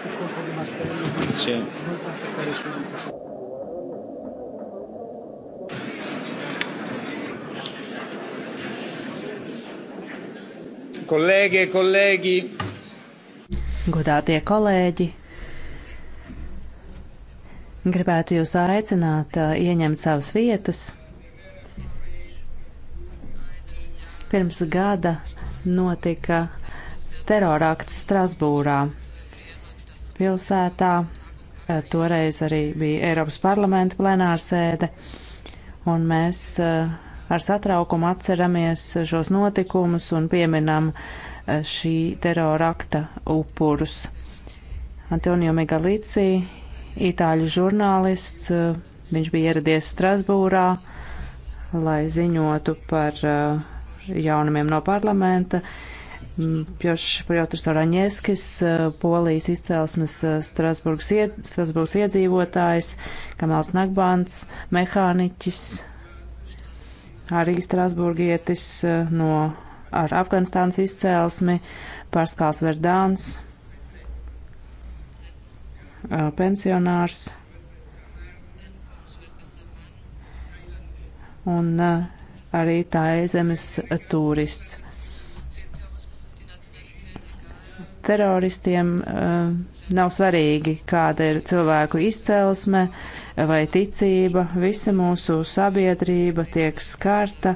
colpo di martello sì. noi contattare subito. Kolēģi, kolēģi. Godātie kolēģi, gribētu jūs aicināt uh, ieņemt savas vietas. Pirms gada notika terorakts Strasbūrā pilsētā. Eh, toreiz arī bija Eiropas parlamenta plenārsēde, un mēs eh, ar satraukumu atceramies šos notikumus un pieminam eh, šī terora akta upurus. Antonio Megalici, itāļu žurnālists, viņš bija ieradies Strasbūrā, lai ziņotu par jaunumiem no parlamenta. Uh, Mm, Pjošs Pjotrs Oraņieskis, eh, Polijas izcelsmes eh, Strasburgas, ied, Strasburgas iedzīvotājs, Kamels Nagbants, mehāniķis, arī Strasburgietis eh, no, ar Afganistānas izcelsmi, Pārskāls Verdāns, pensionārs. Un arī tā ezemes turists. teroristiem eh, nav svarīgi, kāda ir cilvēku izcelsme vai ticība, visa mūsu sabiedrība tiek skarta.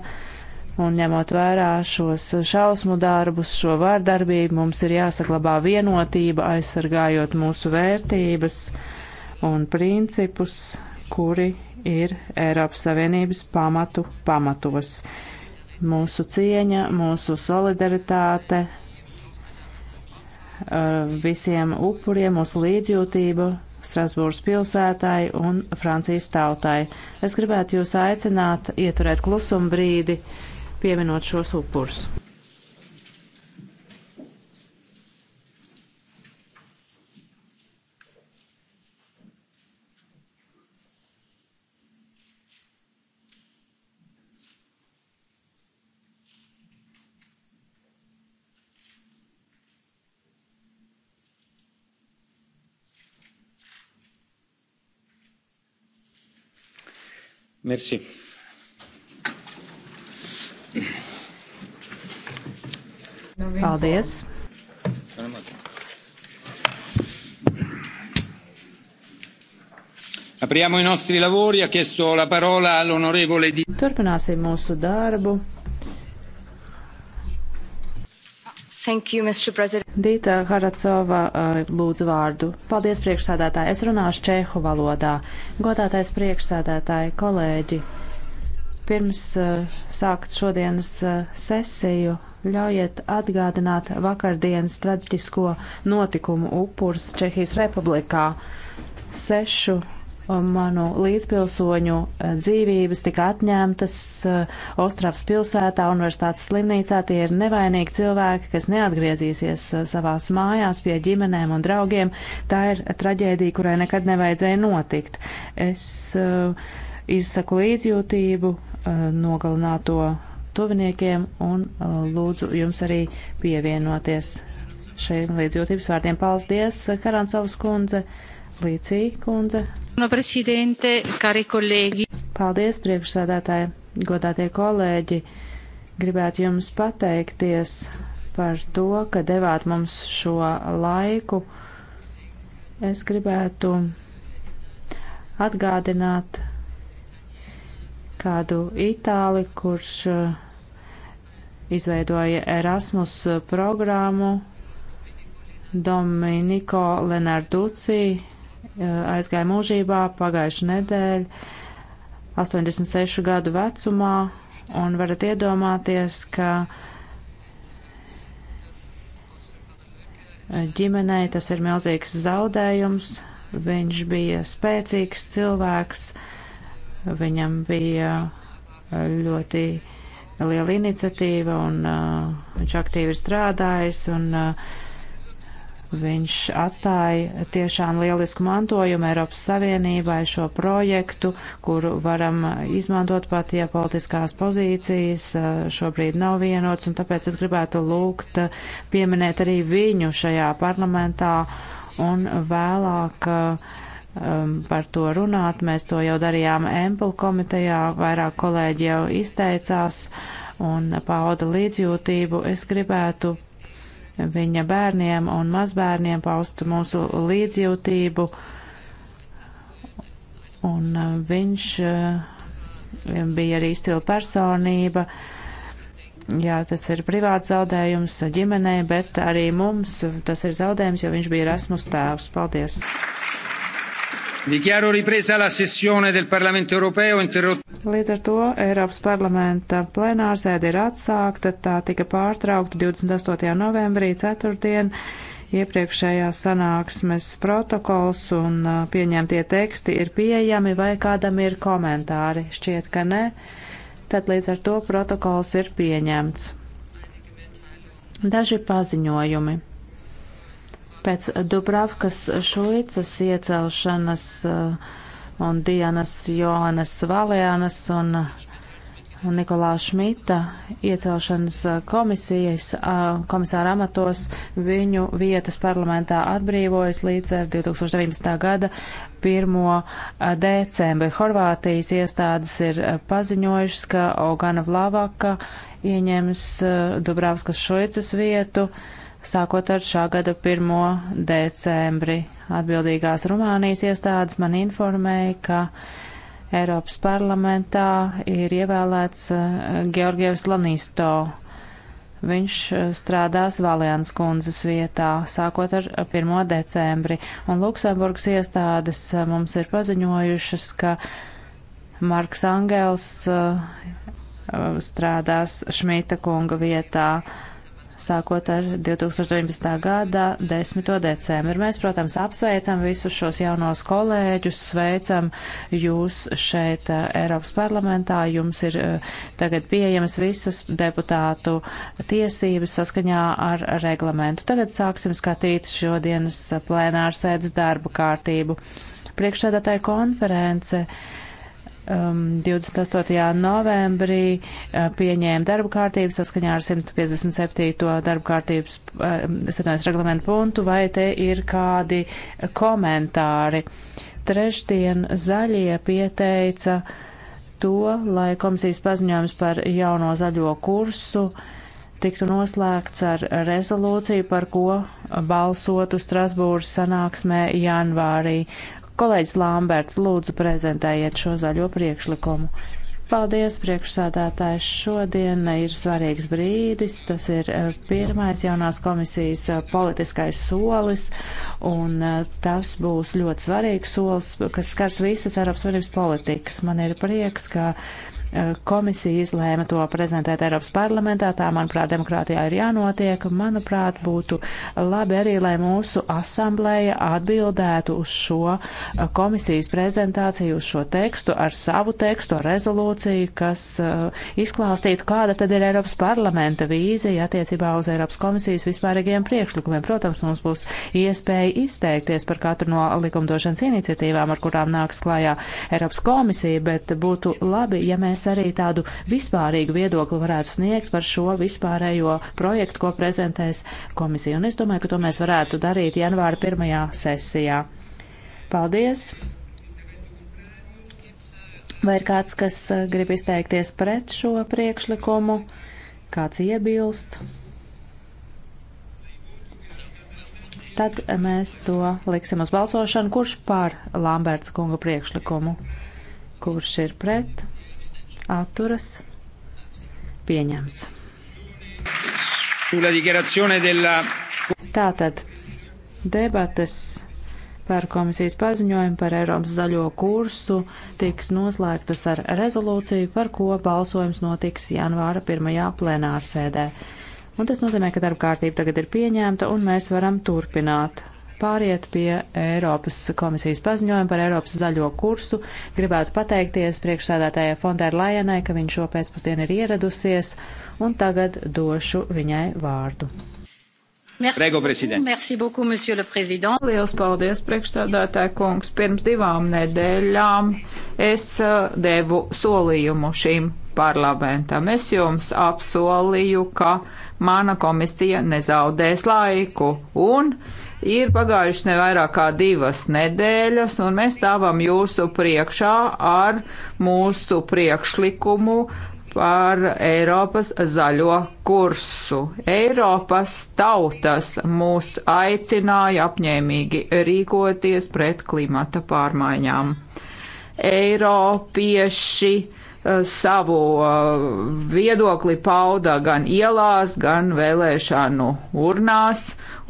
Un ņemot vērā šos šausmu darbus, šo vārdarbību, mums ir jāsaglabā vienotība, aizsargājot mūsu vērtības un principus, kuri ir Eiropas Savienības pamatu pamatos. Mūsu cieņa, mūsu solidaritāte, visiem upuriem mūsu līdzjūtību Strasbūras pilsētai un Francijas tautai. Es gribētu jūs aicināt ieturēt klusumu brīdi, pieminot šos upurus. Merci. Paldies! Apriamo i nostri lavori. Ha chiesto la parola all'onorevole Di. Turpināsim mūsu darbu. Thank you, Mr. President. Dīta Haracova eh, lūdzu vārdu. Paldies, priekšsēdētāji. Es runāšu čehu valodā. Godātais priekšsēdētāji, kolēģi, pirms eh, sākt šodienas eh, sesiju, ļaujiet atgādināt vakardienas traģisko notikumu upurs Čehijas republikā. Sešu manu līdzpilsoņu eh, dzīvības tika atņemtas eh, Ostraps pilsētā, universitātes slimnīcā. Tie ir nevainīgi cilvēki, kas neatgriezīsies eh, savās mājās pie ģimenēm un draugiem. Tā ir traģēdija, kurai nekad nevajadzēja notikt. Es izsaku līdzjūtību nogalināto tuviniekiem un lūdzu jums arī pievienoties šiem līdzjūtības vārdiem. Paldies, Karantsovas kundze, Līcija kundze. No prezidente, kari kolēģi. Paldies, priekšsēdētāji, godātie kolēģi. Gribētu jums pateikties par to, ka devāt mums šo laiku. Es gribētu atgādināt kādu itāli, kurš uh, izveidoja Erasmus programmu Dominiko Lenarducī, aizgāja mūžībā pagājuši nedēļ, 86 gadu vecumā, un varat iedomāties, ka ģimenei tas ir milzīgs zaudējums. Viņš bija spēcīgs cilvēks, viņam bija ļoti liela iniciatīva, un uh, viņš aktīvi ir strādājis. Un, uh, Viņš atstāja tiešām lielisku mantojumu Eiropas Savienībai šo projektu, kuru varam izmantot pat, ja politiskās pozīcijas eh, šobrīd nav vienots, un tāpēc es gribētu lūgt eh, pieminēt arī viņu šajā parlamentā un vēlāk eh, um, par to runāt. Mēs to jau darījām Empel komitejā, vairāk kolēģi jau izteicās un pauda līdzjūtību. Es gribētu viņa bērniem un mazbērniem, paustu mūsu līdzjūtību. Un uh, viņš uh, bija arī izcila personība. Jā, tas ir privāts zaudējums ģimenei, bet arī mums tas ir zaudējums, jo viņš bija Erasmus tēvs. Paldies! Dichiaro ripresa la sessione del Parlamento europeo interrotta. Līdz ar to Eiropas parlamenta plenārsēde ir atsākta, tā tika pārtraukta 28. novembrī, ceturtdien. Iepriekšējās sanāksmes protokols un uh, pieņemtie teksti ir pieejami vai kādam ir komentāri. Šķiet, ka nē. Tad līdz ar to protokols ir pieņemts. Daži paziņojumi. Pēc Dubravkas Šuicas iecelšanas eh, un Dienas Joanas Valēnas un eh, Nikolā Šmita iecelšanas eh, komisijas komisāra amatos viņu vietas parlamentā atbrīvojas līdz 2019. gada 1. decembri. Horvātijas iestādes ir paziņojušas, ka Ogana Vlavaka ieņems Dubravskas Šuicas vietu. Uh, sākot ar šā gada 1. decembri. Atbildīgās Rumānijas iestādes man informēja, ka Eiropas parlamentā ir ievēlēts eh, Georgievs Lanisto. Viņš eh, strādās Valians kundzes vietā, sākot ar 1. decembri, un Luksemburgas iestādes eh, mums ir paziņojušas, ka Marks Angels strādās Šmita kunga vietā sākot ar 2019. gada 10. decembru. Mēs, protams, apsveicam visus šos jaunos kolēģus, sveicam jūs šeit eh, Eiropas parlamentā. Jums ir eh, tagad pieejamas visas deputātu tiesības saskaņā ar reglamentu. Tagad sāksim skatīt šodienas plēnārsēdes darba kārtību. Priekšsēdētāja konference um, 28. novembrī uh, pieņēma darba kārtību saskaņā ar 157. darba kārtības uh, reglamentu punktu, vai te ir kādi komentāri. Trešdien zaļie pieteica to, lai komisijas paziņojums par jauno zaļo kursu tiktu noslēgts ar rezolūciju, par ko balsotu Strasbūras sanāksmē janvārī. Kolēģis Lamberts, lūdzu prezentējiet šo zaļo priekšlikumu. Paldies, priekšsādātājs. Šodien ir svarīgs brīdis. Tas ir eh, pirmais jaunās komisijas eh, politiskais solis, un eh, tas būs ļoti svarīgs solis, kas skars visas Eiropas Savienības politikas. Man ir prieks, ka Komisija izlēma to prezentēt Eiropas parlamentā, tā, manuprāt, demokrātijā ir jānotiek. Manuprāt, būtu labi arī, lai mūsu asamblēja atbildētu uz šo uh, komisijas prezentāciju, uz šo tekstu ar savu tekstu, ar rezolūciju, kas uh, izklāstītu, kāda tad ir Eiropas parlamenta vīzija attiecībā uz Eiropas komisijas vispārīgiem priekšlikumiem. Protams, mums būs iespēja izteikties par katru no likumdošanas iniciatīvām, ar kurām nāks klājā Eiropas komisija, bet būtu labi, ja mēs es arī tādu vispārīgu viedokli varētu sniegt par šo vispārējo projektu, ko prezentēs komisija. Un es domāju, ka to mēs varētu darīt janvāra pirmajā sesijā. Paldies! Vai ir kāds, kas eh, grib izteikties pret šo priekšlikumu? Kāds iebilst? Tad eh, mēs to liksim uz balsošanu. Kurš par Lamberts kunga priekšlikumu? Kurš ir pret? atturas pieņemts. Tātad debates par komisijas paziņojumu par Eiropas zaļo kursu tiks noslēgtas ar rezolūciju, par ko balsojums notiks janvāra pirmajā plenārsēdē. Un tas nozīmē, ka darba kārtība tagad ir pieņemta un mēs varam turpināt pāriet pie Eiropas komisijas paziņojuma par Eiropas zaļo kursu. Gribētu pateikties priekšsēdētājai Fondēra Lajanai, ka viņš šo pēcpusdienu ir ieradusies, un tagad došu viņai vārdu. Prego, beaucoup, Liels paldies, priekšstādātāja kungs. Pirms divām nedēļām es uh, devu solījumu šīm parlamentam. Es jums apsolīju, ka mana komisija nezaudēs laiku un Ir pagājušas ne vairāk kā divas nedēļas, un mēs stāvam jūsu priekšā ar mūsu priekšlikumu par Eiropas zaļo kursu. Eiropas tautas mūs aicināja apņēmīgi rīkoties pret klimata pārmaiņām. Eiropieši Eh, savu eh, viedokli pauda gan ielās, gan vēlēšanu urnās,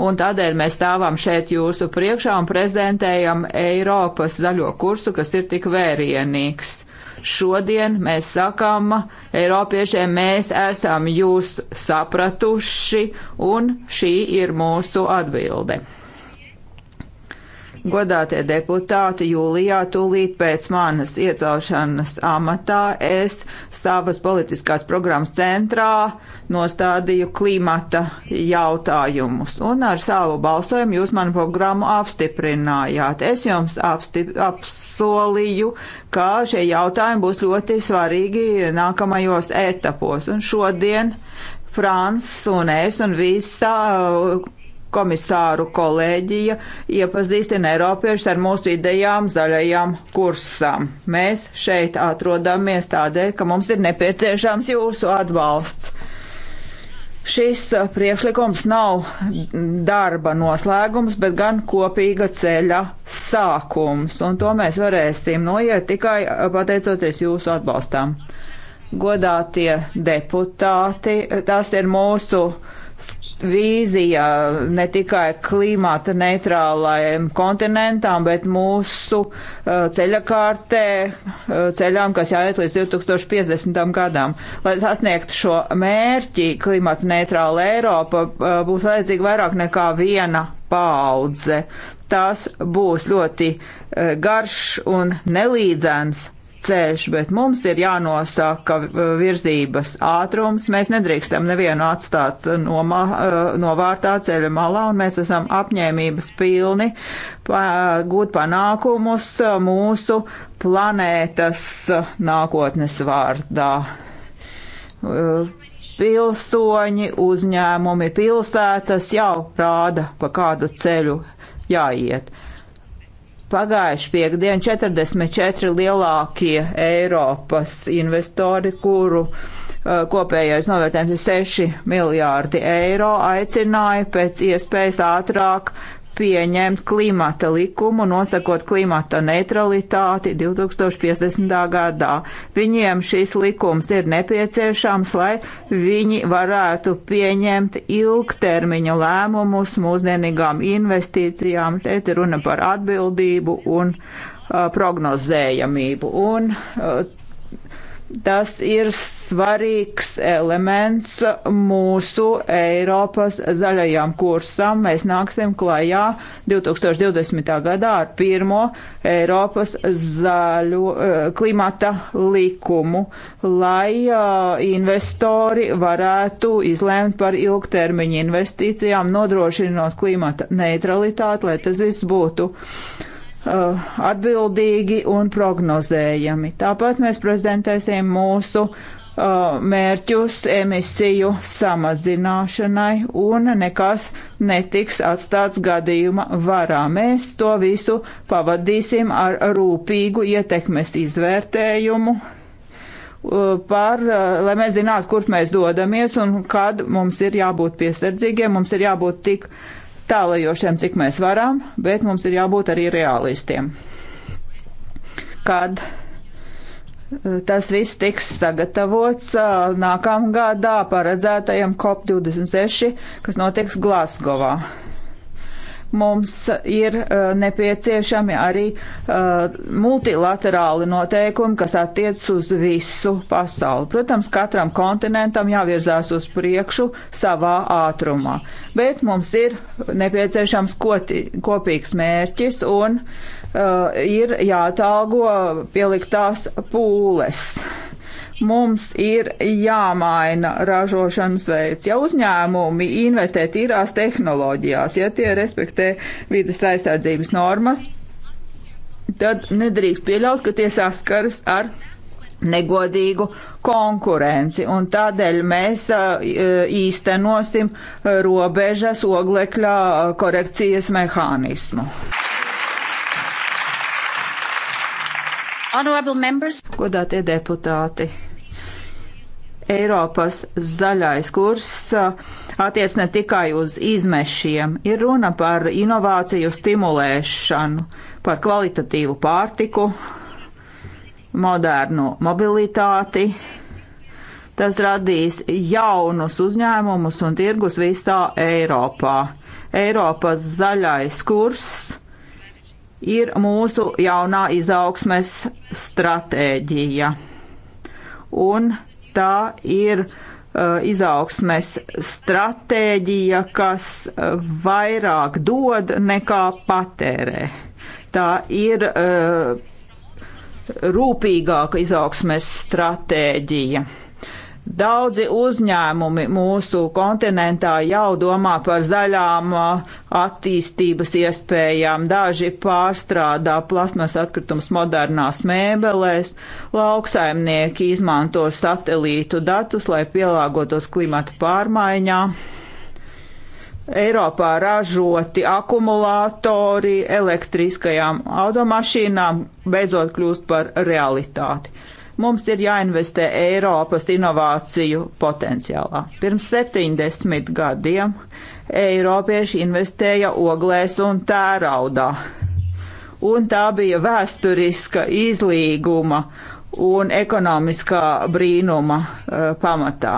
un tādēļ mēs stāvam šeit jūsu priekšā un prezentējam Eiropas zaļo kursu, kas ir tik vērienīgs. Šodien mēs sakām Eiropiešiem, mēs esam jūs sapratuši, un šī ir mūsu atbilde. Godātie deputāti, jūlijā tūlīt pēc manas iecelšanas amatā es savas politiskās programmas centrā nostādīju klimata jautājumus. Un ar savu balsojumu jūs manu programmu apstiprinājāt. Es jums apstip, apsolīju, ka šie jautājumi būs ļoti svarīgi nākamajos etapos. Un šodien Frans un es un visa komisāru kolēģija iepazīstina Eiropiešus ar mūsu idejām zaļajām kursām. Mēs šeit atrodamies tādēļ, ka mums ir nepieciešams jūsu atbalsts. Šis priekšlikums nav darba noslēgums, bet gan kopīga ceļa sākums, un to mēs varēsim noiet tikai pateicoties jūsu atbalstām. Godātie deputāti, tas ir mūsu uh, vīzija ne tikai klimata neitrālajiem kontinentām, bet mūsu uh, ceļakārtē, uh, ceļām, kas jāiet līdz 2050. gadam. Lai sasniegtu šo mērķi, klimata neitrāla Eiropa uh, būs vajadzīga vairāk nekā viena paudze. Tas būs ļoti garš un nelīdzens ceļš, bet mums ir jānosaka uh, virzības ātrums. Mēs nedrīkstam nevienu atstāt nomā, uh, novārtā ceļa malā, un mēs esam apņēmības pilni pa, gūt panākumus uh, mūsu planētas nākotnes vārdā. Pilsoņi, uzņēmumi, pilsētas jau rāda, pa kādu ceļu jāiet. Pagājuši piekdien 44 lielākie Eiropas investori, kuru uh, kopējais novērtējums ir 6 miljārdi eiro, aicināja pēc iespējas ātrāk pieņemt klimata likumu, nosakot klimata neutralitāti 2050. gadā. Viņiem šis likums ir nepieciešams, lai viņi varētu pieņemt ilgtermiņa lēmumus mūsdienīgām investīcijām. Šeit ir runa par atbildību un uh, prognozējamību. Un, uh, Tas ir svarīgs elements mūsu Eiropas zaļajām kursam. Mēs nāksim klajā 2020. gadā ar pirmo Eiropas zaļu eh, klimata likumu, lai eh, investori varētu izlēmt par ilgtermiņu investīcijām, nodrošinot klimata neutralitāti, lai tas viss būtu. Uh, Uh, atbildīgi un prognozējami. Tāpat mēs prezentēsim mūsu uh, mērķus emisiju samazināšanai un nekas netiks atstāts gadījuma varā. Mēs to visu pavadīsim ar rūpīgu ietekmes izvērtējumu. Uh, par, lai mēs zinātu, kur mēs dodamies un kad mums ir jābūt piesardzīgiem, mums ir jābūt tik uh, tālajošiem, cik mēs varam, bet mums ir jābūt arī realistiem. Kad eh, tas viss tiks sagatavots eh, nākamgadā paredzētajam COP26, kas notiks Glasgovā mums ir uh, nepieciešami arī uh, multilaterāli noteikumi, kas attiec uz visu pasauli. Protams, katram kontinentam jāvirzās uz priekšu savā ātrumā, bet mums ir nepieciešams koti, kopīgs mērķis un uh, ir jātalgo pieliktās pūles. Uh, Mums ir jāmaina ražošanas veids. Ja uzņēmumi investē tīrās tehnoloģijās, ja tie respektē vidas aizsardzības normas, tad nedrīkst pieļaut, ka tie saskaras ar negodīgu konkurenci. Un tādēļ mēs eh, īstenosim robežas oglekļa korekcijas mehānismu. Godātie deputāti! Eiropas zaļais kurs uh, attiec ne tikai uz izmešiem, ir runa par inovāciju stimulēšanu, par kvalitatīvu pārtiku, modernu mobilitāti. Tas radīs jaunus uzņēmumus un tirgus visā Eiropā. Eiropas zaļais kurs ir mūsu jaunā izaugsmes stratēģija. Un tā ir uh, izaugsmes stratēģija, kas uh, vairāk dod nekā patērē. Tā ir uh, rūpīgāka izaugsmes stratēģija. Daudzi uzņēmumi mūsu kontinentā jau domā par zaļām uh, attīstības iespējām. Daži pārstrādā plasmas atkritumus modernās mēbelēs, lauksaimnieki izmanto satelītu datus, lai pielāgotos klimata pārmaiņām. Eiropā ražoti akumulātori elektriskajām automašīnām beidzot kļūst par realitāti Mums ir jāinvestē Eiropas inovāciju potenciālā. Pirms 70 gadiem Eiropieši investēja oglēs un tēraudā. Un tā bija vēsturiska izlīguma un ekonomiskā brīnuma uh, pamatā.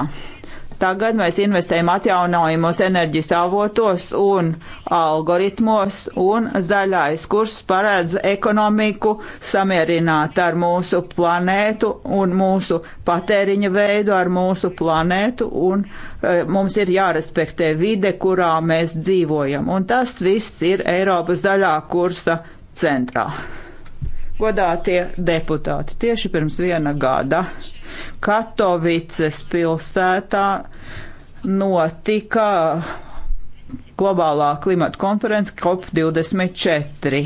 Tagad mēs investējam atjaunojumos enerģijas avotos un algoritmos, un zaļais kurs paredz ekonomiku samierināt ar mūsu planētu un mūsu patēriņa veidu ar mūsu planētu, un e, mums ir jārespektē vide, kurā mēs dzīvojam. Un tas viss ir Eiropas zaļā kursa centrā. Godātie deputāti, tieši pirms viena gada Katovices pilsētā notika globālā klimata konference COP24.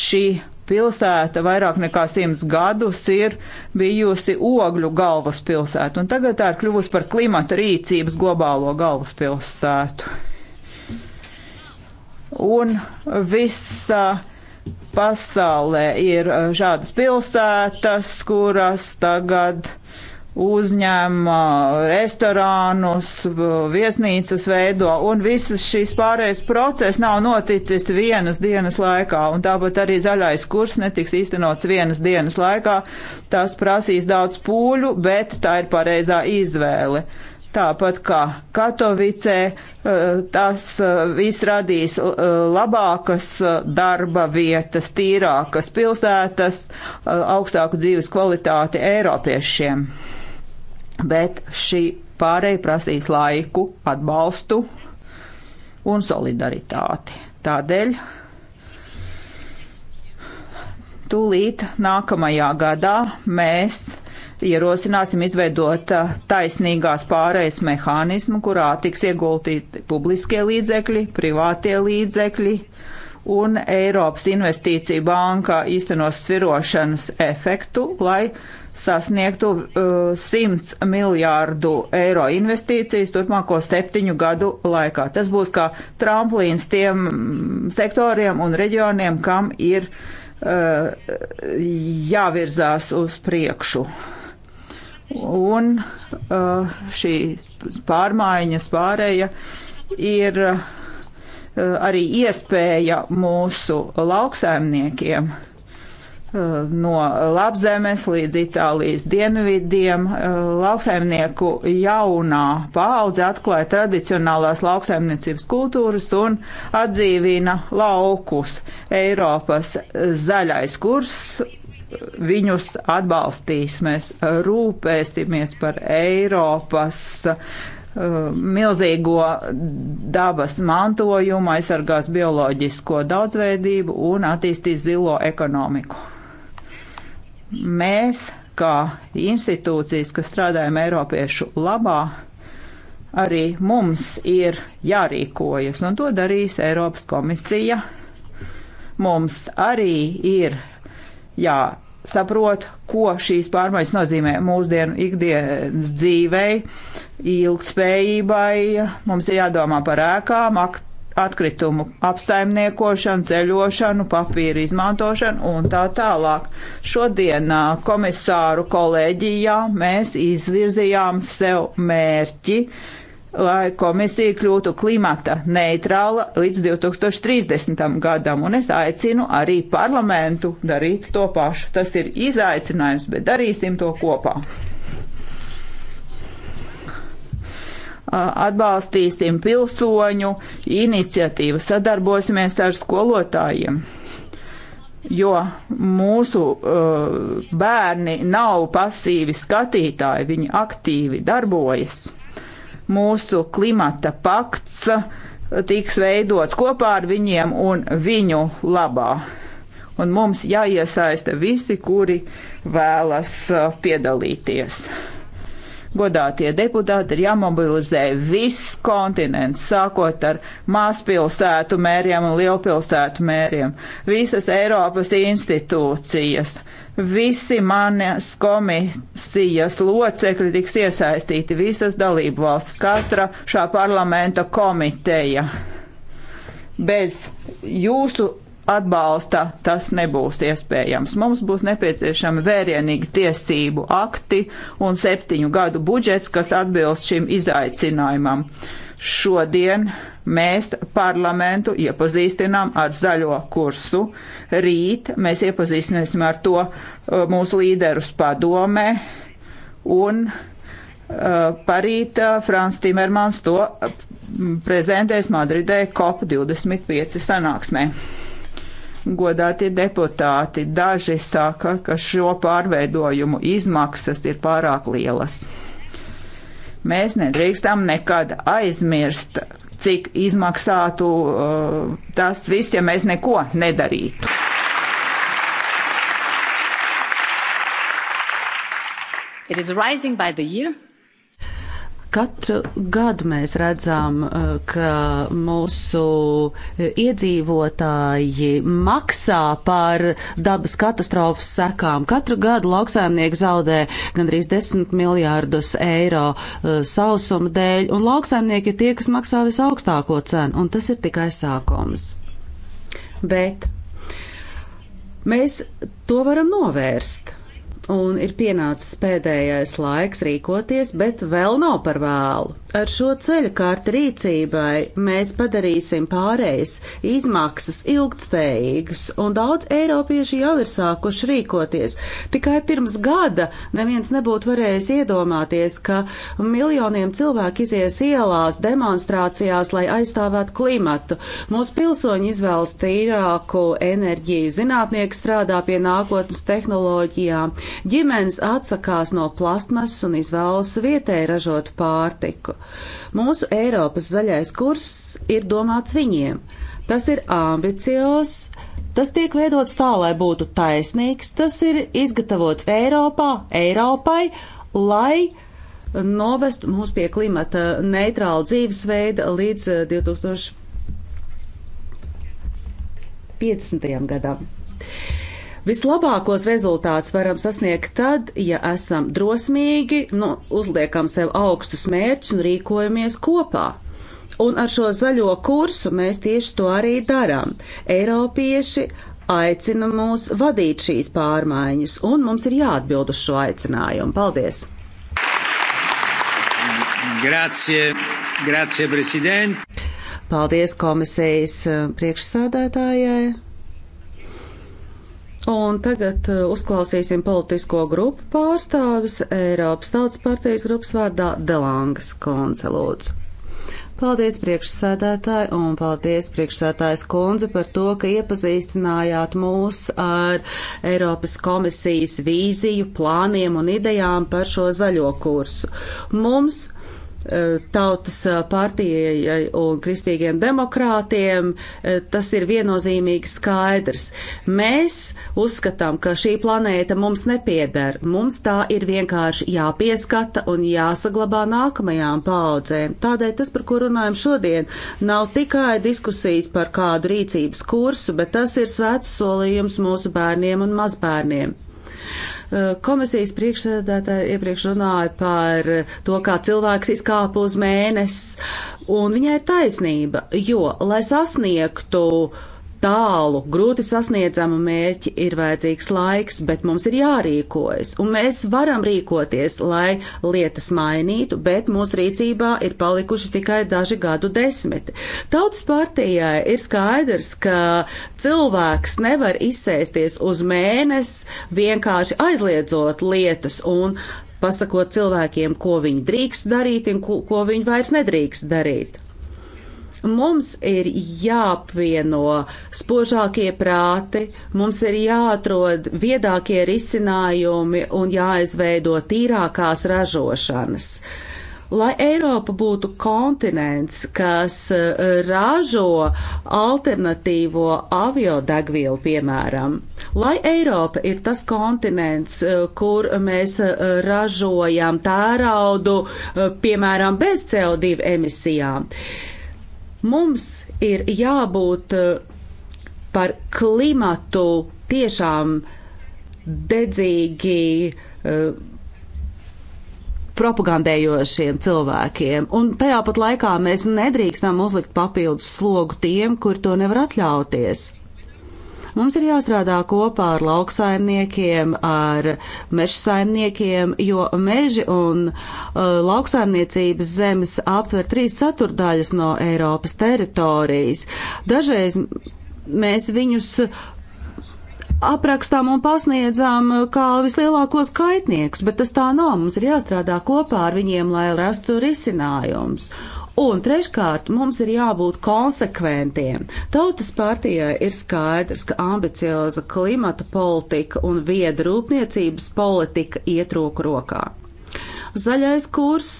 Šī pilsēta vairāk nekā simts gadus ir bijusi ogļu galvaspilsēta, un tagad tā ir kļuvusi par klimata rīcības globālo galvaspilsētu. Un visa Pasaulē ir šādas uh, pilsētas, kuras tagad uzņēma uh, restorānus, viesnīcas veido, un visas šīs pārējais process nav noticis vienas dienas laikā, un tāpat arī zaļais kurs netiks īstenots vienas dienas laikā. Tas prasīs daudz pūļu, bet tā ir pareizā izvēle tāpat kā Katovicē, eh, tas eh, viss radīs eh, labākas darba vietas, tīrākas pilsētas, augstāku dzīves kvalitāti Eiropiešiem. Bet šī pārēja prasīs laiku, atbalstu un solidaritāti. Tādēļ tūlīt nākamajā gadā mēs ierosināsim izveidot taisnīgās pārējas mehānismu, kurā tiks ieguldīti publiskie līdzekļi, privātie līdzekļi un Eiropas investīcija banka īstenos svirošanas efektu, lai sasniegtu uh, 100 miljārdu eiro investīcijas turpmāko septiņu gadu laikā. Tas būs kā tramplīns tiem sektoriem un reģioniem, kam ir uh, jāvirzās uz priekšu. Un uh, šī pārmaiņas pārēja ir uh, arī iespēja mūsu lauksaimniekiem uh, no labzemes līdz Itālijas dienvidiem. Lauksaimnieku jaunā paudze atklāja tradicionālās lauksaimniecības kultūras un atdzīvina laukus. Eiropas zaļais kurs viņus atbalstīs. Mēs rūpēsimies par Eiropas uh, milzīgo dabas mantojumu, aizsargās bioloģisko daudzveidību un attīstīs zilo ekonomiku. Mēs, kā institūcijas, kas strādājam Eiropiešu labā, arī mums ir jārīkojas, un to darīs Eiropas komisija. Mums arī ir jāsaprot, ko šīs pārmaiņas nozīmē mūsdienu ikdienas dzīvei, ilgspējībai. Mums ir jādomā par ēkām, atkritumu apsaimniekošanu, ceļošanu, papīra izmantošanu un tā tālāk. Šodien komisāru kolēģijā mēs izvirzījām sev mērķi lai komisija kļūtu klimata neitrāla līdz 2030. gadam, un es aicinu arī parlamentu darīt to pašu. Tas ir izaicinājums, bet darīsim to kopā. Atbalstīsim pilsoņu iniciatīvu, sadarbosimies ar skolotājiem jo mūsu uh, bērni nav pasīvi skatītāji, viņi aktīvi darbojas mūsu klimata pakts eh, tiks veidots kopā ar viņiem un viņu labā. Un mums jāiesaista visi, kuri vēlas eh, piedalīties. Godātie deputāti ir jāmobilizē viss kontinents, sākot ar mazpilsētu mēriem un lielpilsētu mēriem, visas Eiropas institūcijas, Visi manas komisijas locekļi tiks iesaistīti, visas dalību valsts, katra šā parlamenta komiteja. Bez jūsu atbalsta tas nebūs iespējams. Mums būs nepieciešami vērienīgi tiesību akti un septiņu gadu budžets, kas atbilst šim izaicinājumam. Šodien Mēs parlamentu iepazīstinām ar zaļo kursu. Rīt mēs iepazīstināsim ar to uh, mūsu līderus padomē un uh, parīt uh, Frans Timermans to prezentēs Madridē COP25 sanāksmē. Godātie deputāti, daži saka, ka šo pārveidojumu izmaksas ir pārāk lielas. Mēs nedrīkstam nekad aizmirst, cik izmaksātu uh, tas viss, ja mēs neko nedarītu. It is rising by the year. Katru gadu mēs redzam, uh, ka mūsu iedzīvotāji maksā par dabas katastrofas sekām. Katru gadu lauksaimnieki zaudē gandrīz 10 miljārdus eiro uh, sausuma dēļ, un lauksaimnieki ir tie, kas maksā visaugstāko cenu, un tas ir tikai sākums. Bet mēs to varam novērst un ir pienācis pēdējais laiks rīkoties, bet vēl nav par vēlu. Ar šo ceļu kārtu rīcībai mēs padarīsim pārējas izmaksas ilgtspējīgas, un daudz eiropieši jau ir sākuši rīkoties. Tikai pirms gada neviens nebūtu varējis iedomāties, ka miljoniem cilvēku izies ielās demonstrācijās, lai aizstāvētu klimatu. Mūsu pilsoņi izvēlas tīrāku enerģiju, zinātnieki strādā pie nākotnes tehnoloģijām Ģimenes atsakās no plastmasas un izvēlas vietēji ražot pārtiku. Mūsu Eiropas zaļais kurs ir domāts viņiem. Tas ir ambiciozs, tas tiek veidots tā, lai būtu taisnīgs, tas ir izgatavots Eiropā, Eiropai, lai novest mūs pie klimata neitrāla dzīvesveida līdz 2050. Eh, gadam. Vislabākos rezultātus varam sasniegt tad, ja esam drosmīgi, nu, uzliekam sev augstus mērķus un rīkojamies kopā. Un ar šo zaļo kursu mēs tieši to arī darām. Eiropieši aicina mūs vadīt šīs pārmaiņas, un mums ir jāatbild uz šo aicinājumu. Paldies! Grazie, grazie, prezident! Paldies komisijas eh, priekšsādātājai! Un tagad uh, uzklausīsim politisko grupu pārstāvis Eiropas Tautas partijas grupas vārdā Delangas koncelūts. Paldies priekšsēdētāji un paldies priekšsēdētājs kundze par to, ka iepazīstinājāt mūs ar Eiropas komisijas vīziju, plāniem un idejām par šo zaļo kursu. Mums Eh, tautas eh, partijai un kristīgiem demokrātiem, eh, tas ir viennozīmīgi skaidrs. Mēs uzskatām, ka šī planēta mums nepieder. Mums tā ir vienkārši jāpieskata un jāsaglabā nākamajām paudzēm. Tādēļ tas, par ko runājam šodien, nav tikai diskusijas par kādu rīcības kursu, bet tas ir svēts solījums mūsu bērniem un mazbērniem. Komisijas priekšsēdētāja iepriekš runāja par to, kā cilvēks izkāpa uz mēnesi, un viņai ir taisnība, jo, lai sasniegtu uh, tālu, grūti sasniedzamu mērķi ir vajadzīgs laiks, bet mums ir jārīkojas. Un mēs varam rīkoties, lai lietas mainītu, bet mūsu rīcībā ir palikuši tikai daži gadu desmiti. Tautas partijai ir skaidrs, ka cilvēks nevar izsēsties uz mēnesi vienkārši aizliedzot lietas un pasakot cilvēkiem, ko viņi drīkst darīt un ko, ko viņi vairs nedrīkst darīt. Mums ir jāapvieno spožākie prāti, mums ir jāatrod viedākie risinājumi un jāizveido tīrākās ražošanas. Lai Eiropa būtu kontinents, kas eh, ražo alternatīvo aviodegvielu, piemēram, lai Eiropa ir tas kontinents, eh, kur mēs eh, ražojam tēraudu, piemēram, bez CO2 emisijām. Mums ir jābūt eh, par klimatu tiešām dedzīgi eh, propagandējošiem cilvēkiem, un tajā pat laikā mēs nedrīkstam uzlikt papildus slogu tiem, kur to nevar atļauties. Mums ir jāstrādā kopā ar lauksaimniekiem, ar mežsaimniekiem, jo meži un uh, lauksaimniecības zemes aptver trīs ceturdaļas no Eiropas teritorijas. Dažreiz mēs viņus aprakstām un pasniedzām kā vislielākos kaitniekus, bet tas tā nav. Mums ir jāstrādā kopā ar viņiem, lai rastu risinājums. Un treškārt, mums ir jābūt konsekventiem. Tautas partijai ir skaidrs, ka ambicioza klimata politika un vieda rūpniecības politika iet roku rokā. Zaļais kurs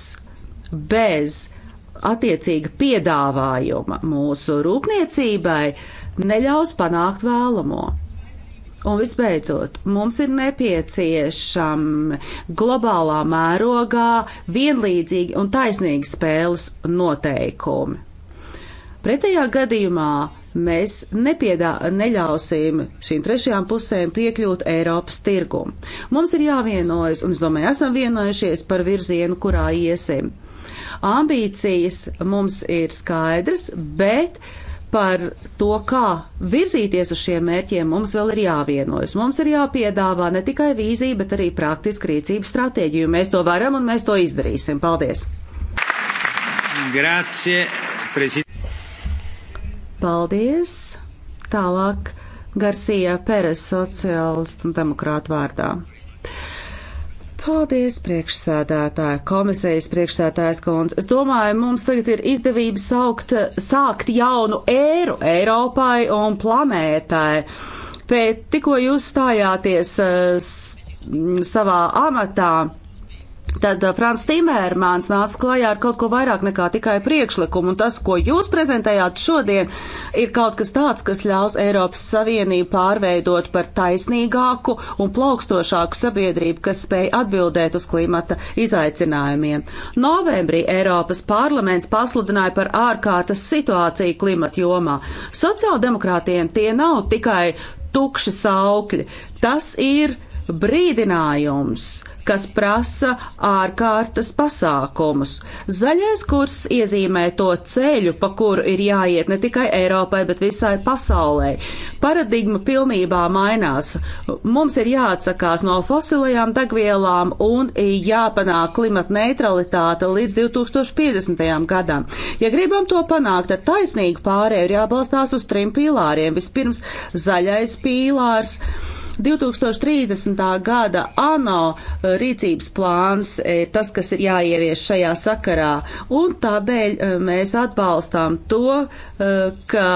bez attiecīga piedāvājuma mūsu rūpniecībai neļaus panākt vēlamo. Un visbeidzot, mums ir nepieciešama globālā mērogā vienlīdzīgi un taisnīgi spēles noteikumi. Pretējā gadījumā mēs nepiedā, neļausim šīm trešajām pusēm piekļūt Eiropas tirgumu. Mums ir jāvienojas, un es domāju, esam vienojušies par virzienu, kurā iesim. Ambīcijas mums ir skaidrs, bet uh, par to, kā virzīties uz šiem mērķiem, mums vēl ir jāvienojas. Mums ir jāpiedāvā ne tikai vīzija, bet arī praktiska rīcības stratēģija. Mēs to varam un mēs to izdarīsim. Paldies! Grazie, prezident. Paldies! Tālāk Garcija Pērez sociālistu un demokrātu vārdā. Paldies, priekšsēdētāja, komisijas priekšsēdētājs kundze. Es domāju, mums tagad ir izdevība saukt, sākt jaunu ēru Eiropai un planētai. Pēc tikko jūs stājāties eh, savā amatā, Tad uh, Frans Timermāns nāca klajā ar kaut ko vairāk nekā tikai priekšlikumu, un tas, ko jūs prezentējāt šodien, ir kaut kas tāds, kas ļaus Eiropas Savienību pārveidot par taisnīgāku un plaukstošāku sabiedrību, kas spēj atbildēt uz klimata izaicinājumiem. Novembrī Eiropas parlaments pasludināja par ārkārtas situāciju klimata jomā. Sociāldemokrātiem tie nav tikai tukši saukļi. Tas ir brīdinājums, kas prasa ārkārtas pasākumus. Zaļais kurs iezīmē to ceļu, pa kuru ir jāiet ne tikai Eiropai, bet visai pasaulē. Paradigma pilnībā mainās. Mums ir jāatsakās no fosilajām degvielām un jāpanāk klimata neutralitāte līdz 2050. gadam. Ja gribam to panākt ar taisnīgu pārēju, ir jābalstās uz trim pīlāriem. Vispirms zaļais pīlārs. Uh, 2030. gada ANO rīcības plāns ir tas, kas ir jāievieš šajā sakarā, un tādēļ eh, mēs atbalstām to, eh, ka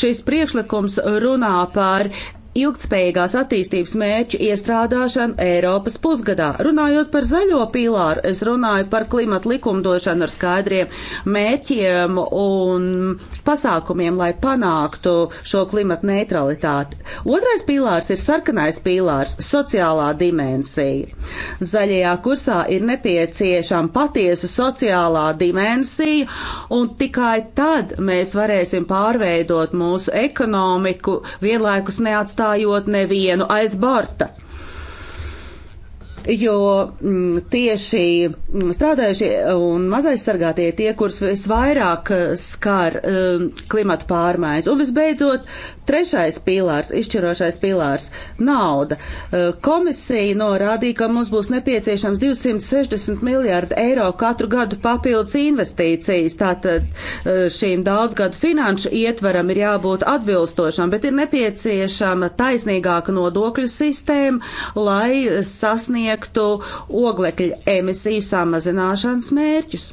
Šis priekšlikums runā par ilgtspējīgās attīstības mērķu iestrādāšanu Eiropas pusgadā. Runājot par zaļo pīlāru, es runāju par klimatu likumdošanu ar skaidriem mērķiem un pasākumiem, lai panāktu šo klimatu neutralitāti. Otrais pīlārs ir sarkanais pīlārs - sociālā dimensija. Zaļajā kursā ir nepieciešama patiesa sociālā dimensija, un tikai tad mēs varēsim pārveidot mūsu ekonomiku vienlaikus neatstāt atstājot nevienu aiz borta jo m, mm, tieši mm, strādājušie un mazaizsargātie ir tie, kurus visvairāk eh, skar m, eh, klimata pārmaiņas. Un visbeidzot, trešais pilārs, izšķirošais pilārs - nauda. Eh, komisija norādīja, ka mums būs nepieciešams 260 miljārdi eiro katru gadu papildus investīcijas. Tātad šīm daudzgadu finanšu ietveram ir jābūt atbilstošam, bet ir nepieciešama taisnīgāka nodokļu sistēma, lai sasniegtu sasniegtu oglekļa emisiju samazināšanas mērķus.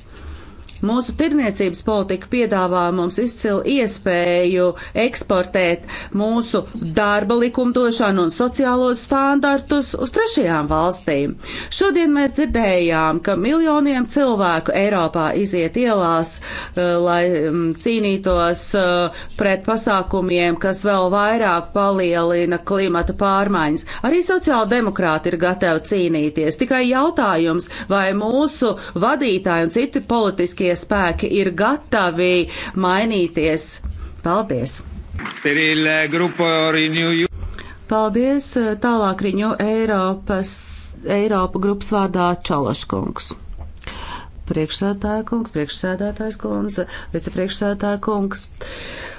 Mūsu tirniecības politika piedāvā mums izcilu iespēju eksportēt mūsu darba likumdošanu un sociālos standartus uz trešajām valstīm. Šodien mēs dzirdējām, ka miljoniem cilvēku Eiropā iziet ielās, eh, lai mm, cīnītos eh, pret pasākumiem, kas vēl vairāk palielina klimata pārmaiņas. Arī sociāldemokrāti ir gatavi cīnīties. Tikai jautājums, vai mūsu vadītāji un citi politiskie politiskie spēki ir gatavi mainīties. Paldies! Paldies! Eh, tālāk riņu Eiropas, Eiropa grupas vārdā Čalaškungs priekšsēdētāja kungs, priekšsēdētājs kundze, vicepriekšsēdētāja kungs.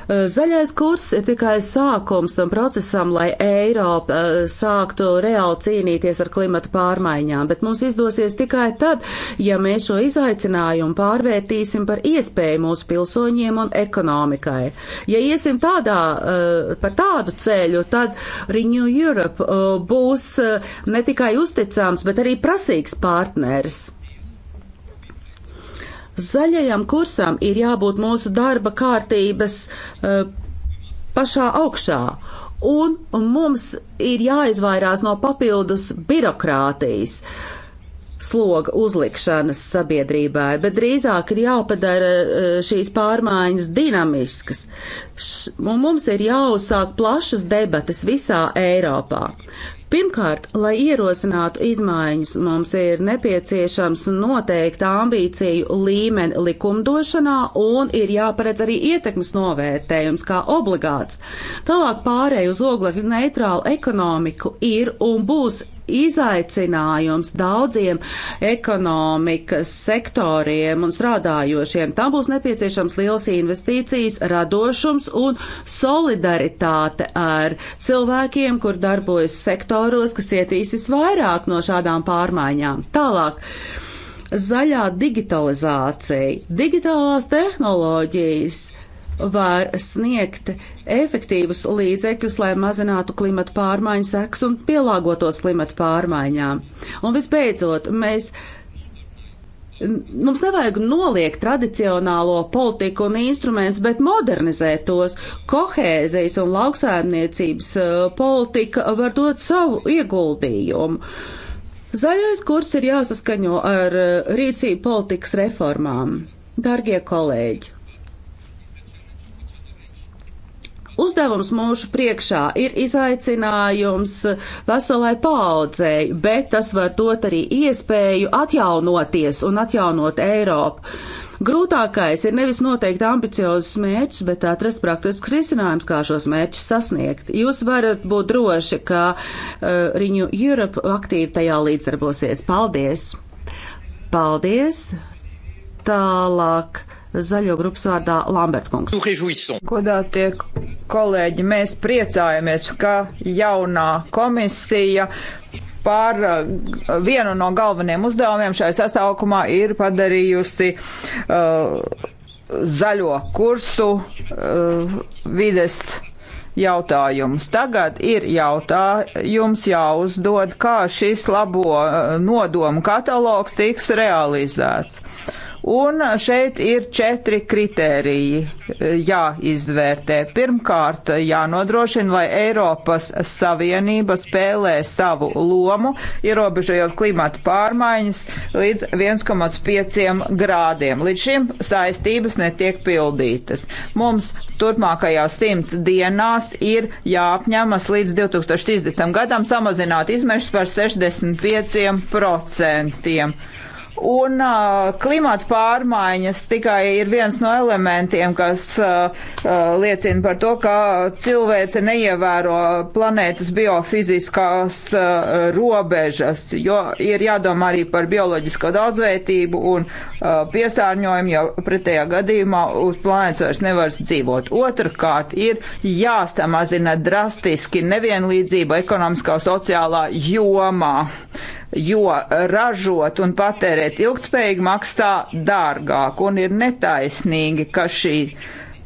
Eh, zaļais kurs ir tikai sākums tam procesam, lai Eiropa eh, sāktu reāli cīnīties ar klimata pārmaiņām, bet mums izdosies tikai tad, ja mēs šo izaicinājumu pārvērtīsim par iespēju mūsu pilsoņiem un ekonomikai. Ja iesim tādā, eh, pa tādu ceļu, tad Renew Europe būs ne tikai uzticams, bet arī prasīgs partners. Zaļajam kursam ir jābūt mūsu darba kārtības uh, pašā augšā. Un mums ir jāizvairās no papildus birokrātijas sloga uzlikšanas sabiedrībai, bet drīzāk ir jāpadara e, šīs pārmaiņas dinamiskas. Un mums ir jāuzsāk plašas debatas visā Eiropā. Pirmkārt, lai ierosinātu izmaiņas, mums ir nepieciešams noteikt ambīciju līmeni likumdošanā un ir jāparedz arī ietekmes novērtējums kā obligāts. Tālāk pārēj uz oglekļu neitrālu ekonomiku ir un būs izaicinājums daudziem ekonomikas sektoriem un strādājošiem. Tam būs nepieciešams liels investīcijas, radošums un solidaritāte ar cilvēkiem, kur darbojas sektoros, kas cietīs visvairāk no šādām pārmaiņām. Tālāk zaļā digitalizācija, digitālās tehnoloģijas var sniegt efektīvus līdzekļus, lai mazinātu klimata pārmaiņu seks un pielāgotos klimata pārmaiņām. Un visbeidzot, mēs. Mums nevajag noliegt tradicionālo politiku un instrumentus, bet modernizēt tos. Kohēzijas un lauksaimniecības e, politika var dot savu ieguldījumu. Zaļais kurs ir jāsaskaņo ar e, rīcību politikas reformām. Dargie kolēģi, Uzdevums mūsu priekšā ir izaicinājums veselai paudzei, bet tas var dot arī iespēju atjaunoties un atjaunot Eiropu. Grūtākais ir nevis noteikt ambiciozus mērķus, bet atrast praktisks risinājums, kā šos mērķus sasniegt. Jūs varat būt droši, ka uh, Riņu Europe aktīvi tajā līdzdarbosies. Paldies! Paldies! Tālāk zaļo grupas vārdā Lambertkungs. Godā tiek kolēģi, mēs priecājamies, ka jaunā komisija par uh, vienu no galveniem uzdevumiem šai sasaukumā ir padarījusi uh, zaļo kursu uh, vides jautājumus. Tagad ir jautājums jāuzdod, kā šis labo uh, nodomu katalogs tiks realizēts. Uh, Un šeit ir četri kritēriji eh, jāizvērtē. Pirmkārt, jānodrošina, lai Eiropas Savienība spēlē savu lomu, ierobežojot klimata pārmaiņas līdz 1,5 grādiem. Līdz šim saistības netiek pildītas. Mums turpmākajās simts dienās ir jāapņemas līdz 2030. gadam samazināt izmešas par 65%. Un uh, klimata pārmaiņas tikai ir viens no elementiem, kas uh, liecina par to, ka cilvēce neievēro planētas biofiziskās uh, robežas, jo ir jādomā arī par bioloģisko daudzveitību un uh, piesārņojumu, jo pretējā gadījumā uz planētas vairs nevar dzīvot. Otrakārt, ir jāsamazina drastiski nevienlīdzība ekonomiskā un sociālā jomā. Uh, jo ražot un patērēt ilgspējīgi maksā dārgāk un ir netaisnīgi, ka šī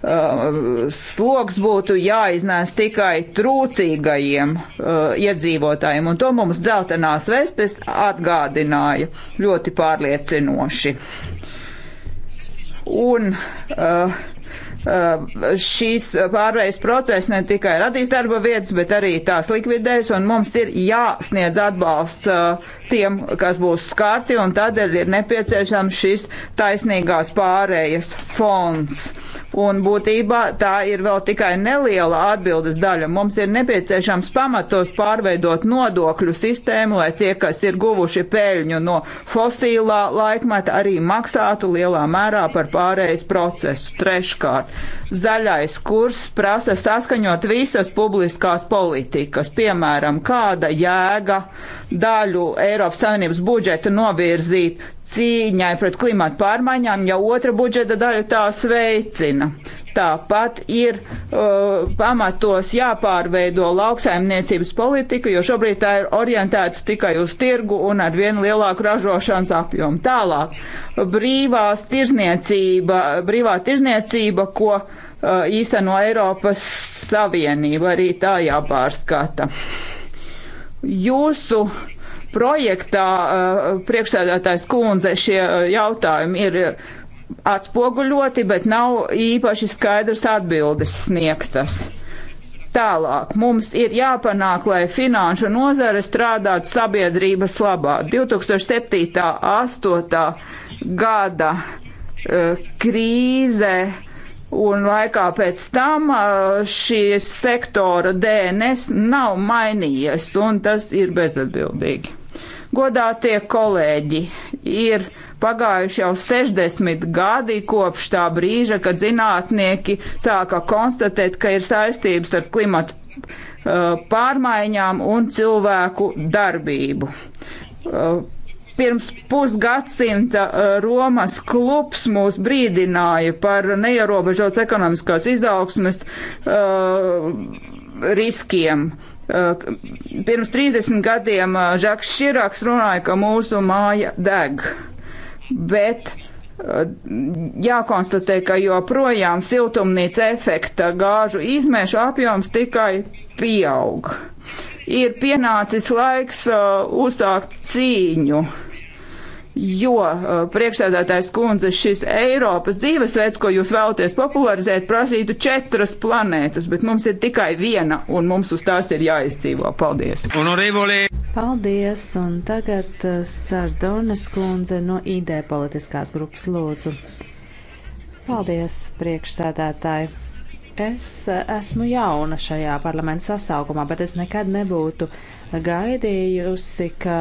Uh, sloks būtu jāiznēs tikai trūcīgajiem uh, iedzīvotājiem, un to mums dzeltenās vestes atgādināja ļoti pārliecinoši. Un uh, Ehm, šīs pārējais process ne tikai radīs darba vietas, bet arī tās likvidēs, un mums ir jāsniedz atbalsts eh, tiem, kas būs skarti, un tādēļ ir nepieciešams šis taisnīgās pārējas fonds un būtībā tā ir vēl tikai neliela atbildes daļa. Mums ir nepieciešams pamatos pārveidot nodokļu sistēmu, lai tie, kas ir guvuši pēļņu no fosīlā laikmeta, arī maksātu lielā mērā par pārējais procesu. Treškārt, zaļais kurs prasa saskaņot visas publiskās politikas, piemēram, kāda jēga daļu Eiropas Savienības budžeta novirzīt cīņai pret klimatu pārmaiņām, ja otra budžeta daļa tās veicina. Tāpat ir uh, pamatos jāpārveido lauksaimniecības politika, jo šobrīd tā ir orientēta tikai uz tirgu un ar vien lielāku ražošanas apjomu. Tālāk, brīvās tirzniecība, brīvā tirzniecība, ko uh, īsteno Eiropas Savienība, arī tā jāpārskata. Jūsu uh, projektā uh, priekšsēdētājs kundze šie uh, jautājumi ir atspoguļoti, bet nav īpaši skaidrs atbildes sniegtas. Tālāk mums ir jāpanāk, lai finanšu nozare strādātu sabiedrības labā. 2007. 8. gada uh, krīze un laikā pēc tam šī sektora DNS nav mainījies, un tas ir bezatbildīgi. Godātie kolēģi, ir pagājuši jau 60 gadi kopš tā brīža, kad zinātnieki sāka konstatēt, ka ir saistības ar klimatu uh, pārmaiņām un cilvēku darbību. Uh, pirms pusgadsimta uh, Romas klubs mūs brīdināja par neierobežotas ekonomiskās izaugsmes riskiem. Eh, pirms 30 gadiem eh, Žaks Širāks runāja, ka mūsu māja deg, bet eh, jākonstatē, ka joprojām siltumnīca efekta gāžu izmēšu apjoms tikai pieaug. Ir pienācis laiks uh, uzsākt cīņu. Uh, Jo uh, priekšsēdētājs kundze, šis Eiropas dzīvesveids, ko jūs vēlaties popularizēt, prasītu četras planētas, bet mums ir tikai viena un mums uz tās ir jāizdzīvo. Paldies! Honorevole. Paldies! Un tagad uh, Sardones kundze no ID politiskās grupas lūdzu. Paldies, priekšsēdētāji! Es uh, esmu jauna šajā parlamenta sasaukumā, bet es nekad nebūtu gaidījusi, ka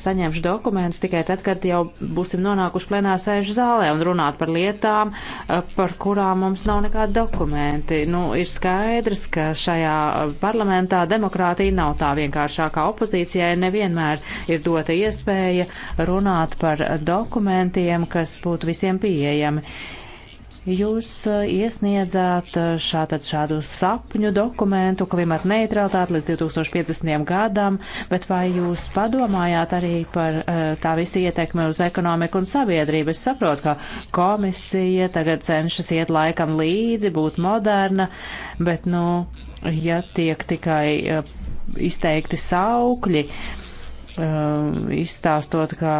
saņemšu dokumentus tikai tad, kad jau būsim nonākuši plenā sēžu zālē un runāt par lietām, eh, par kurām mums nav nekādi dokumenti. Nu, ir skaidrs, ka šajā parlamentā demokrātija nav tā vienkāršākā opozīcijai. Nevienmēr ir dota iespēja runāt par dokumentiem, kas būtu visiem pieejami. Jūs eh, iesniedzāt eh, šātad šādu sapņu dokumentu klimata neutralitāti līdz 2050. gadam, bet vai jūs padomājāt arī par eh, tā visu ietekmi uz ekonomiku un sabiedrību? Es saprotu, ka komisija tagad cenšas iet laikam līdzi, būt moderna, bet, nu, ja tiek tikai izteikti saukļi, uh, um, izstāstot, ka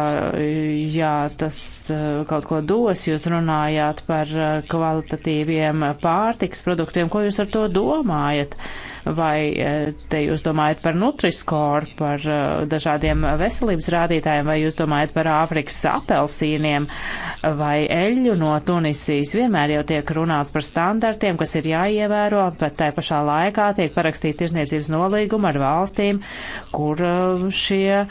jā, tas uh, kaut ko dos, jūs runājāt par uh, kvalitatīviem pārtiks produktiem, ko jūs ar to domājat? Uh, vai e, te jūs domājat par Nutriskoru, par e, dažādiem veselības rādītājiem, vai jūs domājat par Āfrikas apelsīniem vai eļļu no Tunisijas. Vienmēr jau tiek runāts par standartiem, kas ir jāievēro, bet tai pašā laikā tiek parakstīta tirsniecības nolīguma ar valstīm, kur e, šie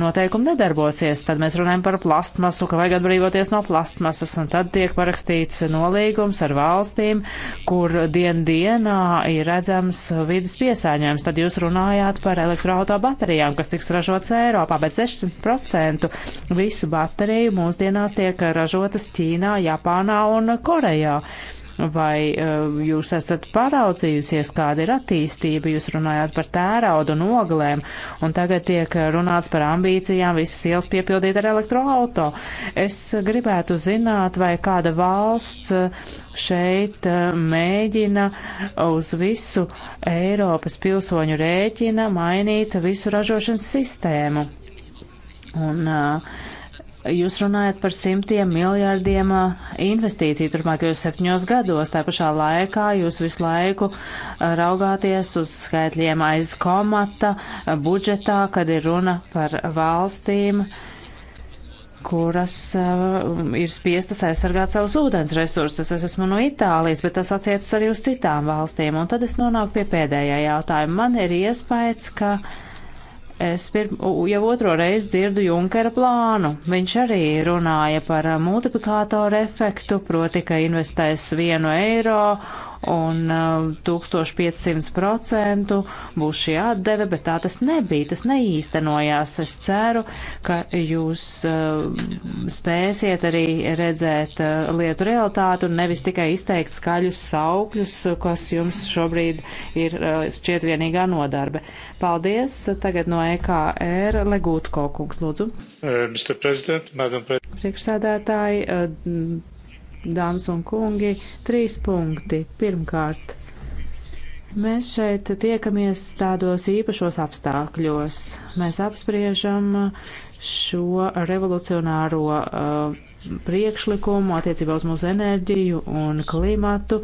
noteikumi nedarbosies. Tad mēs runājam par plastmasu, ka vajag atbrīvoties no plastmasas, un tad tiek parakstīts nolīgums ar valstīm, kur dien dienā ir redzams vidas piesārņojums. Tad jūs runājāt par elektroautobaterijām, kas tiks ražotas Eiropā, bet 60% visu bateriju mūsdienās tiek ražotas Ķīnā, Japānā un Korejā. Uh, Vai uh, jūs esat paraudzījusies, kāda ir attīstība? Jūs runājāt par tēraudu un oglēm, un tagad tiek runāts par ambīcijām visas ielas piepildīt ar elektroauto. Es gribētu zināt, vai kāda valsts uh, šeit uh, mēģina uz visu Eiropas pilsoņu rēķina mainīt visu ražošanas sistēmu. Un, uh, Jūs runājat par simtiem miljārdiem uh, investīciju turpmākajos septiņos gados. Tā pašā laikā jūs visu laiku uh, raugāties uz skaitļiem aiz komata uh, budžetā, kad ir runa par valstīm kuras uh, ir spiestas aizsargāt savus ūdens resursus. Es esmu no Itālijas, bet tas attiecas arī uz citām valstīm. Un tad es nonāku pie pēdējā jautājuma. Man ir iespējas, ka uh, Es pirm, jau otro reizi dzirdu Junkera plānu. Viņš arī runāja par multiplikātoru efektu, proti, ka investēs vienu eiro un 1500% uh, būs šī atdeve, bet tā tas nebija, tas neīstenojās. Es ceru, ka jūs uh, spēsiet arī redzēt uh, lietu realitāti un nevis tikai izteikt skaļus saukļus, kas jums šobrīd ir šķiet vienīgā nodarbe. Paldies! Tagad no EKR Legūtko kungs, lūdzu. Uh, Priekšsēdētāji, uh, dāmas un kungi, trīs punkti. Pirmkārt, mēs šeit tiekamies tādos īpašos apstākļos. Mēs apspriežam šo revolucionāro uh, priekšlikumu attiecībā uz mūsu enerģiju un klimatu.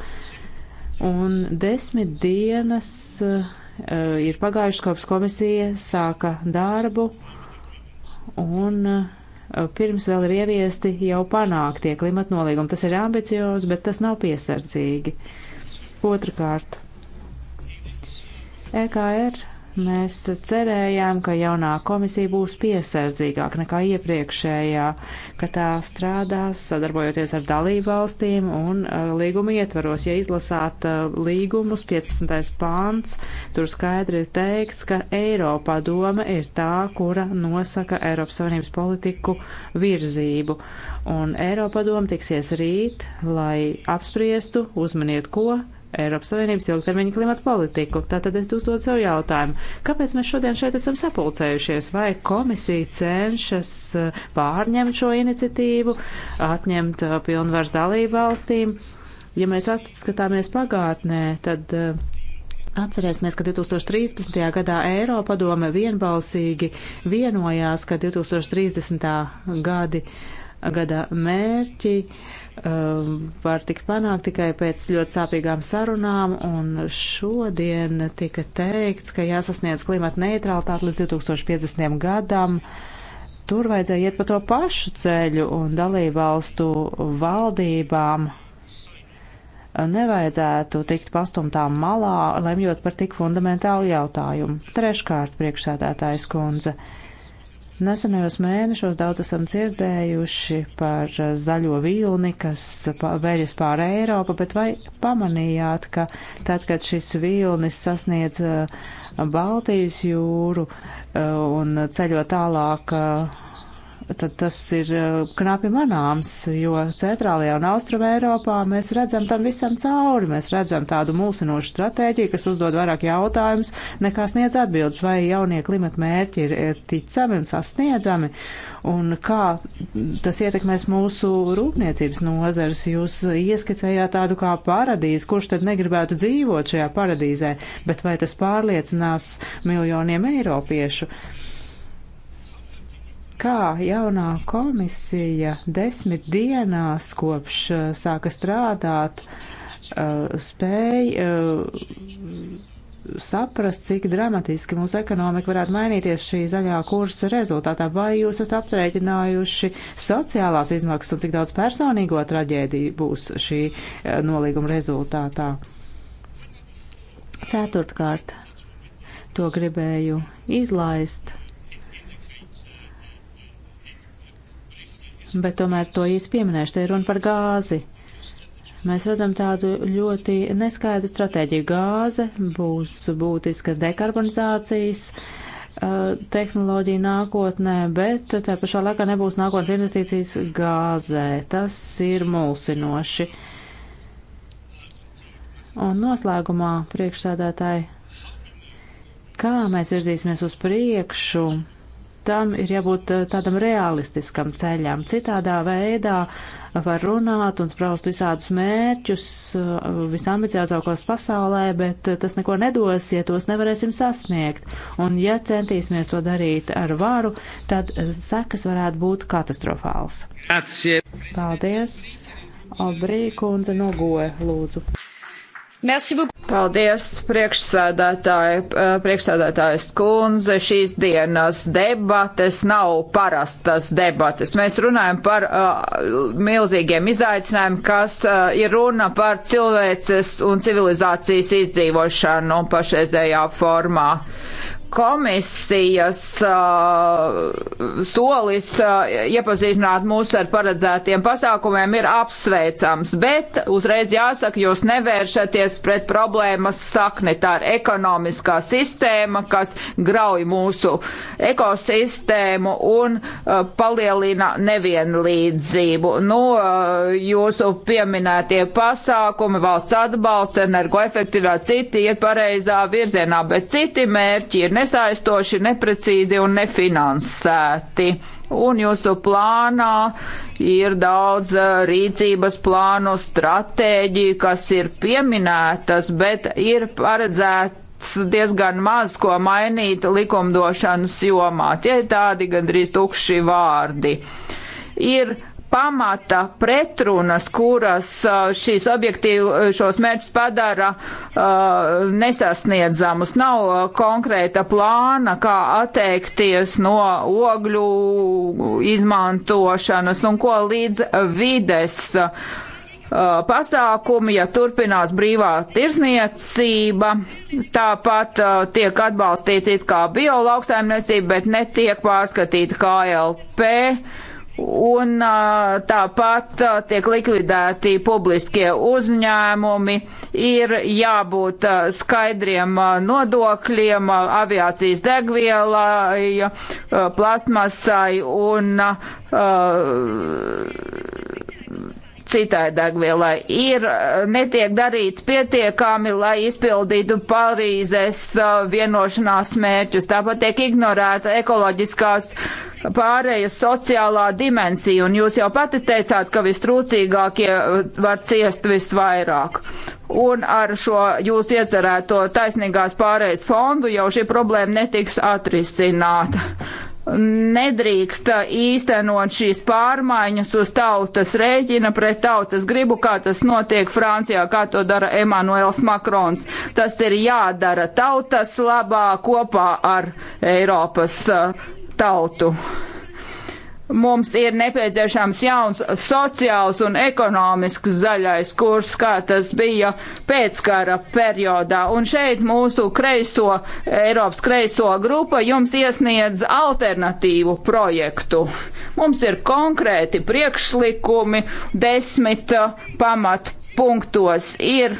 Un desmit dienas uh, ir pagājušas, kopš komisija sāka darbu. Un, uh, pirms vēl ir ieviesti jau panāktie klimata nolīgumi. Tas ir ambiciozi, bet tas nav piesardzīgi. Otrakārt, EKR Mēs cerējām, ka jaunā komisija būs piesardzīgāka nekā iepriekšējā, ka tā strādās sadarbojoties ar dalību valstīm un uh, līguma ietvaros. Ja izlasāt uh, līgumus, 15. pāns, tur skaidri ir teikts, ka Eiropā doma ir tā, kura nosaka Eiropas Savienības politiku virzību. Un Eiropa doma tiksies rīt, lai apspriestu, uzmaniet ko, Eiropas Savienības ilgtermiņa klimata politiku. Tātad es uzdodu sev jautājumu, kāpēc mēs šodien šeit esam sapulcējušies? Vai komisija cenšas eh, pārņemt šo iniciatīvu, atņemt eh, pilnvars dalību valstīm? Ja mēs atskatāmies pagātnē, tad eh, Atcerēsimies, ka 2013. gadā Eiropadome vienbalsīgi vienojās, ka 2030. gadi, gada mērķi uh, Um, var tikt panākt tikai pēc ļoti sāpīgām sarunām, un šodien tika teikts, ka jāsasniedz klimata neutralitāte līdz 2050. gadam. Tur vajadzēja iet pa to pašu ceļu un dalībvalstu valdībām nevajadzētu tikt pastumtām malā, lemjot par tik fundamentālu jautājumu. Treškārt, priekšsēdētājs kundze. Uh, Nesenajos mēnešos daudz esam dzirdējuši par eh, zaļo vilni, kas vēļas pār Eiropu, bet vai pamanījāt, ka tad, kad šis vilnis sasniedz eh, Baltijas jūru eh, un ceļo tālāk tad tas ir eh, knapi manāms, jo centrālajā un austrumē Eiropā mēs redzam tam visam cauri. Mēs redzam tādu mūsinošu stratēģiju, kas uzdod vairāk jautājumus, nekā sniedz atbildes, vai jaunie klimata mērķi ir eh, ticami un sasniedzami, un kā tas ietekmēs mūsu rūpniecības nozares. Jūs ieskicējāt tādu kā paradīzi, kurš tad negribētu dzīvot šajā paradīzē, bet vai tas pārliecinās miljoniem eiropiešu? kā jaunā komisija desmit dienās kopš uh, sāka strādāt, uh, spēja uh, saprast, cik dramatiski mūsu ekonomika varētu mainīties šī zaļā kursa rezultātā. Vai jūs esat aprēķinājuši sociālās izmaksas un cik daudz personīgo traģēdiju būs šī nolīguma rezultātā? Ceturtkārt, to gribēju izlaist bet tomēr to īsti pieminēšu. Te ir runa par gāzi. Mēs redzam tādu ļoti neskaidru stratēģiju. Gāze būs būtiska dekarbonizācijas tehnoloģija nākotnē, bet tā pašā laikā nebūs nākotnes investīcijas gāzē. Tas ir mulsinoši. Un noslēgumā priekšsēdētāji, kā mēs virzīsimies uz priekšu? tam ir jābūt eh, tādam realistiskam ceļam. Citādā veidā var runāt un spraust visādus mērķus eh, visambiciozākos pasaulē, bet eh, tas neko nedos, ja tos nevarēsim sasniegt. Un ja centīsimies to darīt ar varu, tad sekas varētu būt katastrofāls. Paldies! Obrī kundze nogoja, lūdzu. Paldies, priekšsēdētāji, eh, priekšsēdētājas kundze. Šīs dienas debates nav parastas debates. Mēs runājam par uh, milzīgiem izaicinājumiem, kas uh, ir runa par cilvēces un civilizācijas izdzīvošanu pašreizējā formā komisijas uh, solis uh, iepazīstināt mūs ar paredzētiem pasākumiem ir apsveicams, bet uzreiz jāsaka, jūs nevēršaties pret problēmas sakni. Tā ir ekonomiskā sistēma, kas grauj mūsu ekosistēmu un uh, palielina nevienlīdzību. Nu, uh, jūsu pieminētie pasākumi, valsts atbalsts, energoefektivitāte, citi iet pareizā virzienā, bet citi mērķi ir ne nesaistoši, neprecīzi un nefinansēti. Un jūsu plānā ir daudz eh, rīcības plānu, stratēģiju, kas ir pieminētas, bet ir paredzēta diezgan maz ko mainīt likumdošanas jomā. Tie ir tādi gandrīz tukši vārdi. Ir pamata pretrunas, kuras uh, šīs objektīvi uh, šos mērķus padara uh, nesasniedzamus. Nav uh, konkrēta plāna, kā atteikties no ogļu izmantošanas un ko līdz vides uh, pasākumi, ja turpinās brīvā tirzniecība. Tāpat uh, tiek atbalstīta it kā biolauksaimniecība, bet netiek pārskatīta KLP. Kā Un tāpat tiek likvidēti publiskie uzņēmumi, ir jābūt skaidriem nodokļiem aviācijas degvielai, plastmasai un uh, citai degvielai. Ir eh, netiek darīts pietiekami, lai izpildītu Parīzes eh, vienošanās mērķus. Tāpat tiek ignorēta ekoloģiskās pārējas sociālā dimensija, un jūs jau pati teicāt, ka vistrūcīgākie eh, var ciest visvairāk. Un ar šo jūsu iecerēto taisnīgās pārējas fondu jau šī problēma netiks atrisināta nedrīkst īstenot šīs pārmaiņas uz tautas rēķina pret tautas gribu, kā tas notiek Francijā, kā to dara Emanuels Makrons. Tas ir jādara tautas labā kopā ar Eiropas uh, tautu. Mums ir nepieciešams jauns sociāls un ekonomisks zaļais kurs, kā tas bija pēckara periodā. Un šeit mūsu kreiso, Eiropas kreiso grupa jums iesniedz alternatīvu projektu. Mums ir konkrēti priekšlikumi, desmit pamatpunktos ir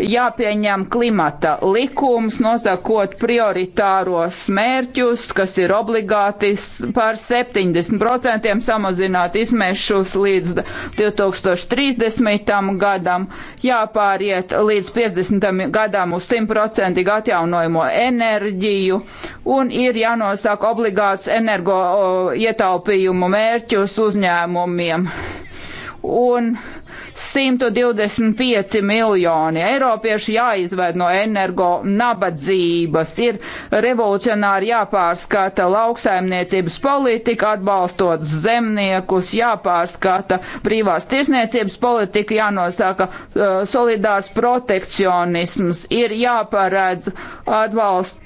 jāpieņem klimata likums, nosakot prioritāros mērķus, kas ir obligāti par 70% samazināt izmešus līdz 2030. gadam, jāpāriet līdz 50. gadam uz 100% atjaunojumu enerģiju un ir jānosaka obligāts energo ietaupījumu mērķus uzņēmumiem un 125 miljoni eiropiešu jāizved no energo nabadzības. Ir revolucionāri jāpārskata lauksaimniecības politika, atbalstot zemniekus, jāpārskata privās tirsniecības politika, jānosaka uh, solidārs protekcionisms, ir jāparedz atbalsts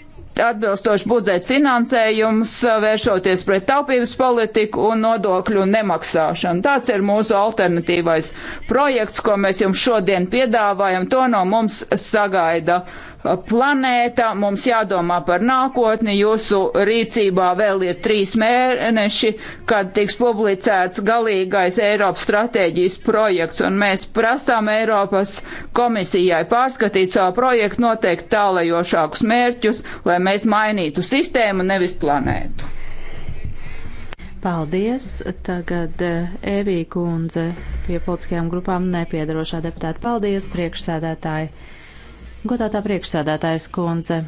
atbilstoši budžeta finansējums, vēršoties pret taupības politiku un nodokļu nemaksāšanu. Tāds ir mūsu alternatīvais projekts, ko mēs jums šodien piedāvājam. To no mums sagaida planēta, mums jādomā par nākotni. Jūsu rīcībā vēl ir trīs mēneši, kad tiks publicēts galīgais Eiropas stratēģijas projekts, un mēs prasām Eiropas komisijai pārskatīt savu projektu, noteikt tālajošākus mērķus, lai mēs mainītu sistēmu, nevis planētu. Paldies. Tagad eh, Evī kundze pie politiskajām grupām nepiedarošā deputāta. Paldies, priekšsēdētāji. Godātā priekšsēdētājas kundze,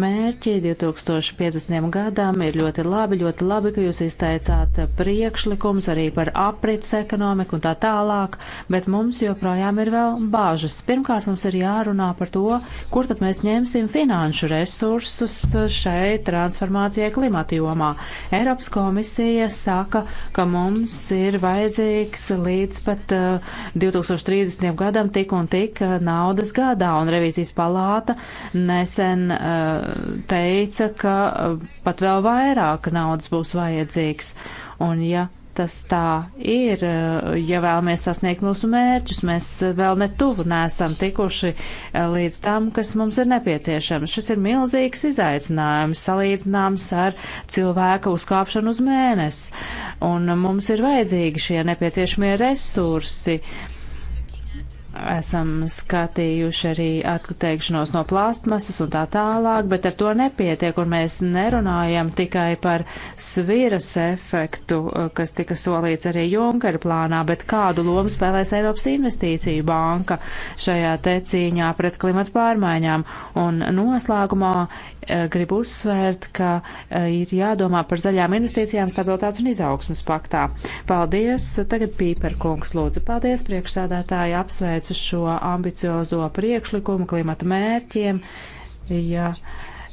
mērķi 2050. gadam ir ļoti labi, ļoti labi, ka jūs izteicāt priekšlikums arī par aprits ekonomiku un tā tālāk, bet mums joprojām ir vēl bāžas. Pirmkārt, mums ir jārunā par to, kur tad mēs ņemsim finanšu resursus šai transformācijai klimata jomā. Eiropas komisija saka, ka mums ir vajadzīgs līdz pat 2030. Eh, gadam tik un tik eh, naudas gadā, un revīzijas palāta nesen uh, teica, ka uh, pat vēl vairāk naudas būs vajadzīgs. Un ja tas tā ir, uh, ja vēlamies sasniegt mūsu mērķus, mēs vēl netuvu nesam tikuši uh, līdz tam, kas mums ir nepieciešams. Šis ir milzīgs izaicinājums, salīdzināms ar cilvēka uzkāpšanu uz mēnesi, un mums ir vajadzīgi šie nepieciešamie resursi. Uh, Esam skatījuši arī atteikšanos no plāstmasas un tā tālāk, bet ar to nepietiek, un mēs nerunājam tikai par sviras efektu, eh, kas tika solīts arī Junkera plānā, bet kādu lomu spēlēs Eiropas investīciju banka šajā te cīņā pret klimatu pārmaiņām. Un noslēgumā Eh, gribu uzsvērt, ka eh, ir jādomā par zaļām investīcijām stabilitātes un izaugsmas paktā. Paldies! Tagad Pīperkungs lūdzu. Paldies, priekšsēdētāji, apsveicu šo ambiciozo priekšlikumu klimata mērķiem. Ja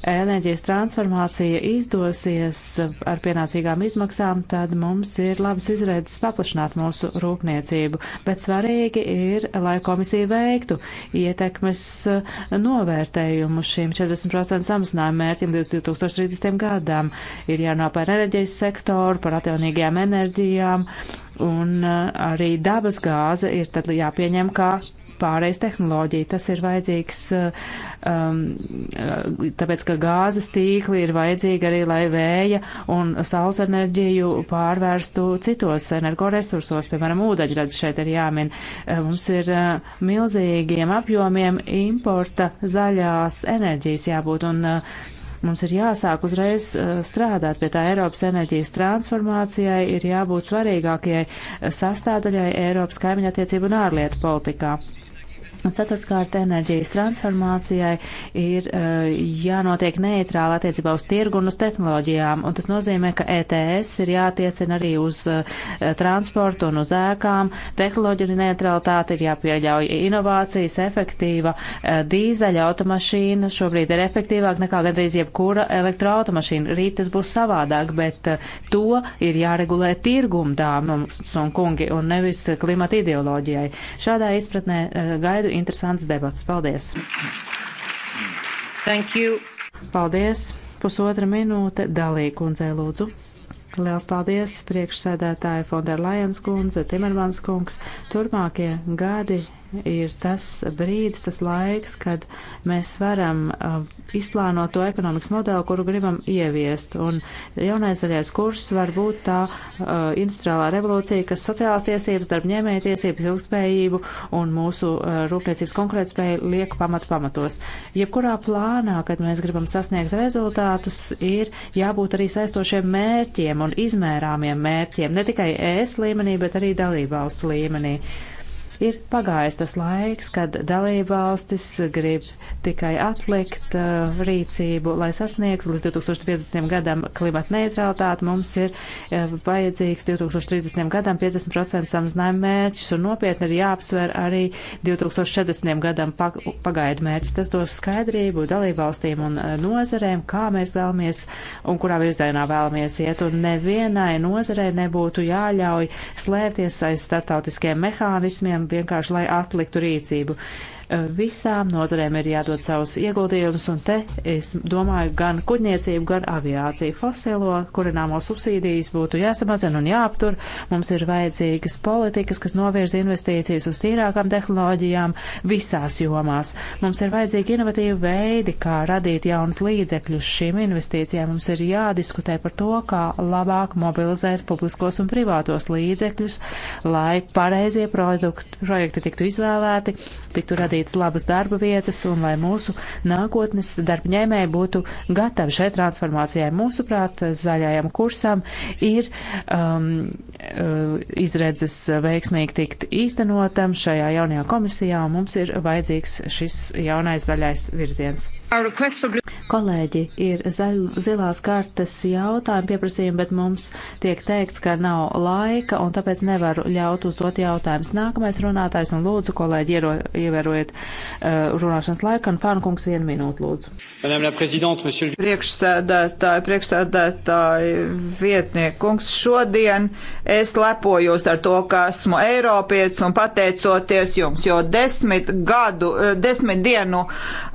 enerģijas transformācija izdosies ar pienācīgām izmaksām, tad mums ir labas izredzes paplašināt mūsu rūpniecību. Bet svarīgi ir, lai komisija veiktu ietekmes eh, novērtējumu šīm 40% samazinājumu mērķim līdz 2030. gadam. Ir jārunā par enerģijas sektoru, par atjaunīgajām enerģijām, un eh, arī dabas gāze ir tad jāpieņem kā pārējais tehnoloģija. Tas ir vajadzīgs, um, tāpēc ka gāzes tīkli ir vajadzīgi arī, lai vēja un saules enerģiju pārvērstu citos energoresursos, piemēram, ūdeņrads šeit ir jāmin. Eh, mums ir uh, milzīgiem apjomiem importa zaļās enerģijas jābūt. Un, uh, Mums ir jāsāk uzreiz strādāt pie tā Eiropas enerģijas transformācijai, ir jābūt svarīgākajai sastādaļai Eiropas kaimiņattiecību un ārlietu politikā. Ceturtkārt, enerģijas transformācijai ir uh, jānotiek neitrāli attiecībā uz tirgu un uz tehnoloģijām, un tas nozīmē, ka ETS ir jātiecina arī uz uh, transportu un uz ēkām. Tehnoloģija neutralitāte ir jāpieļauj inovācijas, efektīva uh, dīzeļa automašīna šobrīd ir efektīvāk nekā gandrīz jebkura elektroautomašīna. Rīt tas būs savādāk, bet uh, to ir jāregulē tirgumdāmums un kungi un nevis klimata ideoloģijai. Šādā izpratnē uh, gaidu ļoti interesants debats. Paldies! Thank you! Paldies! Pusotra minūte dalīja kundzē lūdzu. Liels paldies priekšsēdētāji Fonderlajens kundze, Timermans kungs. Turpmākie gadi ir tas brīdis, tas laiks, kad mēs varam uh, izplānot to ekonomikas modeli, kuru gribam ieviest. Un jaunais zaļais kurs var būt tā uh, industriālā revolūcija, kas sociālās tiesības, darbņēmēja tiesības, ilgspējību un mūsu uh, rūpniecības konkurētspēju liek pamatu pamatos. Jebkurā plānā, kad mēs gribam sasniegt rezultātus, ir jābūt arī saistošiem mērķiem un izmērāmiem mērķiem, ne tikai ES līmenī, bet arī dalībvalstu līmenī. Uh, Ir pagājis tas laiks, kad dalībvalstis grib tikai atlikt uh, rīcību, lai sasniegtu līdz 2050. gadam klimata neutralitāti. Mums ir uh, vajadzīgs 2030. gadam 50% samazinājuma mērķis un nopietni ir jāapsver arī 2040. gadam pagaidu mērķis. Tas dos skaidrību dalībvalstīm un uh, nozarēm, kā mēs vēlamies un kurā virzienā vēlamies iet. Un nevienai nozarei nebūtu jāļauj slēpties aiz starptautiskiem mehānismiem, vienkārši, lai atliktu rīcību. Eh, visām nozarēm ir jādod savus ieguldījumus, un te es domāju gan kuģniecību, gan aviāciju. Fosilo kurināmo subsīdijas būtu jāsamazina un jāaptur. Mums ir vajadzīgas politikas, kas novirza investīcijas uz tīrākām tehnoloģijām visās jomās. Mums ir vajadzīgi inovatīvi veidi, kā radīt jaunas līdzekļus šīm investīcijām. Mums ir jādiskutē par to, kā labāk mobilizēt publiskos un privātos līdzekļus, lai pareizie produkti, projekti tiktu izvēlēti, tiktu radīti radīts labas darba vietas un lai mūsu nākotnes darbņēmēji būtu gatavi šai transformācijai. Mūsuprāt, zaļajam kursam ir um, uh, izredzes veiksmīgi tikt īstenotam šajā jaunajā komisijā, un mums ir vajadzīgs šis jaunais zaļais virziens. Kolēģi, ir zilās kartes jautājumi pieprasījumi, bet mums tiek teikts, ka nav laika un tāpēc nevaru ļaut uzdot jautājumus. Nākamais runātājs un lūdzu, kolēģi, iero, ievērojiet uh, runāšanas laiku un Fānkungs vienu minūtu lūdzu. Monsieur... Priekšsēdētāji, priekšsēdētāji vietniekungs, šodien es lepojos ar to, ka esmu Eiropietis un pateicoties jums, jo desmit gadu, eh, desmit dienu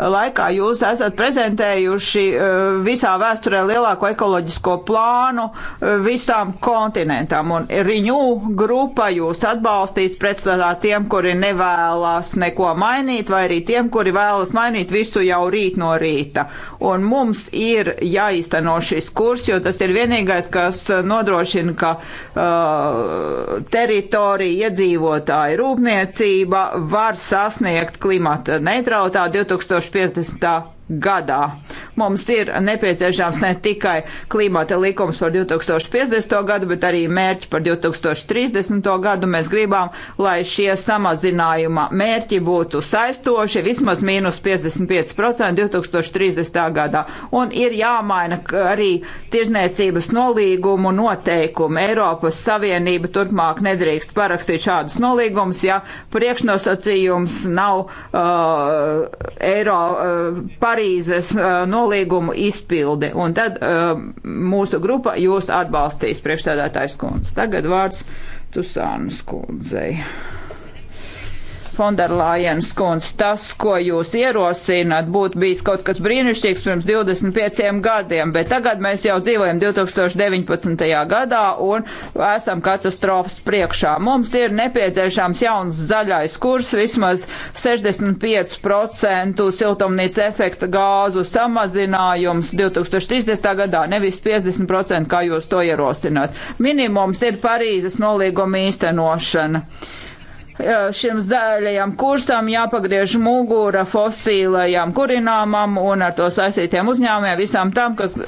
laikā jūs esat prezentējuši eh, visā vēsturē lielāko ekoloģisko plānu eh, visām kontinentām, un riņu grupa jūs atbalstīs pretstatā tiem, kuri nevēlas neko mainīt, vai arī tiem, kuri vēlas mainīt visu jau rīt no rīta. Un mums ir jāizteno šis kurs, jo tas ir vienīgais, kas eh, nodrošina, ka uh, teritorija, iedzīvotāji, rūpniecība var sasniegt klimata neutralitāti 2050 gadā. Mums ir nepieciešams ne tikai klimata likums par 2050. gadu, bet arī mērķi par 2030. gadu. Mēs gribam, lai šie samazinājuma mērķi būtu saistoši vismaz mīnus 55% 2030. gadā. Un ir jāmaina arī tirzniecības nolīgumu noteikumi. Eiropas Savienība turpmāk nedrīkst parakstīt šādus nolīgumus, ja priekšnosacījums nav uh, Eiro. Uh, Parīzes nolīgumu izpildi. Un tad mūsu grupa jūs atbalstīs priekšsēdētājs kundze. Tagad vārds Tusānas kundzei. Fonderlājens kundz, tas, ko jūs ierosināt, būtu bijis kaut kas brīnišķīgs pirms 25 gadiem, bet tagad mēs jau dzīvojam 2019. gadā un esam katastrofas priekšā. Mums ir nepieciešams jauns zaļais kurs, vismaz 65% siltumnīca efekta gāzu samazinājums 2030. gadā, nevis 50%, kā jūs to ierosināt. Minimums ir Parīzes nolīguma īstenošana šim zaļajam kursam jāpagriež mugura fosīlajam kurināmam un ar to saistītiem uzņēmumiem, visam tam, kas uh,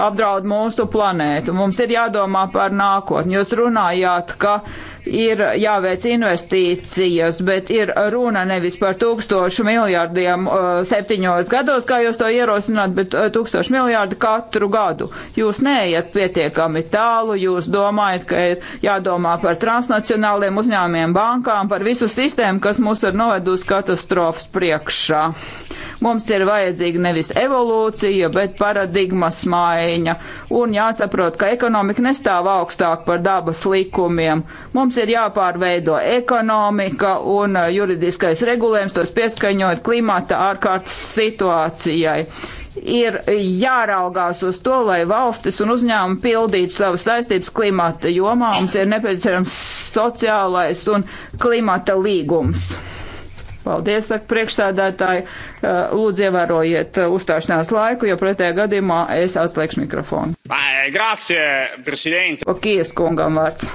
apdraud mūsu planētu. Mums ir jādomā par nākotni. Jūs runājāt, ka uh, ir jāveic investīcijas, bet ir runa nevis par tūkstošu miljārdiem uh, septiņos gados, kā jūs to ierosināt, bet uh, tūkstošu miljārdu katru gadu. Jūs neiet pietiekami tālu, jūs domājat, ka ir jādomā par transnacionāliem uzņēmiem, bankām, par visu sistēmu, kas mūs ir novedusi katastrofas priekšā. Mums ir vajadzīga nevis evolūcija, bet paradigmas maiņa un jāsaprot, ka ekonomika nestāv augstāk par dabas likumiem. Mums Mums ir jāpārveido ekonomika un uh, juridiskais regulējums, tos pieskaņot klimata ārkārtas situācijai ir jāraugās uz to, lai valstis un uzņēmumi pildītu savas saistības klimata jomā. Mums ir nepieciešams sociālais un klimata līgums. Paldies, saka priekšsādātāji. Uh, lūdzu, ievērojiet uh, uzstāšanās laiku, jo pretējā gadījumā es atslēgšu mikrofonu. Grācie, prezidente. Okies kungam vārds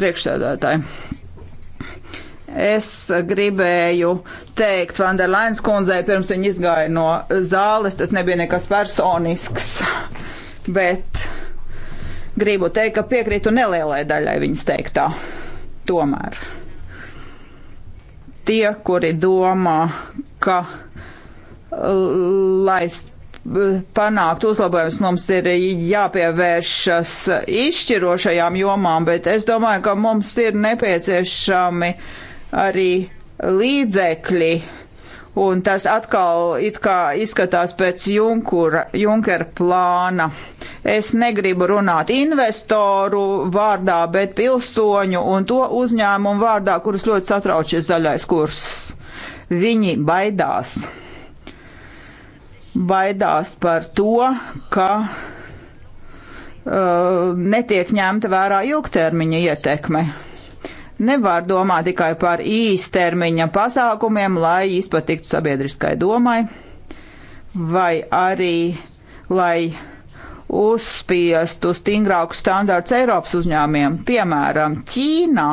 priekšsēdētāji. Es gribēju teikt Vanderlains kundzei, pirms viņa izgāja no zāles, tas nebija nekas personisks, bet gribu teikt, ka piekrītu nelielai daļai viņas teiktā. Tomēr tie, kuri domā, ka lai panākt uzlabojums, mums ir jāpievēršas izšķirošajām jomām, bet es domāju, ka mums ir nepieciešami arī līdzekļi. Un tas atkal izskatās pēc Junkura, Junkera plāna. Es negribu runāt investoru vārdā, bet pilsoņu un to uzņēmumu vārdā, kurus ļoti satrauc šis zaļais kurs. Viņi baidās baidās par to, ka uh, netiek ņemta vērā ilgtermiņa ietekme. Nevar domāt tikai par īstermiņa pasākumiem, lai izpatiktu sabiedriskai domai, vai arī, lai uzspiestu stingrākus standārts Eiropas uzņēmiem. Piemēram, Ķīnā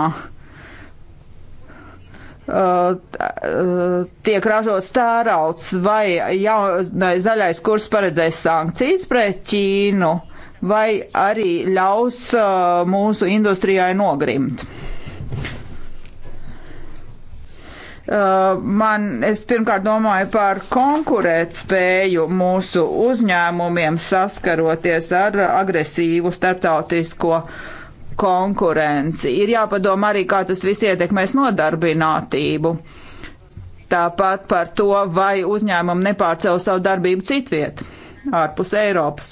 tiek ražots tērauds vai jaunai zaļais kurs paredzēs sankcijas pret Ķīnu vai arī ļaus mūsu industrijai nogrimt. Man, es pirmkārt domāju par konkurēt spēju mūsu uzņēmumiem saskaroties ar agresīvu starptautisko uh, konkurenci. Ir jāpadomā arī, kā tas viss ietekmēs nodarbinātību. Tāpat par to, vai uzņēmumi nepārcēl savu darbību citviet, ārpus Eiropas.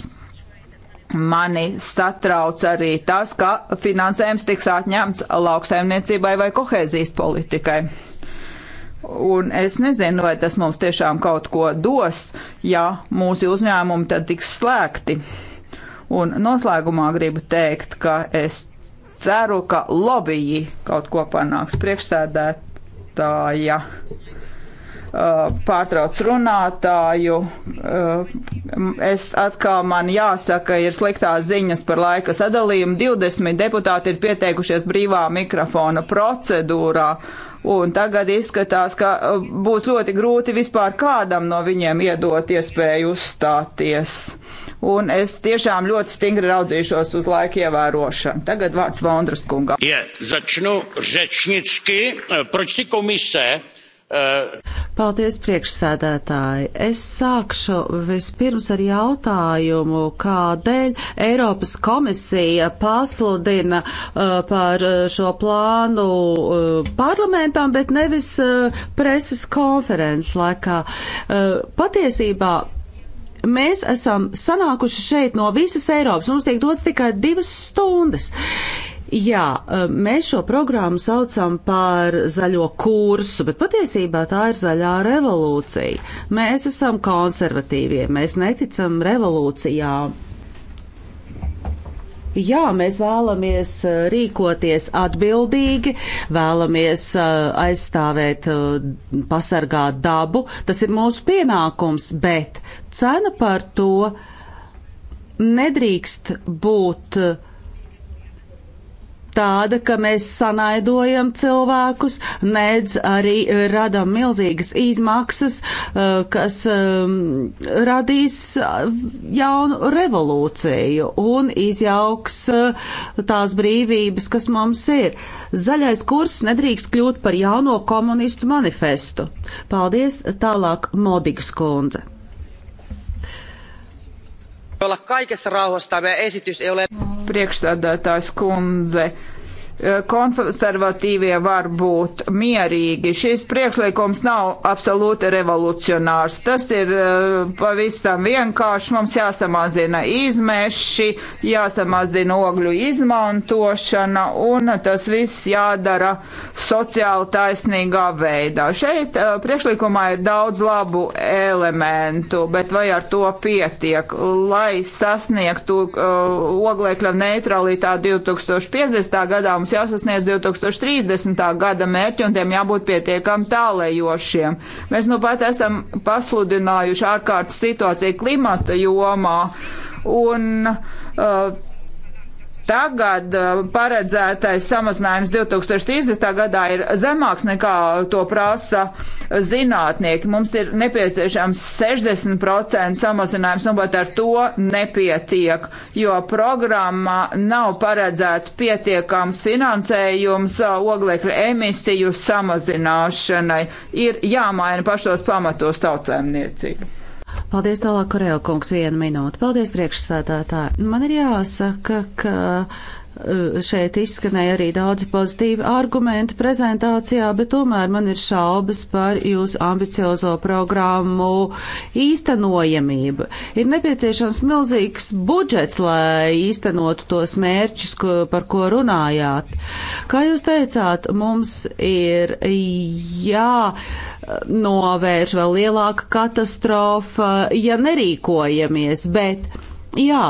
Mani satrauc arī tas, ka finansējums tiks atņemts lauksaimniecībai vai kohēzijas politikai. Un es nezinu, vai tas mums tiešām kaut ko dos, ja mūsu uzņēmumi tad tiks slēgti. Un noslēgumā gribu teikt, ka es ceru, ka lobiji kaut ko panāks priekšsēdētāja uh, pārtrauc runātāju. Uh, es atkal man jāsaka, ir sliktās ziņas par laika sadalījumu. 20 deputāti ir pieteikušies brīvā mikrofona procedūrā. Un tagad izskatās, ka uh, būs ļoti grūti vispār kādam no viņiem iedot iespēju uzstāties un es tiešām ļoti stingri raudzīšos uz laika ievērošanu. Tagad vārds Vondras kungam. Ja, začnu řečnicky, e, proč si komise e, Paldies, priekšsēdētāji. Es sākšu vispirms ar jautājumu, kādēļ Eiropas komisija pasludina uh, par šo plānu uh, parlamentam, bet nevis uh, preses konferences laikā. Patiesībā Mēs esam sanākuši šeit no visas Eiropas, mums tiek dots tikai divas stundas. Jā, e, mēs šo programmu saucam par zaļo kursu, bet patiesībā tā ir zaļā revolūcija. Mēs esam konservatīvie, mēs neticam revolūcijām. Jā, mēs vēlamies uh, rīkoties atbildīgi, vēlamies uh, aizstāvēt, uh, pasargāt dabu. Tas ir mūsu pienākums, bet cena par to nedrīkst būt uh, tāda, ka mēs sanaidojam cilvēkus, nedz arī radam milzīgas izmaksas, eh, kas eh, radīs eh, jaunu revolūciju un izjauks tās brīvības, kas mums ir. Zaļais kurs nedrīkst kļūt par jauno komunistu manifestu. Paldies, tālāk Modigas kundze olla kaikessa rauhassa. Tämä esitys ei ole... Priekšsēdētājs kundze. Eh, konservatīvie var būt mierīgi. Šis priekšlikums nav absolūti revolucionārs. Tas ir eh, pavisam vienkārši. Mums jāsamazina izmeši, jāsamazina ogļu izmantošana un tas viss jādara sociāli taisnīgā veidā. Šeit eh, priekšlikumā ir daudz labu elementu, bet vai ar to pietiek, lai sasniegtu uh, oglekļa neutralitāti 2050. gadā? mums jāsasniedz 2030. gada mērķi un tiem jābūt pietiekami tālējošiem. Mēs nu pat esam pasludinājuši ārkārtas situāciju klimata jomā un uh, Tagad uh, paredzētais samazinājums 2030. gadā ir zemāks nekā to prasa zinātnieki. Mums ir nepieciešams 60% samazinājums, un pat ar to nepietiek, jo programmā nav paredzēts pietiekams finansējums uh, oglekļa emisiju samazināšanai. Ir jāmaina pašos pamatos tautsēmniecību. Paldies tālāk, Korēla kungs, vienu minūti. Paldies, priekšsēdētāji. Nu, man ir jāsaka, ka uh, šeit izskanēja arī daudz pozitīvi argumenti prezentācijā, bet tomēr man ir šaubas par jūsu ambiciozo programmu īstenojamību. Ir nepieciešams milzīgs budžets, lai īstenotu tos mērķus, ko, par ko runājāt. Kā jūs teicāt, mums ir jā novērš vēl lielāka katastrofa, ja nerīkojamies, bet jā,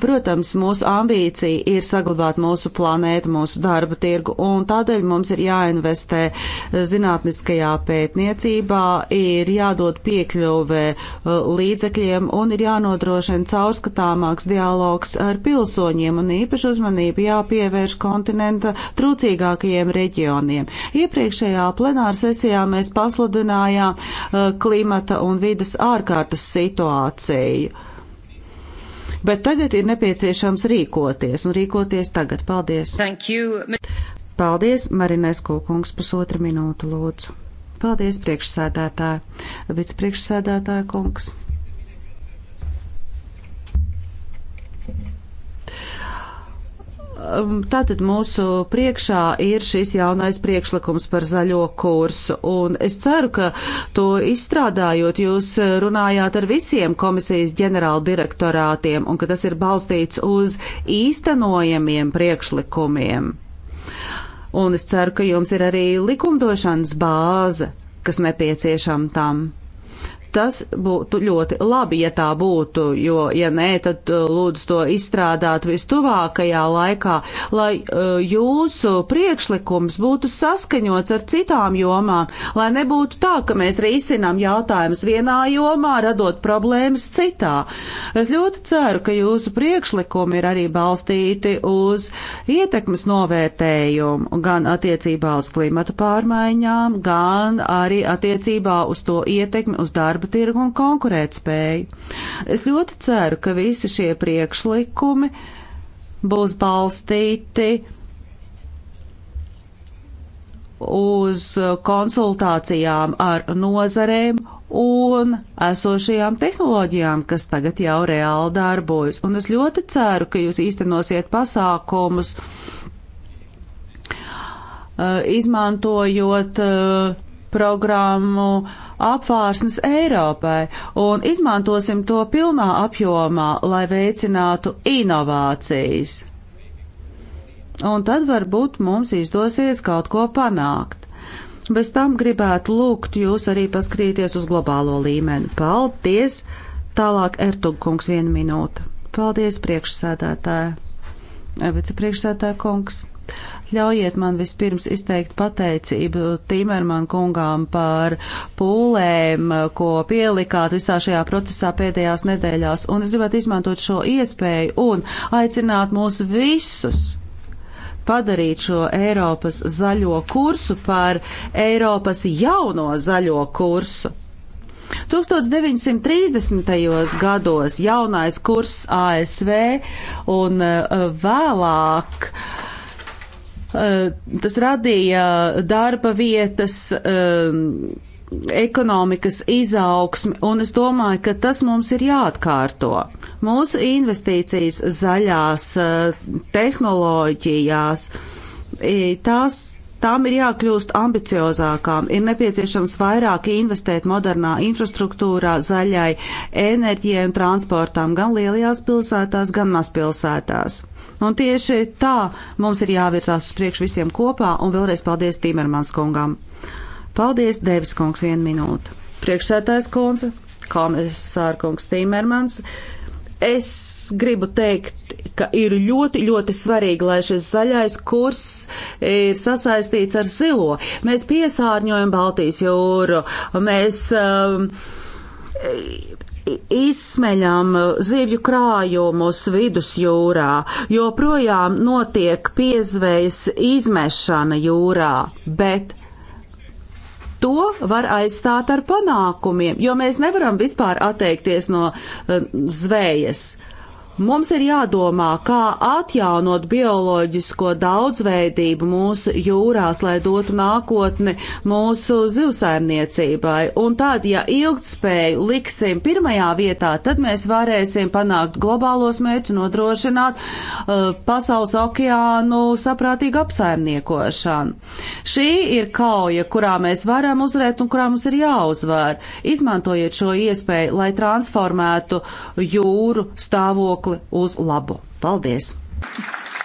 Protams, mūsu ambīcija ir saglabāt mūsu planētu, mūsu darba tirgu, un tādēļ mums ir jāinvestē zinātniskajā pētniecībā, ir jādod piekļuvē uh, līdzekļiem un ir jānodrošina caurskatāmāks dialogs ar pilsoņiem un īpaši uzmanību jāpievērš kontinenta trūcīgākajiem reģioniem. Iepriekšējā plenāra sesijā mēs pasludinājām uh, klimata un vidas ārkārtas situāciju bet tagad ir nepieciešams rīkoties un rīkoties tagad. Paldies! Paldies, Marinesko kungs, pusotra minūte lūdzu. Paldies, priekšsēdētāja, vicepriekšsēdētāja kungs. Um, tātad mūsu priekšā ir šis jaunais priekšlikums par zaļo kursu, un es ceru, ka to izstrādājot jūs runājāt ar visiem komisijas ģenerāla direktorātiem, un ka tas ir balstīts uz īstenojamiem priekšlikumiem. Un es ceru, ka jums ir arī likumdošanas bāze, kas nepieciešama tam. Tas būtu ļoti labi, ja tā būtu, jo, ja nē, tad uh, lūdzu to izstrādāt vistuvākajā laikā, lai uh, jūsu priekšlikums būtu saskaņots ar citām jomām, lai nebūtu tā, ka mēs risinām jautājumus vienā jomā, radot problēmas citā. Es ļoti ceru, ka jūsu priekšlikumi ir arī balstīti uz ietekmes novērtējumu gan attiecībā uz klimatu pārmaiņām, gan arī attiecībā uz to ietekmi uz darbu darba tirgu un konkurētspēju. Es ļoti ceru, ka visi šie priekšlikumi būs balstīti uz konsultācijām ar nozarēm un esošajām tehnoloģijām, kas tagad jau reāli darbojas. Un es ļoti ceru, ka jūs īstenosiet pasākumus, uh, izmantojot uh, programmu apvārsnes Eiropai un izmantosim to pilnā apjomā, lai veicinātu inovācijas. Un tad varbūt mums izdosies kaut ko panākt. Bez tam gribētu lūgt jūs arī paskrīties uz globālo līmeni. Paldies! Tālāk Ertugkungs viena minūte. Paldies priekšsēdētāja. Vicepriekšsēdētāja kungs. Ļaujiet man vispirms izteikt pateicību Timerman kungām par pūlēm, ko pielikāt visā šajā procesā pēdējās nedēļās, un es gribētu izmantot šo iespēju un aicināt mūs visus padarīt šo Eiropas zaļo kursu par Eiropas jauno zaļo kursu. 1930. gados jaunais kurs ASV un eh, vēlāk uh, Eh, tas radīja darba vietas, eh, ekonomikas izaugsmi, un es domāju, ka tas mums ir jāatkārto. Mūsu investīcijas zaļās eh, tehnoloģijās, tās Tām ir jākļūst ambiciozākām, ir nepieciešams vairāk investēt modernā infrastruktūrā, zaļai, enerģijai un transportām gan lielajās pilsētās, gan mazpilsētās. Un tieši tā mums ir jāvirzās uz priekšu visiem kopā, un vēlreiz paldies Timermans kungam. Paldies, Devis kungs, vienu minūtu. Priekšsētājs kundze, komisārkungs Timermans. Es gribu teikt, ka ir ļoti, ļoti svarīgi, lai šis zaļais kurs ir sasaistīts ar zilo. Mēs piesārņojam Baltijas jūru, mēs um, izsmeļam zivju krājumus vidusjūrā, joprojām notiek piezvejas izmešana jūrā, bet to var aizstāt ar panākumiem, jo mēs nevaram vispār atteikties no uh, zvējas. Uh, Mums ir jādomā, kā atjaunot bioloģisko daudzveidību mūsu jūrās, lai dotu nākotni mūsu zivsaimniecībai. Un tad, ja ilgtspēju liksim pirmajā vietā, tad mēs varēsim panākt globālos mērķus, nodrošināt uh, pasaules okeānu saprātīgu apsaimniekošanu. Šī ir kauja, kurā mēs varam uzvarēt un kurā mums ir jāuzvar. Izmantojiet šo iespēju, lai transformētu jūru stāvokli stāvokli uz labu. Paldies!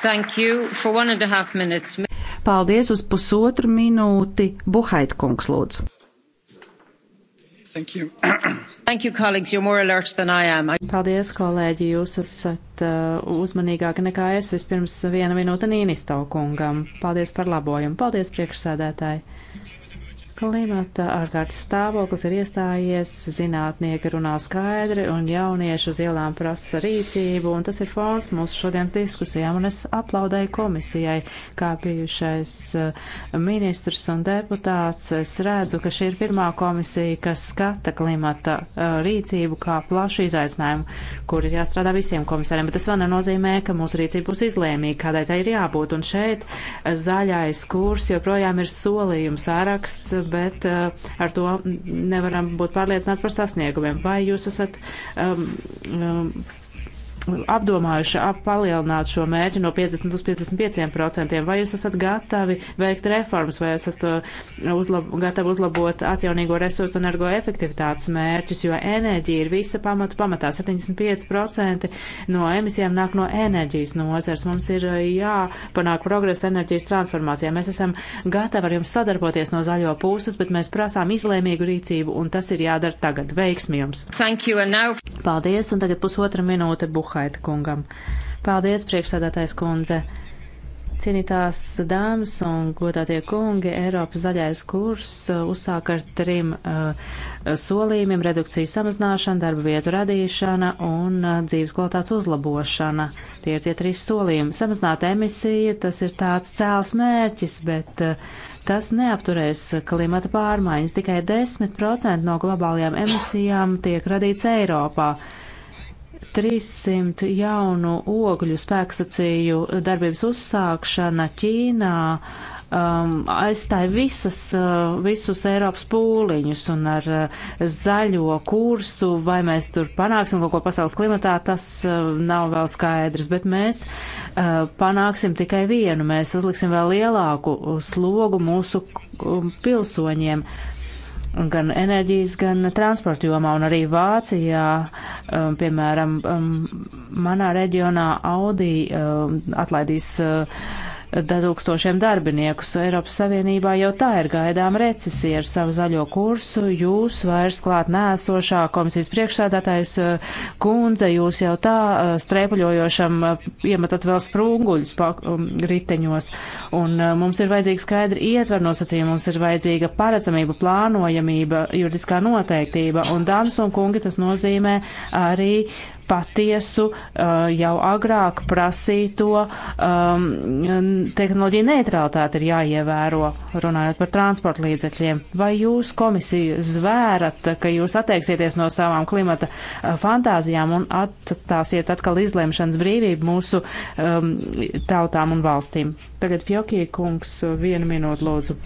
Thank you for one and a half minutes. Paldies uz pusotru minūti. Buhait kungs lūdzu. Thank you. Thank you, colleagues. You're more alert than I am. I... Paldies, kolēģi. Jūs esat uh, uzmanīgāki nekā es. Vispirms viena minūte Nīnistau kungam. Paldies par labojumu. Paldies, priekšsēdētāji. Klimata ārkārtas stāvoklis ir iestājies, zinātnieki runā skaidri un jaunieši uz ielām prasa rīcību, un tas ir fons mūsu šodienas diskusijām, un es aplaudēju komisijai, kā bijušais eh, ministrs un deputāts. Es redzu, ka šī ir pirmā komisija, kas skata klimata eh, rīcību kā plašu izaicinājumu, kur ir jāstrādā visiem komisāriem, bet tas vēl nenozīmē, ka mūsu rīcība būs izlēmīga, kādai tai ir jābūt, un šeit eh, zaļais kurs joprojām ir solījums āraksts bet eh, ar to nevaram būt pārliecināti par sasniegumiem. Vai jūs esat um, um, apdomājuši ap palielināt šo mērķi no 50 uz 55 procentiem? Vai jūs esat gatavi veikt reformas, vai esat uh, uzlab gatavi uzlabot atjaunīgo resursu un energoefektivitātes mērķus, jo enerģija ir visa pamatu pamatā. 75 procenti no emisijām nāk no enerģijas nozars. Mums ir uh, jāpanāk progresa enerģijas transformācijā. Mēs esam gatavi ar jums sadarboties no zaļo puses, bet mēs prasām izlēmīgu rīcību, un tas ir jādara tagad. Veiksmi jums! Now... Paldies, un tagad pusotra minūte buha. Buhaita kungam. Paldies, priekšsēdētājs kundze! Cienītās dāmas un godātie kungi, Eiropas zaļais kurs uh, uzsāk ar trim uh, solījumiem - redukcijas samazināšana, darba vietu radīšana un uh, dzīves kvalitātes uzlabošana. Tie ir tie trīs solījumi. Samazināt emisiju, tas ir tāds cēls mērķis, bet uh, tas neapturēs klimata pārmaiņas. Tikai 10% no globālajām emisijām tiek radīts Eiropā. Uh, 300 jaunu ogļu spēkstaciju darbības uzsākšana Ķīnā um, aizstāja visas, uh, visus Eiropas pūliņus un ar uh, zaļo kursu, vai mēs tur panāksim kaut ko pasaules klimatā, tas uh, nav vēl skaidrs, bet mēs uh, panāksim tikai vienu, mēs uzliksim vēl lielāku slogu mūsu um, pilsoņiem. Uh, gan enerģijas, gan transporta jomā, un arī Vācijā, um, piemēram, um, manā reģionā Audi um, atlaidīs. Uh, tūkstošiem darbiniekus. Eiropas Savienībā jau tā ir gaidām recesija ar savu zaļo kursu. Jūs vairs klāt nēsošā komisijas priekšsādātājs eh, kundze, jūs jau tā eh, strēpaļojošam eh, iemetat vēl sprunguļus um, riteņos. Un mums ir vajadzīga skaidra ietver nosacījuma, mums ir vajadzīga paredzamība, plānojamība, juridiskā noteiktība. Un, dāmas un kungi, tas nozīmē arī patiesu eh, jau agrāk prasīto um, tehnoloģiju neutralitāti ir jāievēro, runājot par transporta līdzekļiem. Vai jūs komisiju zvērat, ka jūs atteiksieties no savām klimata eh, fantāzijām un atstāsiet atkal izlemšanas brīvību mūsu um, tautām un valstīm? Tagad Fjokī kungs vienu minūtu lūdzu.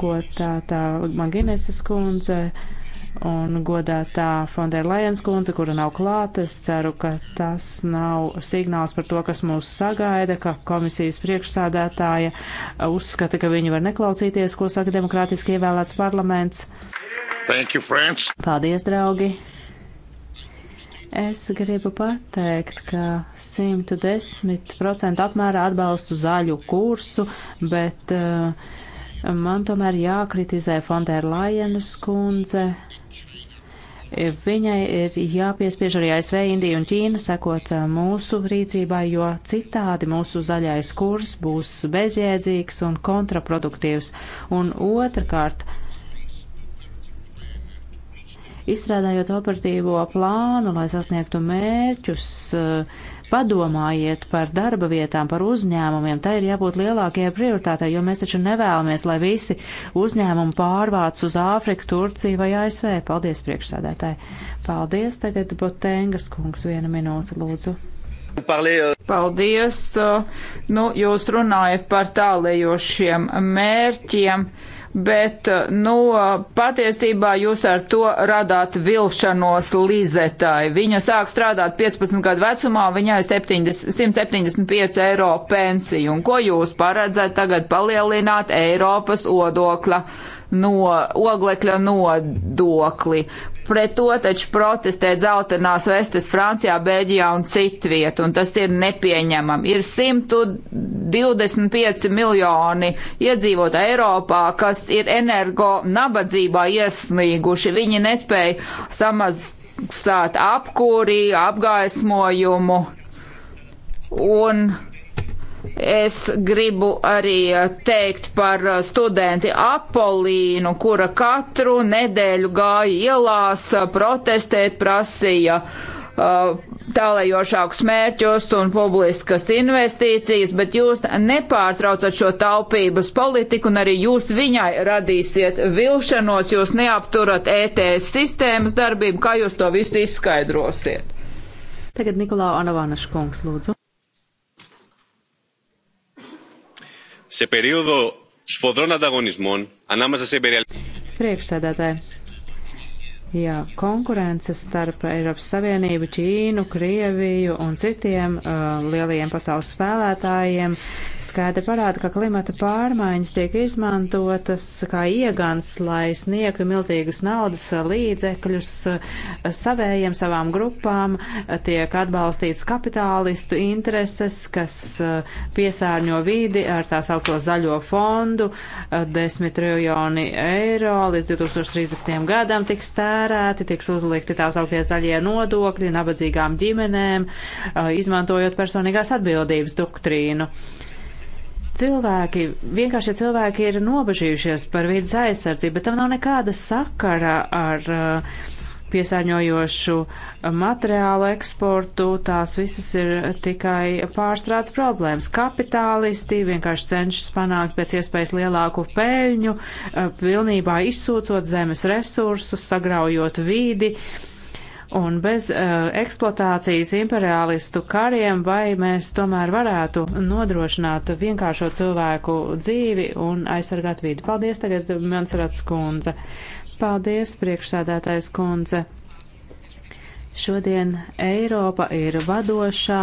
Gotā tā Magineses kundze. Uh, un godātā Fondē Lajens kundze, kura nav klāta. Es ceru, ka tas nav signāls par to, kas mūs sagaida, ka komisijas priekšsādātāja uzskata, ka viņi var neklausīties, ko saka demokrātiski ievēlēts parlaments. Thank you, friends. Paldies, draugi! Es gribu pateikt, ka 110% apmērā atbalstu zaļu kursu, bet uh, Man tomēr jākritizē Fonderlajenas kundze. Viņai ir jāpiespiež arī ASV, Indija un Ķīna sekot uh, mūsu rīcībai, jo citādi mūsu zaļais kurs būs bezjēdzīgs un kontraproduktīvs. Un otrkārt, izstrādājot operatīvo plānu, lai sasniegtu mērķus, uh, Padomājiet par darba vietām, par uzņēmumiem. Tā ir jābūt lielākajai prioritātei, jo mēs taču nevēlamies, lai visi uzņēmumi pārvāc uz Āfriku, Turciju vai ASV. Paldies, priekšsēdētāji. Paldies, tagad Botengas kungs, viena minūte, lūdzu. Paldies. Uh, nu, jūs runājat par tālējošiem mērķiem bet, eh, nu, patiesībā jūs ar to radāt vilšanos Lizetai. Viņa sāk strādāt 15 gadu vecumā, viņai 70, 175 eiro pensiju. Un ko jūs paredzat tagad palielināt Eiropas odokļa? no oglekļa nodokli. Pret to taču protestē dzeltenās vestes Francijā, Bēļģijā un citviet, un tas ir nepieņemam. Ir 125 miljoni iedzīvotā Eiropā, kas ir energo nabadzībā iesnīguši. Viņi nespēja samaksāt apkūri, apgaismojumu un Es gribu arī eh, teikt par eh, studenti Apolīnu, kura katru nedēļu gāja ielās eh, protestēt, prasīja tālējošākus mērķus un publiskas investīcijas, bet jūs nepārtraucat šo taupības politiku un arī jūs viņai radīsiet vilšanos, jūs neapturat ETS sistēmas darbību, kā jūs to visu izskaidrosiet. Tagad Nikolā Anavānaša kungs lūdzu. σε περίοδο σφοδρών ανταγωνισμών ανάμεσα σε υπεριαλιστικές Jā, konkurence starp Eiropas Savienību, Ķīnu, Krieviju un citiem uh, lielajiem pasaules spēlētājiem skaidri parāda, ka klimata pārmaiņas tiek izmantotas kā iegans, lai sniegtu milzīgus naudas līdzekļus uh, savējiem, savām grupām, uh, tiek atbalstīts kapitālistu intereses, kas uh, piesārņo vidi ar tā saucamo zaļo fondu, uh, 10 triljoni eiro līdz 2030. gadam tiks tērēts tērēti, tiks uzlikti tās augtie zaļie nodokļi nabadzīgām ģimenēm, uh, izmantojot personīgās atbildības doktrīnu. Cilvēki, vienkāršie cilvēki ir nobežījušies par vidas aizsardzību, bet tam nav nekāda sakara ar uh, piesārņojošu materiālu eksportu, tās visas ir tikai pārstrādes problēmas. Kapitālisti vienkārši cenšas panākt pēc iespējas lielāku peļņu, eh, pilnībā izsūcot zemes resursus, sagraujot vīdi. Un bez uh, eksploatācijas imperialistu kariem vai mēs tomēr varētu nodrošināt vienkāršo cilvēku dzīvi un aizsargāt vidi. Paldies tagad, Monsarats Kundze. Uh, Paldies, priekšsēdētājs kundze. Šodien Eiropa ir vadošā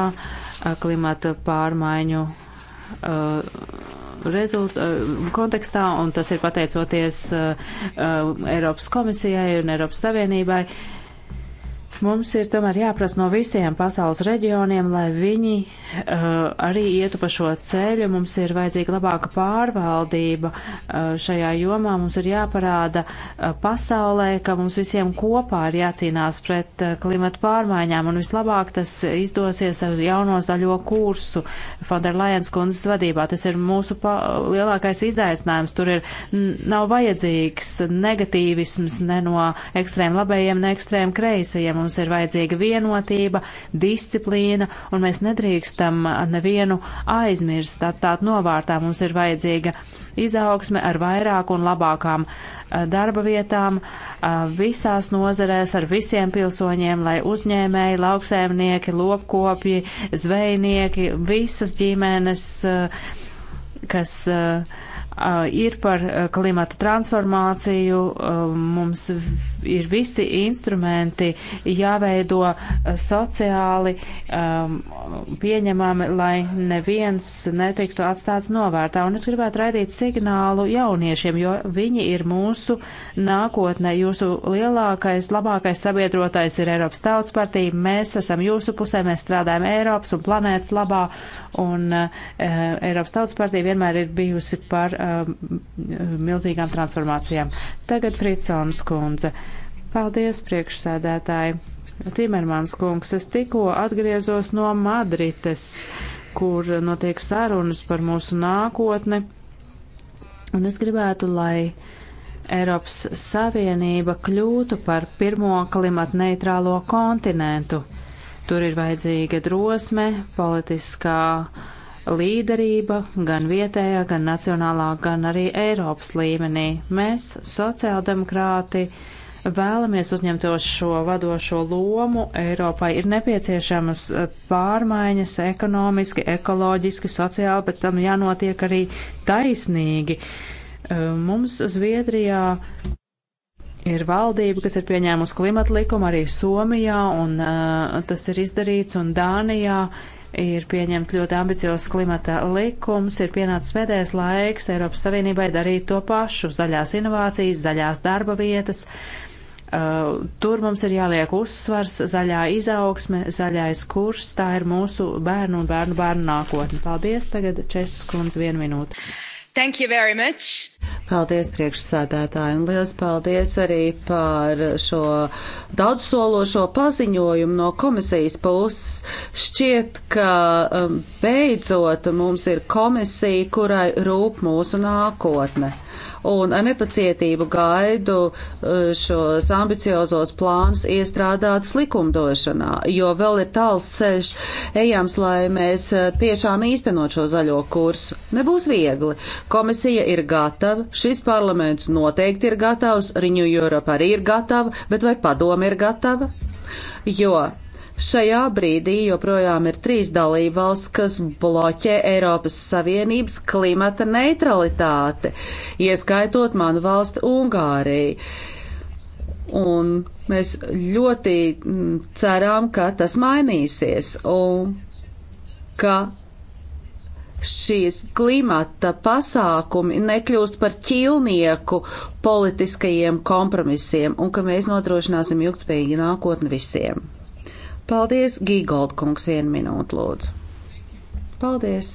klimata pārmaiņu uh, rezult, kontekstā, un tas ir pateicoties uh, Eiropas komisijai un Eiropas Savienībai. Uh, Mums ir tomēr jāprasa no visiem pasaules reģioniem, lai viņi uh, arī ietu pa šo ceļu. Mums ir vajadzīga labāka pārvaldība uh, šajā jomā. Mums ir jāparāda uh, pasaulē, ka mums visiem kopā ir jācīnās pret uh, klimatu pārmaiņām. Un vislabāk tas izdosies ar jauno zaļo kursu Fonderlajens kundzes vadībā. Tas ir mūsu lielākais izaicinājums. Tur ir, nav vajadzīgs negatīvisms ne no ekstrēm labējiem, ne ekstrēm kreisajiem Mums ir vajadzīga vienotība, disciplīna, un mēs nedrīkstam nevienu aizmirst, atstāt novārtā. Mums ir vajadzīga izaugsme ar vairāk un labākām eh, darba vietām eh, visās nozerēs ar visiem pilsoņiem, lai uzņēmēji, lauksēmnieki, lopkopji, zvejnieki, visas ģimenes, eh, kas uh, Uh, ir par uh, klimata transformāciju, uh, mums ir visi instrumenti jāveido sociāli um, pieņemami, lai neviens netiktu atstāts novērtā. Un es gribētu raidīt signālu jauniešiem, jo viņi ir mūsu nākotne. Jūsu lielākais, labākais sabiedrotais ir Eiropas Tautas partija. Mēs esam jūsu pusē, mēs strādājam Eiropas un planētas labā. Un, uh, Eiropas Tautas partija vienmēr ir bijusi par uh, Um, milzīgām transformācijām. Tagad Fritsons kundze. Paldies, priekšsēdētāji. Timermans kungs, es tikko atgriezos no Madrites, kur notiek sarunas par mūsu nākotni. Un es gribētu, lai Eiropas Savienība kļūtu par pirmo klimata neitrālo kontinentu. Tur ir vajadzīga drosme, politiskā uh, līderība gan vietējā, gan nacionālā, gan arī Eiropas līmenī. Mēs, sociāldemokrāti, vēlamies uzņemtos šo vadošo lomu, Eiropai ir nepieciešamas eh, pārmaiņas ekonomiski, ekoloģiski, sociāli, bet tam jānotiek arī taisnīgi. Eh, mums Zviedrijā ir valdība, kas ir pieņēmusi klimata likumu arī Somijā, un eh, tas ir izdarīts, un Dānijā ir pieņemts ļoti ambiciozs klimata likums, ir pienācis pēdējais laiks Eiropas Savienībai darīt to pašu - zaļās inovācijas, zaļās darba vietas. Uh, tur mums ir jāliek uzsvars, zaļā izaugsme, zaļais kurs, tā ir mūsu bērnu un bērnu bērnu nākotne. Paldies, tagad Česas kundze vienu minūtu. Thank you very much. Paldies priekšsēdētāji un liels paldies arī par šo daudzsološo paziņojumu no komisijas puses. Šķiet, ka um, beidzot mums ir komisija, kurai rūp mūsu nākotne un ar nepacietību gaidu e, šos ambiciozos plānus iestrādātus likumdošanā, jo vēl ir tāls ceļš ejams, lai mēs e, tiešām īstenot šo zaļo kursu. Nebūs viegli. Komisija ir gatava, šis parlaments noteikti ir gatavs, Riņu Europa arī ir gatava, bet vai padome ir gatava? Jo Šajā brīdī joprojām ir trīs dalība valsts, kas bloķē Eiropas Savienības klimata neutralitāti, ieskaitot manu valstu Ungāriju. Un mēs ļoti mm, ceram, ka tas mainīsies un ka šīs klimata pasākumi nekļūst par ķilnieku politiskajiem kompromisiem un ka mēs nodrošināsim ilgspējīgu nākotni visiem. Paldies, Gīgold kungs, vienu minūtu lūdzu. Paldies!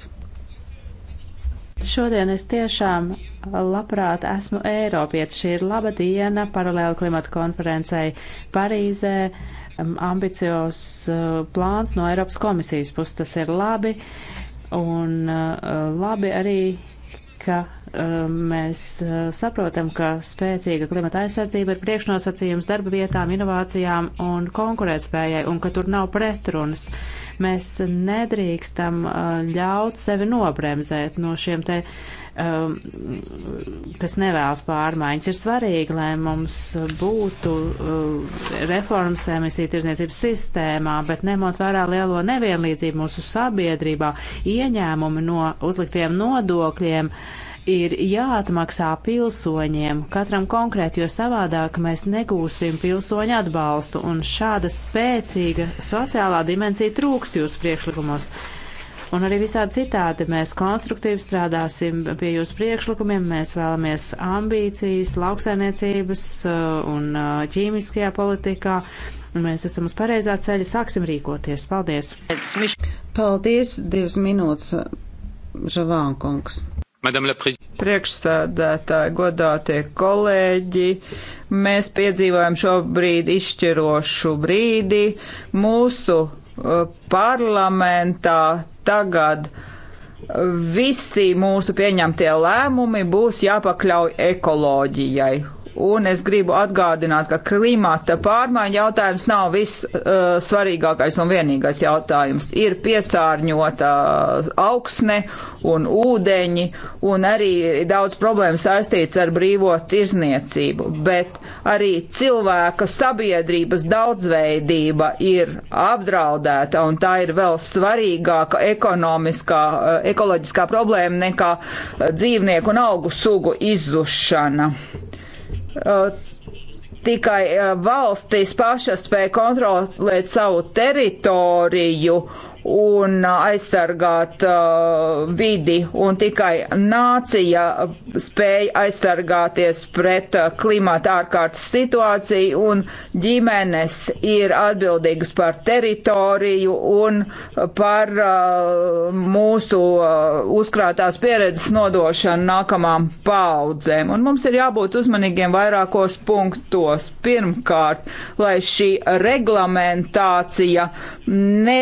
Šodien es tiešām labprāt esmu Eiropietis. Šī ir laba diena paralēli klimata konferencei Parīzē. Ambiciozs eh, plāns no Eiropas komisijas puses tas ir labi. Un eh, labi arī ka eh, mēs eh, saprotam, ka spēcīga klimata aizsardzība ir priekšnosacījums darba vietām, inovācijām un konkurētspējai, un ka tur nav pretrunas. Mēs nedrīkstam eh, ļaut sevi nobremzēt no šiem te uh, um, kas nevēlas pārmaiņas. Ir svarīgi, lai mums būtu uh, reformas emisiju tirdzniecības sistēmā, bet nemot vērā lielo nevienlīdzību mūsu sabiedrībā, ieņēmumi no uzliktiem nodokļiem ir jāatmaksā pilsoņiem, katram konkrēti, jo savādāk mēs negūsim pilsoņu atbalstu, un šāda spēcīga sociālā dimensija trūkst jūsu priekšlikumos un arī visādi citādi. Mēs konstruktīvi strādāsim pie jūsu priekšlikumiem, mēs vēlamies ambīcijas lauksainiecības uh, un uh, ķīmiskajā politikā. Mēs esam uz pareizā ceļa, sāksim rīkoties. Paldies! Paldies, divas minūtes, Žavānkungs. Priekšsēdētāji, godātie kolēģi, mēs piedzīvojam šobrīd izšķirošu brīdi. Mūsu uh, parlamentā tagad visi mūsu pieņemtie lēmumi būs jāpakļauj ekoloģijai. Un es gribu atgādināt, ka klimata pārmaiņa jautājums nav viss uh, svarīgākais un vienīgais jautājums. Ir piesārņota augsne un ūdeņi, un arī daudz problēmu saistīts ar brīvo tirzniecību. Bet arī cilvēka sabiedrības daudzveidība ir apdraudēta, un tā ir vēl svarīgāka ekonomiskā, uh, ekoloģiskā problēma nekā uh, dzīvnieku un augu sugu izzušana. Uh, tikai uh, valstis pašas spēja kontrolēt savu teritoriju un aizsargāt uh, vidi, un tikai nācija spēja aizsargāties pret uh, klimata ārkārtas situāciju, un ģimenes ir atbildīgas par teritoriju un par uh, mūsu uh, uzkrātās pieredzes nodošanu nākamām paudzēm. Un mums ir jābūt uzmanīgiem vairākos punktos. Pirmkārt, lai šī reglamentācija ne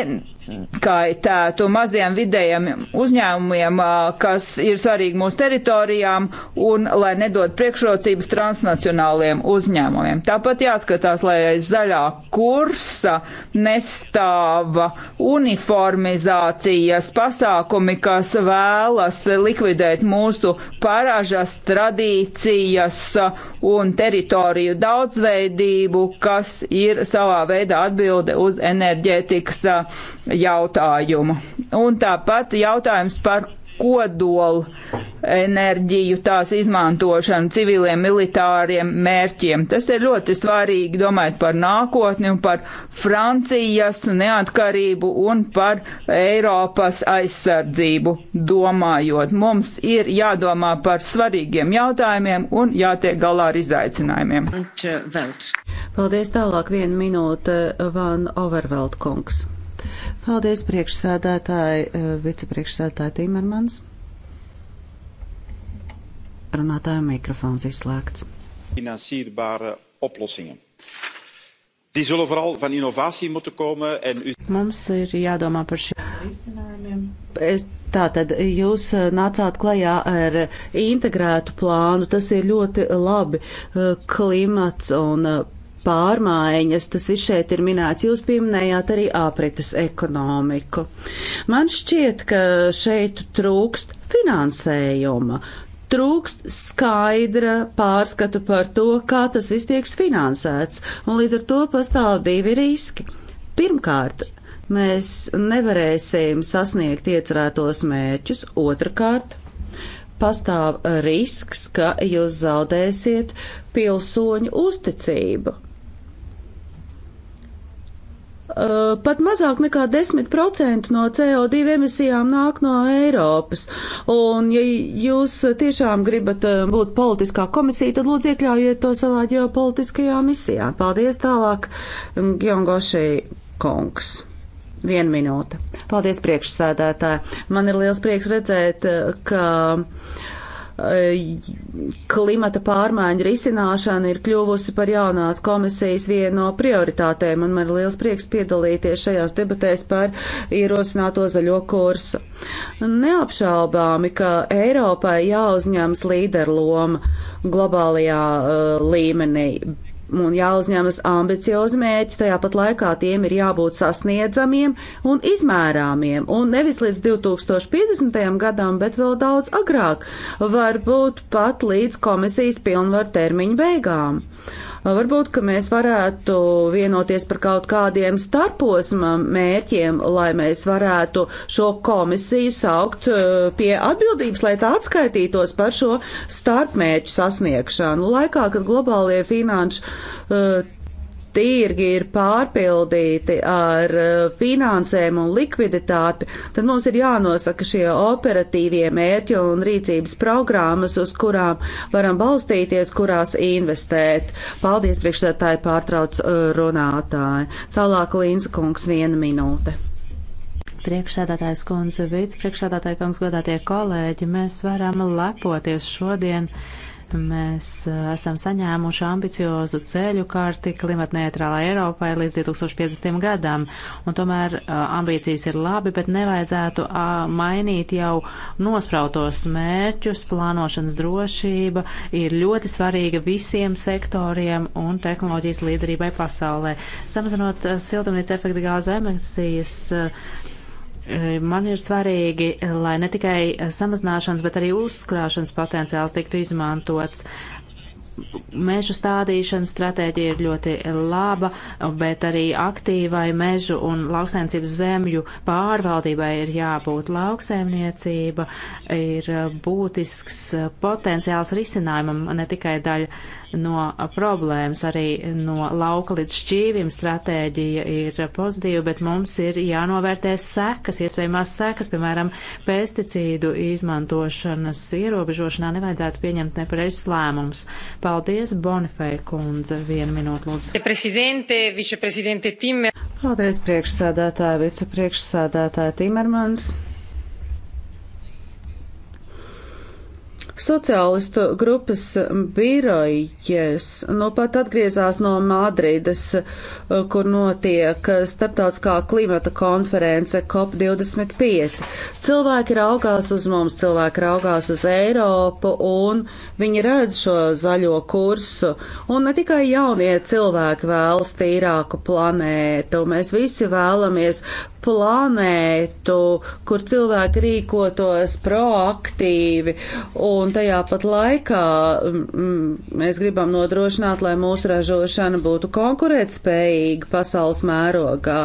nekaitētu maziem vidējiem uzņēmumiem, kas ir svarīgi mūsu teritorijām un lai nedod priekšrocības transnacionāliem uzņēmumiem. Tāpat jāskatās, lai aiz zaļā kursa nestāva uniformizācijas pasākumi, kas vēlas likvidēt mūsu paražas, tradīcijas un teritoriju daudzveidību, kas ir savā veidā atbilde uz enerģētikas jautājumu. Un tāpat jautājums par kodolu enerģiju, tās izmantošanu civiliem, militāriem mērķiem. Tas ir ļoti svarīgi domājot par nākotni un par Francijas neatkarību un par Eiropas aizsardzību domājot. Mums ir jādomā par svarīgiem jautājumiem un jātiek galā ar izaicinājumiem. Paldies tālāk vienu minūte, Van Overveld kungs. Paldies priekšsēdētāji, eh, vicepriekšsēdētāji Timermans. Runātāja mikrofons izslēgts. Finansierbare oplossingen. Die zullen vooral van innovatie moeten komen en u... Mums ir jādomā par šiem risinājumiem. Es Tātad jūs eh, nācāt klajā ar integrētu plānu, tas ir ļoti labi. Eh, klimats un pārmaiņas, tas viss šeit ir minēts. Jūs pieminējāt arī aprites ekonomiku. Man šķiet, ka šeit trūkst finansējuma. Trūkst skaidra pārskata par to, kā tas viss tiek finansēts, un līdz ar to pastāv divi riski. Pirmkārt, mēs nevarēsim sasniegt iecerētos mērķus, otrkārt, pastāv risks, ka jūs zaudēsiet pilsoņu uzticību. Eh, pat mazāk nekā 10% no CO2 emisijām nāk no Eiropas. Un, ja jūs tiešām gribat eh, būt politiskā komisija, tad lūdzu iekļaujiet to savā ģeopolitiskajā misijā. Paldies tālāk, mm, Gjongoši Kongs. Vienu minūte. Paldies priekšsēdētāji. Man ir liels prieks redzēt, eh, ka. Uh, klimata pārmaiņu risināšana ir kļuvusi par jaunās komisijas vienu no prioritātēm, un man ir liels prieks piedalīties šajās debatēs par ierosināto zaļo kursu. Neapšaubāmi, ka Eiropai jāuzņems līderloma globālajā uh, līmenī, un jāuzņemas ambiciozi mērķi, tajā pat laikā tiem ir jābūt sasniedzamiem un izmērāmiem, un nevis līdz 2050. gadam, bet vēl daudz agrāk, varbūt pat līdz komisijas pilnvaru termiņu beigām. Uh, Varbūt, ka mēs varētu vienoties par kaut kādiem starposma mērķiem, lai mēs varētu šo komisiju saukt uh, pie atbildības, lai tā atskaitītos par šo starpmērķu sasniegšanu. Laikā, kad globālie finanšu uh, tirgi ir pārpildīti ar eh, finansēm un likviditāti, tad mums ir jānosaka šie operatīvie mērķi un rīcības programmas, uz kurām varam balstīties, kurās investēt. Paldies, priekšsētāji pārtrauc eh, runātāji. Tālāk Līnza kungs viena minūte. Priekšsēdētājs kundze, vicepriekšsēdētāja kungs, godātie kolēģi, mēs varam lepoties šodien Mēs eh, esam saņēmuši ambiciozu ceļu karti klimatneitrālā Eiropai līdz 2050. gadam, un tomēr eh, ambīcijas ir labi, bet nevajadzētu mainīt jau nosprautos mērķus. Plānošanas drošība ir ļoti svarīga visiem sektoriem un tehnoloģijas līderībai pasaulē. Samazinot eh, siltumnīca efekta gāzu emisijas, Eh, man ir svarīgi, lai ne tikai samazināšanas, bet arī uzkrāšanas potenciāls tiktu izmantots. Mežu stādīšanas stratēģija ir ļoti laba, bet arī aktīvai mežu un lauksēmniecības zemju pārvaldībai ir jābūt. Lauksēmniecība ir būtisks potenciāls risinājumam, ne tikai daļa no problēmas, arī no lauka līdz šķīvim stratēģija ir pozitīva, bet mums ir jānovērtē sekas, iespējamās sekas, piemēram, pesticīdu izmantošanas ierobežošanā nevajadzētu pieņemt nepareizs lēmums. Paldies, Bonifei kundze, vienu minūtu lūdzu. Paldies, priekšsēdētāja, vicepriekšsēdētāja Timermans. Sociālistu grupas birojas nu pat atgriezās no Madrides, kur notiek starptautiskā klimata konference COP25. Cilvēki raugās uz mums, cilvēki raugās uz Eiropu un viņi redz šo zaļo kursu. Un ne tikai jaunie cilvēki vēlas tīrāku planētu, mēs visi vēlamies planētu, kur cilvēki rīkotos proaktīvi un un tajā pat laikā mēs gribam nodrošināt, lai mūsu ražošana būtu konkurētspējīga pasaules mērogā.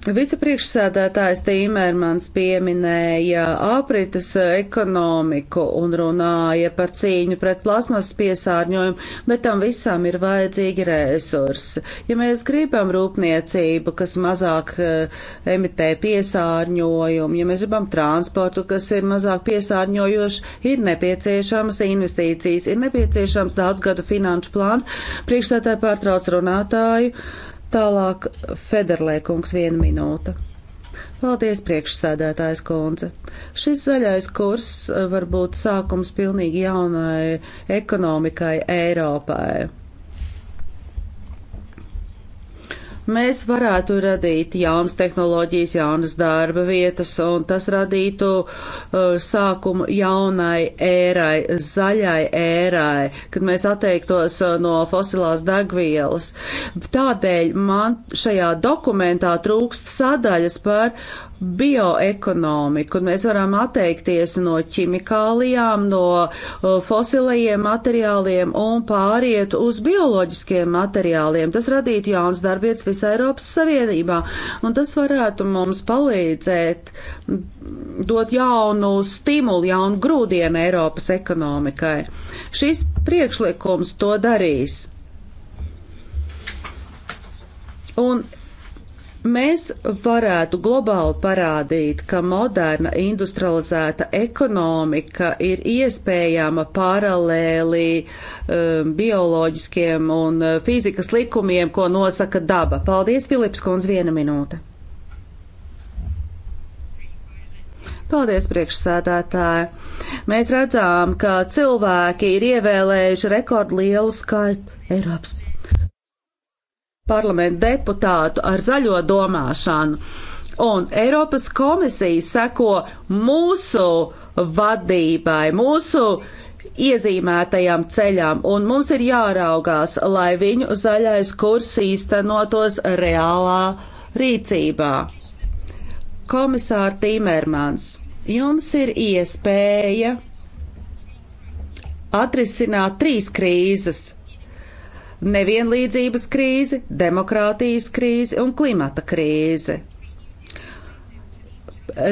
Vicepriekšsēdētājs Tīmērmans pieminēja aprites ekonomiku un runāja par cīņu pret plasmas piesārņojumu, bet tam visam ir vajadzīgi resursi. Ja mēs gribam rūpniecību, kas mazāk eh, emitē piesārņojumu, ja mēs gribam transportu, kas ir mazāk piesārņojoši, ir nepieciešamas investīcijas, ir nepieciešams daudzgadu finanšu plāns. Priekšsēdētāji pārtrauc runātāju. Uh, Tālāk Federlēkungs viena minūte. Paldies, priekšsēdētājs kundze. Šis zaļais kurs var būt sākums pilnīgi jaunai ekonomikai Eiropai. mēs varētu radīt jaunas tehnoloģijas, jaunas darba vietas, un tas radītu uh, sākumu jaunai ērai, zaļai ērai, kad mēs atteiktos uh, no fosilās degvielas. Tādēļ man šajā dokumentā trūkst sadaļas par bioekonomiku, un mēs varam atteikties no ķimikālijām, no uh, fosilajiem materiāliem un pāriet uz bioloģiskiem materiāliem. Tas radītu jauns darbietas visā Eiropas Savienībā, un tas varētu mums palīdzēt dot jaunu stimulu, jaunu grūdienu Eiropas ekonomikai. Šis priekšlikums to darīs. Un Mēs varētu globāli parādīt, ka moderna industrializēta ekonomika ir iespējama paralēli um, bioloģiskiem un uh, fizikas likumiem, ko nosaka daba. Paldies, Filips Kunz, viena minūte. Paldies, priekšsēdētāji. Mēs redzām, ka cilvēki ir ievēlējuši rekordlielu skaitu Eiropas parlamentu deputātu ar zaļo domāšanu. Un Eiropas komisija seko mūsu vadībai, mūsu iezīmētajām ceļām, un mums ir jāraugās, lai viņu zaļais kurs īstenotos reālā rīcībā. Komisār Timermans, jums ir iespēja atrisināt trīs krīzes nevienlīdzības krīzi, demokrātijas krīzi un klimata krīzi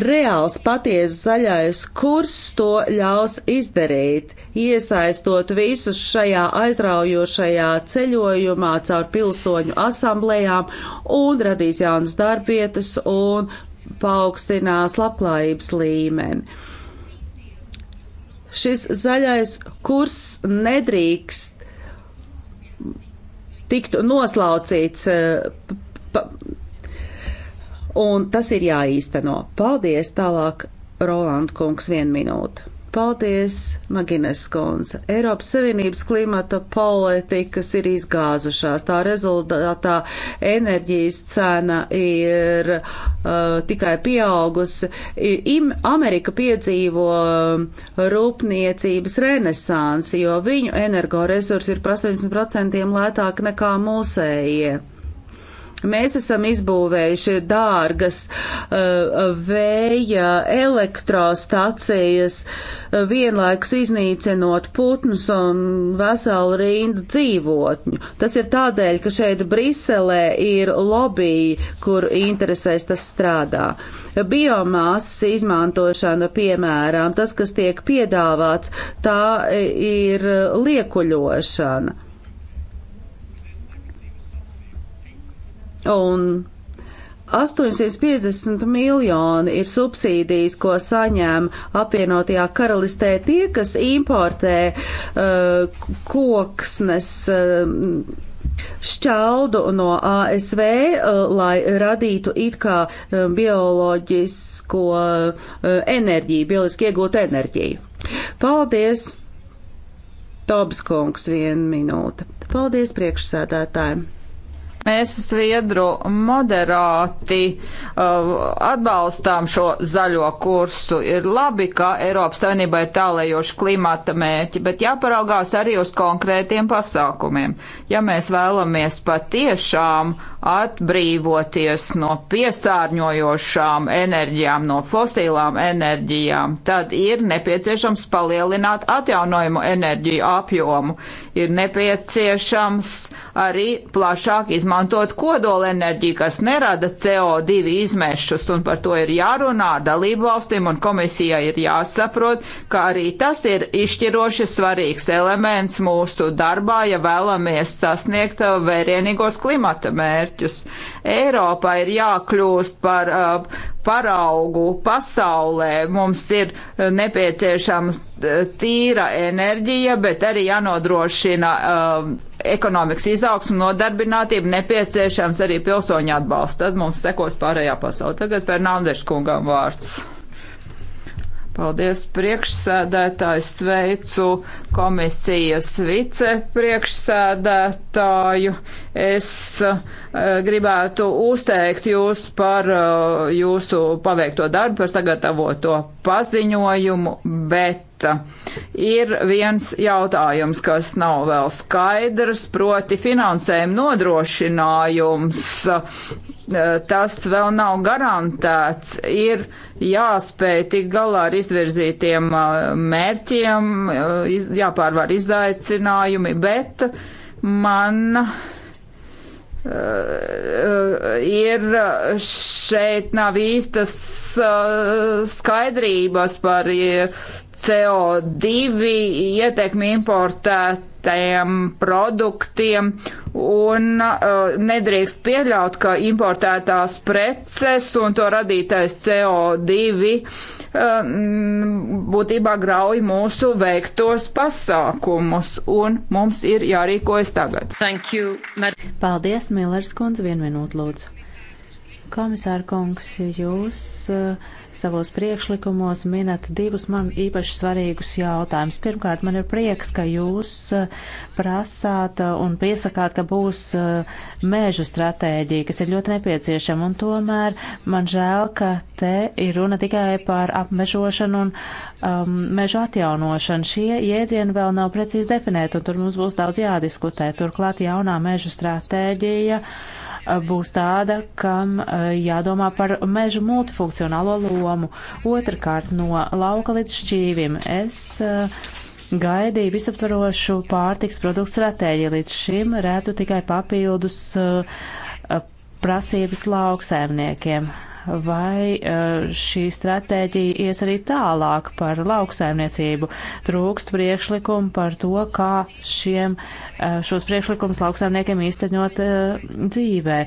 reāls patiesi zaļais kurs to ļaus izdarīt, iesaistot visus šajā aizraujošajā ceļojumā caur pilsoņu asamblējām un radīs jaunas darbvietas un paaugstinās labklājības līmeni. Šis zaļais kurs nedrīkst tiktu noslaucīts. Eh, pa, un tas ir jāīsteno. Paldies tālāk, Roland Kungs, vienu minūtu. Paldies, Magines Konsa. Eiropas Savienības klimata politikas ir izgāzušās. Tā rezultātā enerģijas cena ir uh, tikai pieaugusi. Im, Amerika piedzīvo um, rūpniecības renesansi, jo viņu energoresursi ir par 80% lētāki nekā mūsējie. Mēs esam izbūvējuši dārgas uh, vēja elektrostacijas, uh, vienlaikus iznīcinot putnus un veselu rindu dzīvotņu. Tas ir tādēļ, ka šeit Briselē ir lobby, kur interesēs tas strādā. Biomāsas izmantošana, piemēram, tas, kas tiek piedāvāts, tā ir liekuļošana. Un 850 miljoni ir subsīdijas, ko saņem apvienotajā karalistē tie, kas importē uh, koksnes. Uh, Šķeldu no ASV, uh, lai radītu it kā uh, bioloģisko uh, enerģiju, bioloģiski iegūtu enerģiju. Paldies, Tobskungs, viena minūte. Paldies priekšsēdētājiem. Mēs Zviedru moderāti uh, atbalstām šo zaļo kursu. Ir labi, ka Eiropas Savienībā ir tālējoši klimata mērķi, bet jāparaugās arī uz konkrētiem pasākumiem. Ja mēs vēlamies patiešām atbrīvoties no piesārņojošām enerģijām, no fosilām enerģijām, tad ir nepieciešams palielināt atjaunojumu enerģiju apjomu. Ir nepieciešams arī plašāk izmantot izmantot kodolenerģiju, kas nerada CO2 izmešus, un par to ir jārunā ar dalību valstīm, un komisijai ir jāsaprot, ka arī tas ir izšķiroši svarīgs elements mūsu darbā, ja vēlamies sasniegt uh, vērienīgos klimata mērķus. Eiropā ir jākļūst par uh, paraugu pasaulē. Mums ir eh, nepieciešama eh, tīra enerģija, bet arī jānodrošina um, ekonomikas izaugsmu, nodarbinātību, nepieciešams arī pilsoņu atbalsts. Tad mums sekos pārējā pasaule. Tagad Fernandeša kungam vārds. Paldies priekšsēdētāju, sveicu komisijas vicepriekšsēdētāju. Es uh, gribētu uzteikt jūs par uh, jūsu paveikto darbu, par sagatavoto paziņojumu, bet uh, ir viens jautājums, kas nav vēl skaidrs, proti finansējuma nodrošinājums Eh, tas vēl nav garantēts. Ir jāspēj tik galā ar izvirzītiem eh, mērķiem, eh, jāpārvar izaicinājumi, bet man ir šeit nav īstas skaidrības par CO2 ietekmi importētajiem produktiem un uh, nedrīkst pieļaut, ka importētās preces un to radītais CO2 uh, būtībā grauj mūsu veiktos pasākumus un mums ir jārīkojas tagad. Thank you, Paldies, Millers kundze, vienu minūtu lūdzu. Komisāra kungs, jūs uh, savos priekšlikumos minat divus man īpaši svarīgus jautājumus. Pirmkārt, man ir prieks, ka jūs uh, prasāt uh, un piesakāt, ka būs uh, mēžu stratēģija, kas ir ļoti nepieciešama, un tomēr man žēl, ka te ir runa tikai par apmežošanu un um, mežu atjaunošanu. Šie jēdzieni vēl nav precīzi definēti, un tur mums būs daudz jādiskutē. Turklāt jaunā mežu stratēģija. Uh, būs tāda, kam eh, jādomā par mežu multifunkcionālo lomu. Otrakārt, no lauka līdz šķīvim. Es eh, gaidīju visaptvarošu pārtiks produktu stratēģiju. Līdz šim redzu tikai papildus eh, prasības lauksēmniekiem vai eh, šī stratēģija ies arī tālāk par lauksaimniecību. Trūkst priekšlikumu par to, kā šiem, eh, šos priekšlikumus lauksaimniekiem īsteņot eh, dzīvē.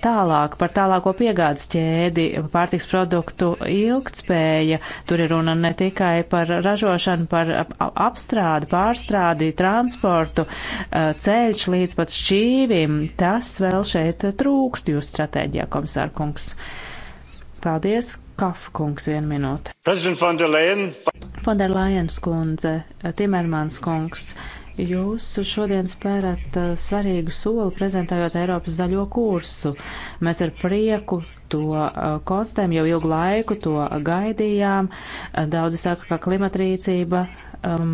Tālāk par tālāko piegādes ķēdi, pārtiks produktu ilgtspēja. Tur ir runa ne tikai par ražošanu, par apstrādi, pārstrādi, transportu, ceļš līdz pat šķīvim. Tas vēl šeit trūkst jūsu stratēģijā, komisārkungs. Paldies, Kafkungs, vienu minūti. Fonderlajens kundze, Timermans kungs, jūs šodien spērat eh, svarīgu soli prezentējot Eiropas zaļo kursu. Mēs ar prieku to eh, konstatējam jau ilgu laiku, to gaidījām. Daudzi saka, ka klimatrīcība Um,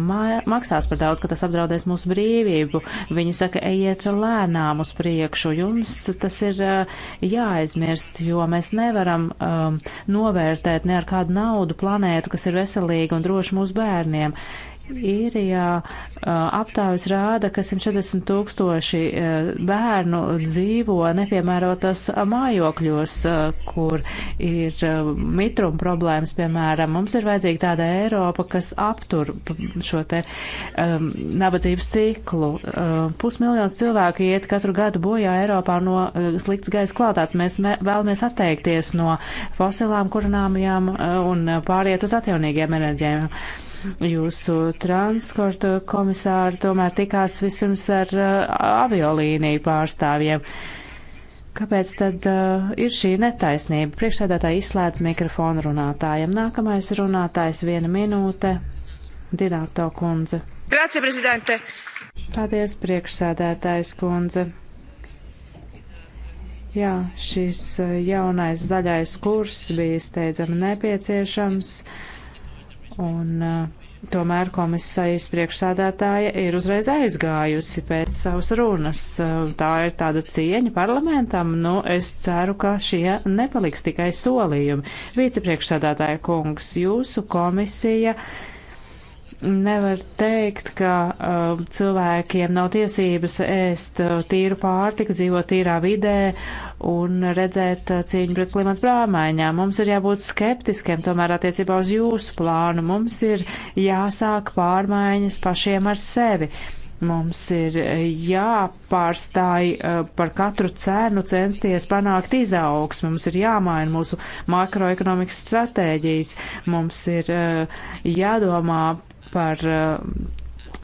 maksās par daudz, ka tas apdraudēs mūsu brīvību. Viņi saka, ejiet lēnām uz priekšu. Jums tas ir uh, jāaizmirst, jo mēs nevaram um, novērtēt ne ar kādu naudu planētu, kas ir veselīga un droša mūsu bērniem. Īrijā aptāvis rāda, ka 140 tūkstoši bērnu dzīvo nepiemērotos mājokļos, kur ir mitruma problēmas, piemēram. Mums ir vajadzīga tāda Eiropa, kas aptur šo te um, nabadzības ciklu. Um, Pusmiljons cilvēku iet katru gadu bojā Eiropā no slikts gaisa kvalitātes. Mēs vēlamies atteikties no fosilām kurināmajām un pāriet uz atjaunīgiem enerģiem. Jūsu transporta komisāri tomēr tikās vispirms ar uh, aviolīniju pārstāvjiem. Kāpēc tad uh, ir šī netaisnība? Priekšsēdētāji izslēdz mikrofonu runātājiem. Nākamais runātājs viena minūte. Dināto kundze. Grācija, prezidente! Paldies, priekšsēdētājs kundze. Jā, šis uh, jaunais zaļais kurs bija steidzami nepieciešams. Uh, Un uh, tomēr komisijas priekšsādātāja ir uzreiz aizgājusi pēc savas runas. Eh, tā ir tāda cieņa parlamentam. Nu, es ceru, ka šie nepaliks tikai solījumi. Vicepriekšsādātāja kungs, jūsu komisija. Uh, Nevar teikt, ka uh, cilvēkiem nav tiesības ēst uh, tīru pārtiku, dzīvot tīrā vidē un redzēt uh, cīņu pret klimatu prāmaiņām. Mums ir jābūt skeptiskiem tomēr attiecībā uz jūsu plānu. Mums ir jāsāk pārmaiņas pašiem ar sevi. Mums ir uh, jāpārstāj uh, par katru cenu censties panākt izaugsmu, mums ir jāmaina mūsu makroekonomikas stratēģijas, mums ir uh, jādomā par eh,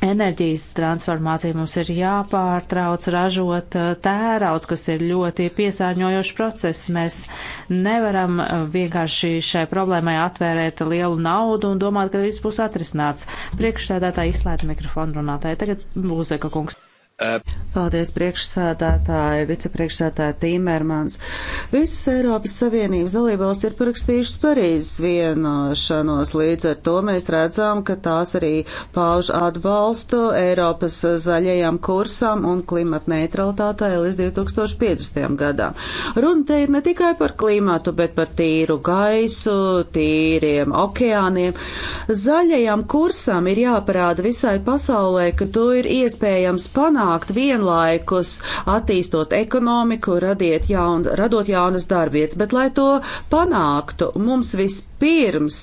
enerģijas transformāciju. Mums ir jāpārtrauc ražot eh, tērauds, kas ir ļoti piesārņojošs process. Mēs nevaram eh, vienkārši šai problēmai atvērēt lielu naudu un domāt, ka viss būs atrisināts. Priekšsēdētāji izslēdz mikrofonu runātāji. Tagad Lūzeka kungs. Paldies priekšsēdētāji, vicepriekšsēdētāji Tīmermans. Visas Eiropas Savienības dalībvalsts ir parakstījušas Parīzes vienošanos, līdz ar to mēs redzam, ka tās arī pauž atbalstu Eiropas zaļajam kursam un klimata neutralitātei līdz 2050. gadam. Runa te ir ne tikai par klimatu, bet par tīru gaisu, tīriem okeāniem. Zaļajam kursam ir jāparāda visai pasaulē, ka to ir iespējams panākt panākt vienlaikus attīstot ekonomiku, radiet jaun, radot jaunas darbietas, bet lai to panāktu, mums vispirms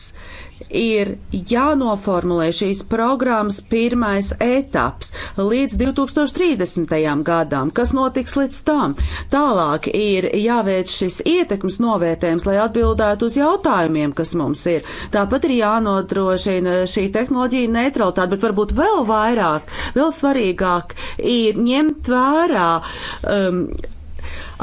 ir jānoformulē šīs programmas pirmais etaps līdz 2030. gadam, kas notiks līdz tam. Tālāk ir jāveic šis ietekmes novērtējums, lai atbildētu uz jautājumiem, kas mums ir. Tāpat ir jānodrošina šī tehnoloģija neutralitāte, bet varbūt vēl vairāk, vēl svarīgāk ir ņemt vērā um,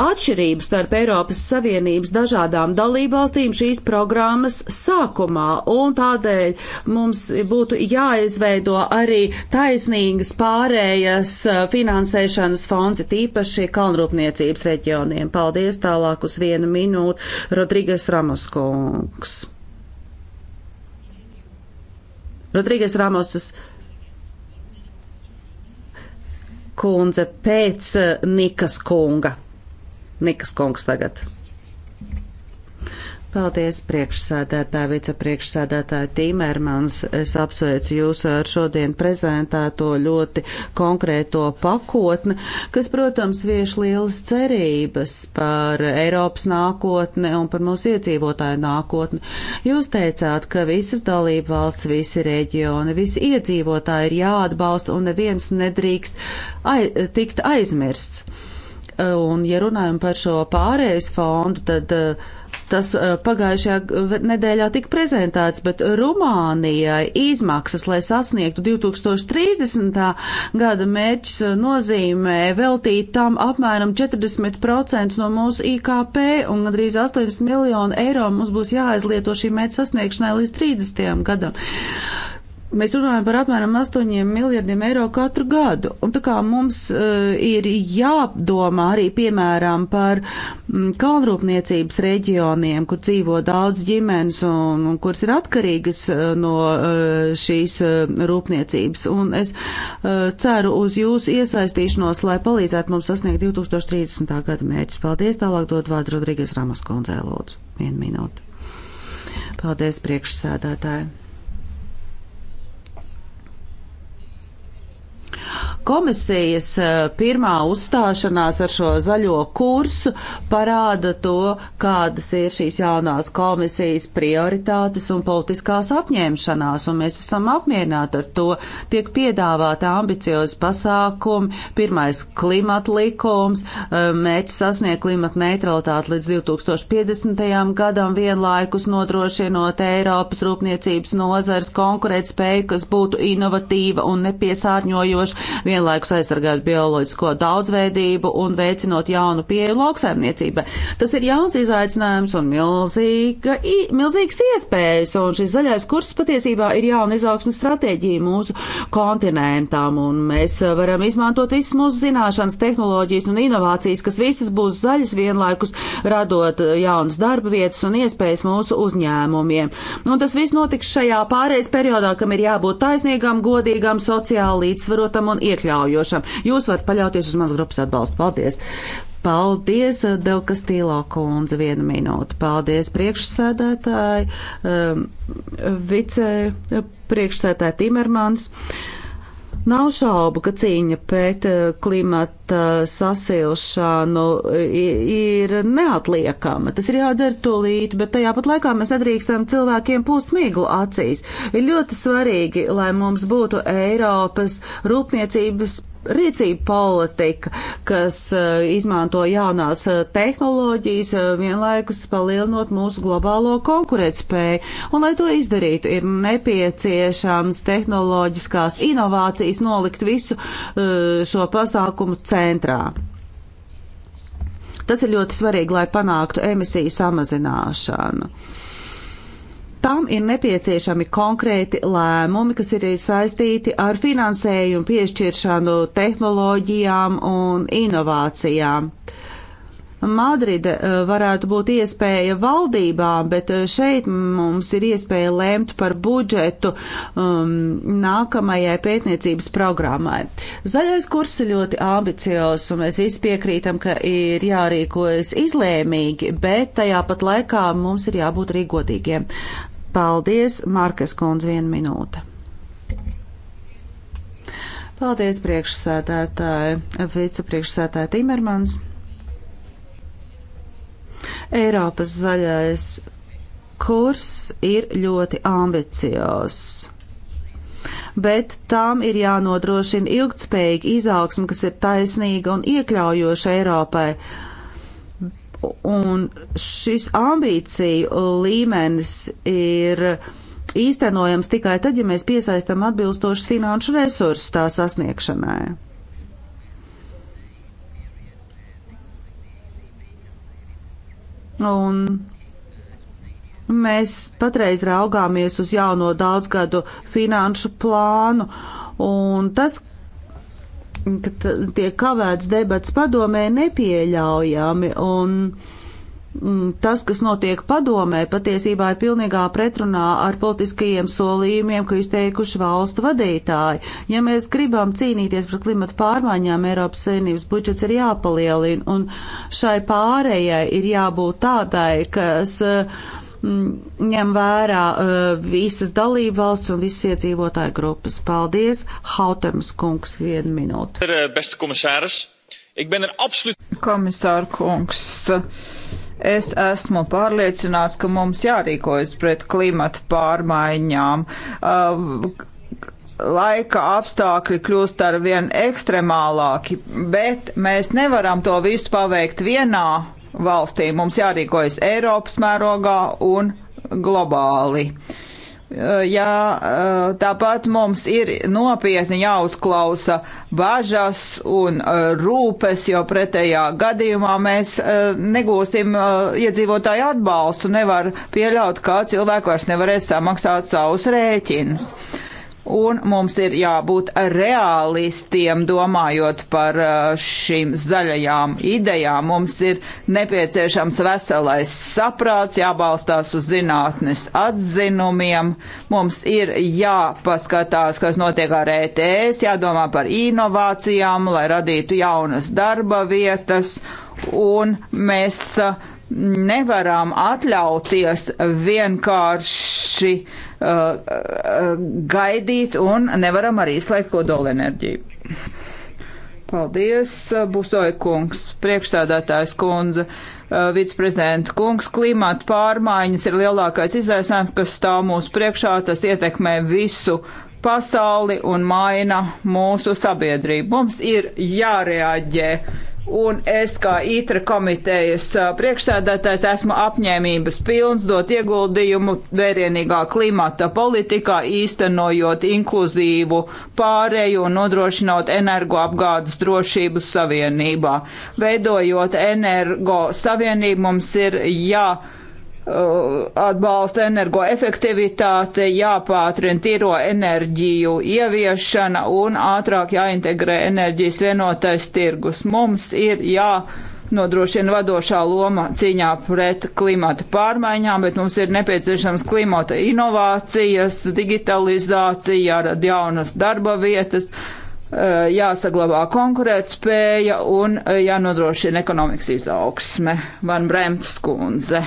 Atšķirības starp Eiropas Savienības dažādām dalībvalstīm šīs programmas sākumā, un tādēļ mums būtu jāizveido arī taisnīgas pārējas uh, finansēšanas fonds, tīpaši kalnrūpniecības reģioniem. Paldies tālāk uz vienu minūtu Rodrigas Ramoskungs. Rodrīgas Ramosas kundze pēc uh, Nikas kunga. Nikas kungs tagad. Paldies, priekšsēdētāji, vicepriekšsēdētāji Tīmērmans. Es apsveicu jūs ar šodien prezentēto ļoti konkrēto pakotni, kas, protams, vieš lielas cerības par Eiropas nākotni un par mūsu iedzīvotāju nākotni. Jūs teicāt, ka visas dalība valsts, visi reģioni, visi iedzīvotāji ir jāatbalsta un neviens nedrīkst ai tikt aizmirsts. Eh, un, ja runājam par šo pārējais fondu, tad eh, tas eh, pagājušajā nedēļā tika prezentēts, bet Rumānijai izmaksas, lai sasniegtu 2030. gada mērķis, nozīmē veltīt tam apmēram 40% no mūsu IKP un gandrīz 80 miljonu eiro mums būs jāaizlieto šī mērķa sasniegšanai līdz 30. gadam. Mēs runājam par apmēram 8 miljardiem eiro katru gadu, un tā kā mums uh, ir jādomā arī, piemēram, par mm, kalnrūpniecības reģioniem, kur dzīvo daudz ģimenes un, un kuras ir atkarīgas uh, no uh, šīs uh, rūpniecības, un es uh, ceru uz jūsu iesaistīšanos, lai palīdzētu mums sasniegt 2030. gada mērķus. Paldies, tālāk dod vārdu Rodrīgas Ramas kundzē, lūdzu, vienu minūti. Paldies, priekšsēdētāji. Komisijas eh, pirmā uzstāšanās ar šo zaļo kursu parāda to, kādas ir šīs jaunās komisijas prioritātes un politiskās apņemšanās, un mēs esam apmierināti ar to. Tiek piedāvāta ambiciozi pasākumi, pirmais klimata likums, eh, mērķis sasniegt klimata neutralitāti līdz 2050. gadam vienlaikus nodrošinot Eiropas rūpniecības nozars konkurētspēju, kas būtu inovatīva un nepiesārņojoša, vienlaikus aizsargāt bioloģisko daudzveidību un veicinot jaunu pieeju lauksaimniecībai. Tas ir jauns izaicinājums un milzīga, milzīgas iespējas, un šis zaļais kurs patiesībā ir jauna izaugsmes stratēģija mūsu kontinentam, un mēs varam izmantot visas mūsu zināšanas, tehnoloģijas un inovācijas, kas visas būs zaļas vienlaikus, radot jaunas darba vietas un iespējas mūsu uzņēmumiem. Un tas viss notiks šajā pārējais periodā, kam ir jābūt taisnīgam, godīgam, sociāli līdzsvarotam un un iekļaujošam. Jūs varat paļauties uz mazgrupas atbalstu. Paldies! Paldies, eh, Delka Stīlā kundze, vienu minūti. Paldies, priekšsēdētāji, um, vice priekšsēdētāji Timermans. Uh, Nav šaubu, ka cīņa pret eh, klimata eh, sasilšanu ir neatliekama. Tas ir jādara tolīt, bet tajā pat laikā mēs nedrīkstam cilvēkiem pūst mīglu acīs. Ir ļoti svarīgi, lai mums būtu Eiropas rūpniecības rīcība politika, kas eh, izmanto jaunās eh, tehnoloģijas, eh, vienlaikus palielinot mūsu globālo konkurētspēju. Un, lai to izdarītu, ir nepieciešams tehnoloģiskās inovācijas nolikt visu šo pasākumu centrā. Tas ir ļoti svarīgi, lai panāktu emisiju samazināšanu. Uh, Tam ir nepieciešami konkrēti lēmumi, kas ir, ir saistīti ar finansējumu piešķiršanu tehnoloģijām un inovācijām. Uh, Madride eh, varētu būt iespēja valdībām, bet eh, šeit mums ir iespēja lēmt par budžetu um, nākamajai pētniecības programmai. Zaļais kurs ir ļoti ambiciozs, un mēs visi piekrītam, ka ir jārīkojas izlēmīgi, bet tajā pat laikā mums ir jābūt arī godīgiem. Paldies, Markas Kondz, viena minūte. Paldies, priekšsēdētāji, vicepriekšsēdētāji Timermans. Eiropas zaļais kurs ir ļoti ambiciozs. Bet tām ir jānodrošina ilgtspējīga izaugsme, kas ir taisnīga un iekļaujoša Eiropai. Un šis ambīciju līmenis ir īstenojams tikai tad, ja mēs piesaistam atbilstošus finanšu resursus tā sasniegšanai. Un mēs patreiz raugāmies uz jauno daudzgadu finanšu plānu, un tas, ka tiek kavēts debats padomē, nepieļaujami. Un, uh, Mm, tas, kas notiek padomē, patiesībā ir pilnīgā pretrunā ar politiskajiem solījumiem, ko izteikuši valstu vadītāji. Ja mēs gribam cīnīties pret klimatu pārmaiņām, Eiropas Savienības budžets ir jāpalielina, un šai pārējai ir jābūt tādai, kas mm, ņem vērā eh, visas dalību valsts un visas iedzīvotāju grupas. Paldies, Hautems kungs, vienu minūtu. Eh, er Komisāra kungs, Es esmu pārliecināts, ka mums jārīkojas pret klimatu pārmaiņām. Uh, laika apstākļi kļūst ar vien ekstremālāki, bet mēs nevaram to visu paveikt vienā valstī. Mums jārīkojas Eiropas mērogā un globāli. Uh, Jā, eh, tāpat mums ir nopietni jāuzklausa bažas un eh, rūpes, jo pretējā gadījumā mēs eh, negūsim iedzīvotāju atbalstu. Nevar pieļaut, ka cilvēki vairs nevarēs samaksāt savus rēķinus un mums ir jābūt realistiem domājot par uh, šīm zaļajām idejām. Mums ir nepieciešams veselais saprāts, jābalstās uz zinātnes atzinumiem, mums ir jāpaskatās, kas notiek ar ETS, jādomā par inovācijām, lai radītu jaunas darba vietas, un mēs uh, nevaram atļauties vienkārši uh, uh, gaidīt un nevaram arī izslēgt kodolenerģiju. Paldies, uh, Busoja kungs, priekšstādātājs kundze, uh, viceprezidenta kungs. Klimata pārmaiņas ir lielākais izaicinājums, kas stāv mūsu priekšā. Tas ietekmē visu pasauli un maina mūsu sabiedrību. Mums ir jārēģē Un es kā ITRA komitejas priekšsēdētājs esmu apņēmības pilns dot ieguldījumu vērienīgā klimata politikā, īstenojot inkluzīvu pārēju un nodrošinot energoapgādes drošību savienībā. Veidojot energo savienību mums ir jā. Ja Eh, atbalsta energoefektivitāte, jāpātrina tīro enerģiju ieviešana un ātrāk jāintegrē enerģijas vienotais tirgus. Mums ir jānodrošina vadošā loma cīņā pret klimata pārmaiņām, bet mums ir nepieciešams klimata inovācijas, digitalizācija, jārada jaunas darba vietas, uh, Eh, jāsaglabā konkurētspēja un eh, jānodrošina ekonomikas izaugsme. Van Bremts kundze.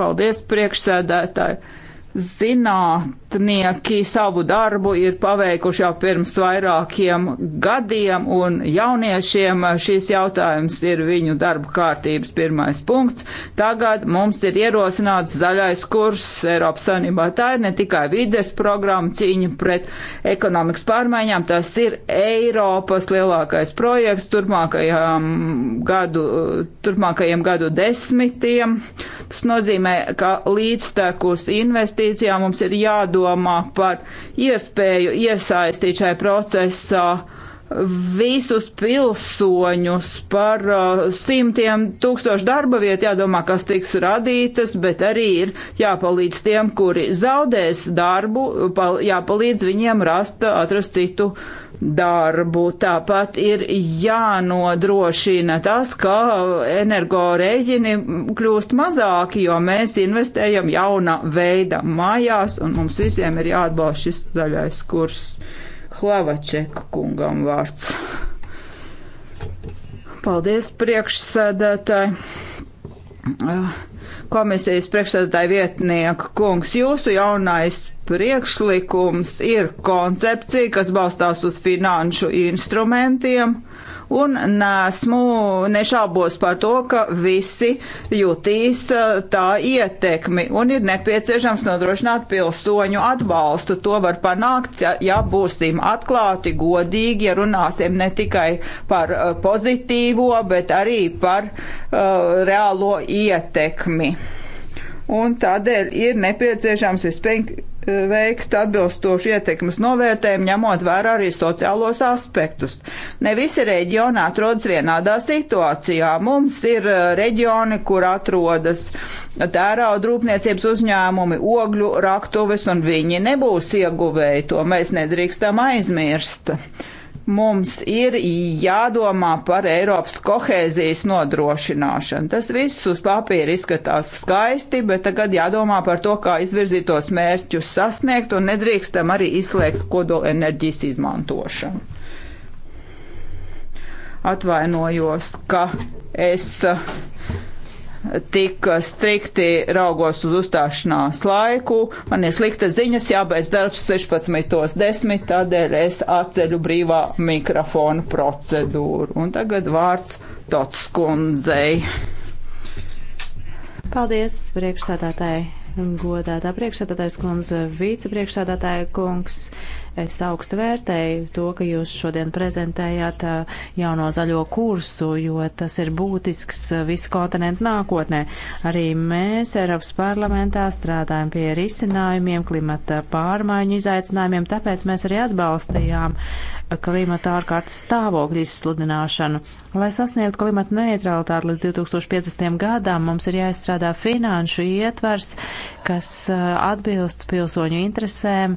Paldies priekšsēdētāji Zinātnieki savu darbu ir paveikuši jau pirms vairākiem gadiem, un jauniešiem šīs jautājums ir viņu darba kārtības pirmais punkts. Tagad mums ir ierosināts zaļais kurs Eiropas Savienībā. Tā ir ne tikai vides programma cīņa pret ekonomikas pārmaiņām, tas ir Eiropas lielākais projekts turpmākajām gadu, turpmākajiem gadu desmitiem. Tas nozīmē, ka līdztekus investīcijas investīcijām, mums ir jādomā par iespēju iesaistīt šajā procesā visus pilsoņus par uh, simtiem tūkstošu darba vietu, jādomā, kas tiks radītas, bet arī ir jāpalīdz tiem, kuri zaudēs darbu, jāpalīdz viņiem rast, uh, atrast citu darbu. Tāpat ir jānodrošina tas, ka energorēģini kļūst mazāki, jo mēs investējam jauna veida mājās, un mums visiem ir jāatbalsta šis zaļais kurs. Hlavačeku kungam vārds. Paldies priekšsēdētāji. Komisijas priekšsēdētāja vietnieka kungs, jūsu jaunais priekšlikums ir koncepcija, kas balstās uz finanšu instrumentiem, un nesmu nešaubos par to, ka visi jutīs tā ietekmi, un ir nepieciešams nodrošināt pilsoņu atbalstu. To var panākt, ja, ja būsim atklāti, godīgi, ja runāsim ne tikai par pozitīvo, bet arī par uh, reālo ietekmi. Un tādēļ ir nepieciešams vispirms veikt atbilstošu ietekmes novērtējumu, ņemot vērā arī sociālos aspektus. Ne visi reģioni atrodas vienādā situācijā. Mums ir eh, reģioni, kur atrodas tērauda rūpniecības uzņēmumi, ogļu raktuves, un viņi nebūs ieguvēji. To mēs nedrīkstam aizmirst. Uh, Mums ir jādomā par Eiropas kohēzijas nodrošināšanu. Tas viss uz papīra izskatās skaisti, bet tagad jādomā par to, kā izvirzītos mērķus sasniegt un nedrīkstam arī izslēgt kodola enerģijas izmantošanu. Atvainojos, ka es. Uh, tik strikti raugos uz uzstāšanās laiku. Man ir slikta ziņas, jābeidz darbs 16.10, tādēļ es atceļu brīvā mikrofonu procedūru. Un tagad vārds Tots kundzei. Paldies, priekšsādātāji, godātā priekšsādātājs kundze, vicepriekšsādātāja kungs. Es augstu vērtēju to, ka jūs šodien prezentējāt uh, jauno zaļo kursu, jo tas ir būtisks uh, visu kontinentu nākotnē. Arī mēs Eiropas parlamentā strādājam pie risinājumiem, klimata pārmaiņu izaicinājumiem, tāpēc mēs arī atbalstījām uh, klimata ārkārtas stāvokļa izsludināšanu. Lai sasniegtu klimata neutralitāti līdz 2050. gadam, mums ir jāizstrādā finanšu ietvers, kas uh, atbilst pilsoņu interesēm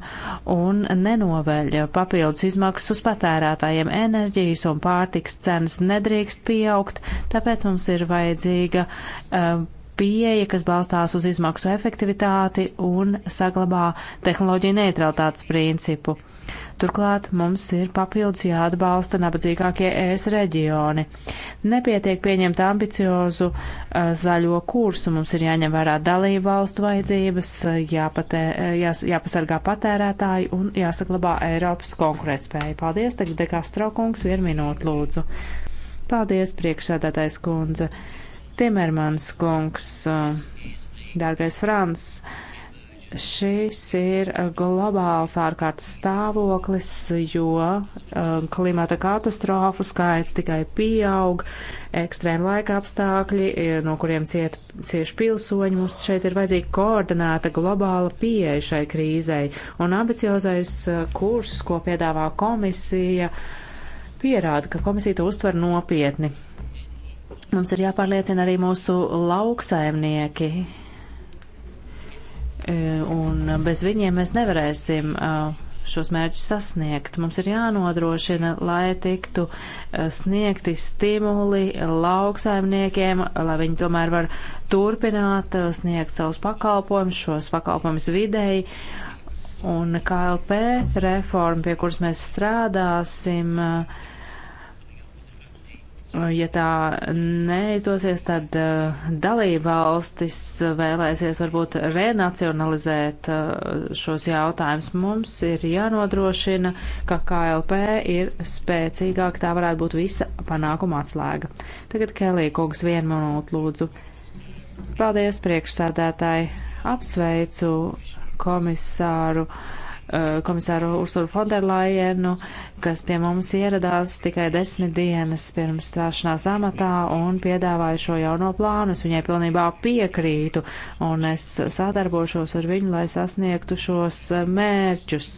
un nenoveļ papildus izmaksas uz patērētājiem. Enerģijas un pārtiks cenas nedrīkst pieaugt, tāpēc mums ir vajadzīga uh, pieeja, kas balstās uz izmaksu efektivitāti un saglabā tehnoloģiju neutralitātes principu. Turklāt mums ir papildus jāatbalsta nabadzīgākie ES reģioni. Nepietiek pieņemt ambiciozu uh, zaļo kursu, mums ir jāņem vērā dalību valstu vajadzības, eh, jāpatē, eh, jās, jāpasargā patērētāji un jāsaglabā Eiropas konkurētspēja. Paldies, tagad Dekastro kungs, vienu minūtu lūdzu. Paldies, priekšsēdētājs kundze. Timermans kungs, dārgais Frans, Šis ir globāls ārkārtas stāvoklis, jo um, klimata katastrofu skaits tikai pieaug, ekstrēma laika apstākļi, e, no kuriem ciet, cieši pilsoņi. Mums šeit ir vajadzīga koordinēta globāla pieeja šai krīzei, un ambiciozais e, kurs, ko piedāvā komisija, pierāda, ka komisija to uztver nopietni. Mums ir jāpārliecina arī mūsu lauksaimnieki Eh, un bez viņiem mēs nevarēsim eh, šos mērķus sasniegt. Mums ir jānodrošina, lai tiktu eh, sniegti stimuli lauksaimniekiem, lai viņi tomēr var turpināt sniegt savus pakalpojumus, šos pakalpojumus videi. Un KLP reforma, pie kuras mēs strādāsim, uh, Ja tā neizdosies, tad eh, dalība valstis vēlēsies varbūt renacionalizēt eh, šos jautājumus. Mums ir jānodrošina, ka KLP ir spēcīgāk, tā varētu būt visa panākuma atslēga. Tagad Kelī kungs vienu minūtu lūdzu. Paldies priekšsādātāji, apsveicu komisāru. Uh, Eh, komisāru Ursulu Fonderlaienu, kas pie mums ieradās tikai desmit dienas pirms stāšanās amatā un piedāvāja šo jauno plānu. Es viņai pilnībā piekrītu un es sadarbošos ar viņu, lai sasniegtu šos eh, mērķus.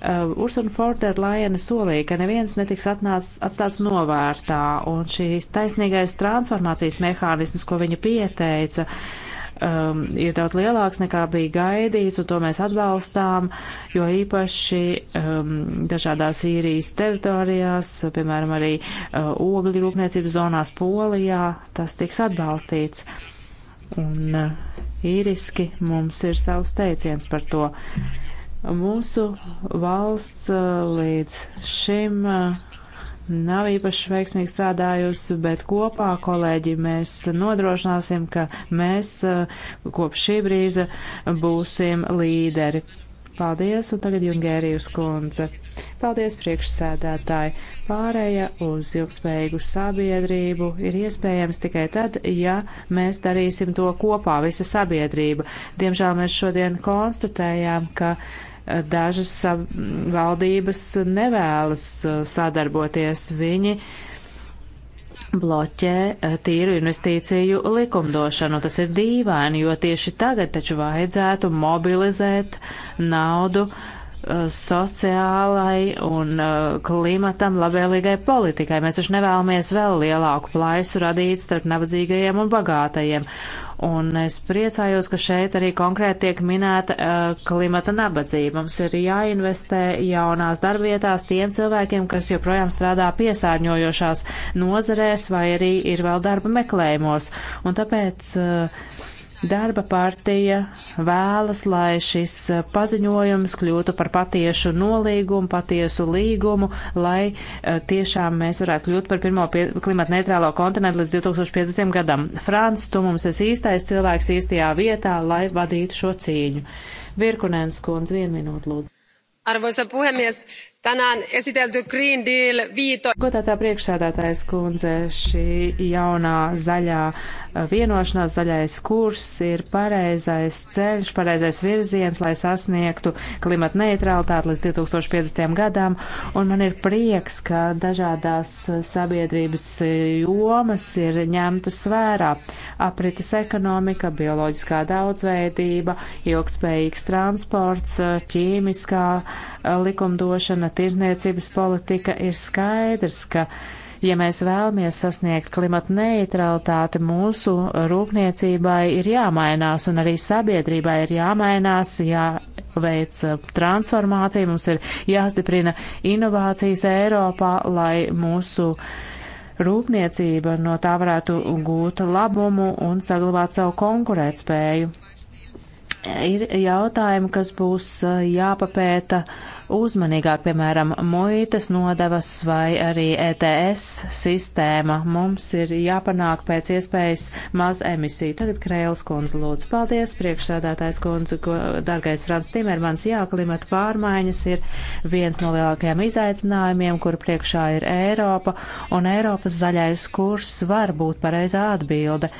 Uh, Ursula Fonderlaiena solīja, ka neviens netiks atnāc, atstāts novērtā un šīs taisnīgais transformācijas mehānisms, ko viņa pieteica, uh, um, ir daudz lielāks nekā bija gaidīts, un to mēs atbalstām, jo īpaši um, dažādās īrijas teritorijās, piemēram, arī uh, ogļu rūpniecības zonās Polijā, tas tiks atbalstīts. Un uh, īriski mums ir savs teiciens par to. Mūsu valsts uh, līdz šim. Uh, nav īpaši veiksmīgi strādājusi, bet kopā, kolēģi, mēs nodrošināsim, ka mēs uh, kopš šī brīža būsim līderi. Paldies, un tagad Jungērijas kundze. Paldies, priekšsēdētāji. Pārēja uz ilgspējīgu sabiedrību ir iespējams tikai tad, ja mēs darīsim to kopā, visa sabiedrība. Diemžēl mēs šodien konstatējām, ka Dažas valdības nevēlas uh, sadarboties. Viņi bloķē uh, tīru investīciju likumdošanu. Tas ir dīvaini, jo tieši tagad taču vajadzētu mobilizēt naudu uh, sociālai un klimatam labvēlīgai politikai. Mēs taču nevēlamies vēl lielāku plaisu radīt starp nabadzīgajiem un bagātajiem. Un es priecājos, ka šeit arī konkrēti tiek minēta uh, klimata nabadzība. Mums ir jāinvestē jaunās darbietās tiem cilvēkiem, kas joprojām strādā piesārņojošās nozarēs vai arī ir vēl darba meklējumos. Un tāpēc uh, Darba partija vēlas, lai šis eh, paziņojums kļūtu par patiesu nolīgumu, patiesu līgumu, lai eh, tiešām mēs varētu kļūt par pirmo klimata neitrālo kontinentu līdz 2050. gadam. Frāns, tu mums esi īstais cilvēks īstajā vietā, lai vadītu šo cīņu. Virkunēns kundze, vienu minūtu lūdzu. Arvoisa puhemies, Tänään esitelty Green Deal viito... Godātā priekšsēdētājas kundze, šī jaunā zaļā eh, vienošanās, zaļais kurs ir pareizais ceļš, pareizais virziens, lai sasniegtu klimata neutralitāti līdz 2050. gadām. Un man ir prieks, ka dažādās sabiedrības jomas ir ņemtas vērā. Aprites ekonomika, bioloģiskā daudzveidība, ilgspējīgs transports, ķīmiskā eh, likumdošana, tirzniecības politika, ir skaidrs, ka, ja mēs vēlamies sasniegt klimata neutralitāti, mūsu rūpniecībai ir jāmainās un arī sabiedrībai ir jāmainās, jāveic uh, transformācija, mums ir jāstiprina inovācijas Eiropā, lai mūsu rūpniecība no tā varētu gūt labumu un saglabāt savu konkurētspēju ir jautājumi, kas būs uh, jāpapēta uzmanīgāk, piemēram, muitas nodevas vai arī ETS sistēma. Mums ir jāpanāk pēc iespējas maz emisiju. Tagad Krēls kundze lūdzu. Paldies, priekšsēdētājs kundze, ko, dargais Frans Timermans. Jā, klimata pārmaiņas ir viens no lielākajiem izaicinājumiem, kur priekšā ir Eiropa, un Eiropas zaļais kurs var būt pareizā atbilde.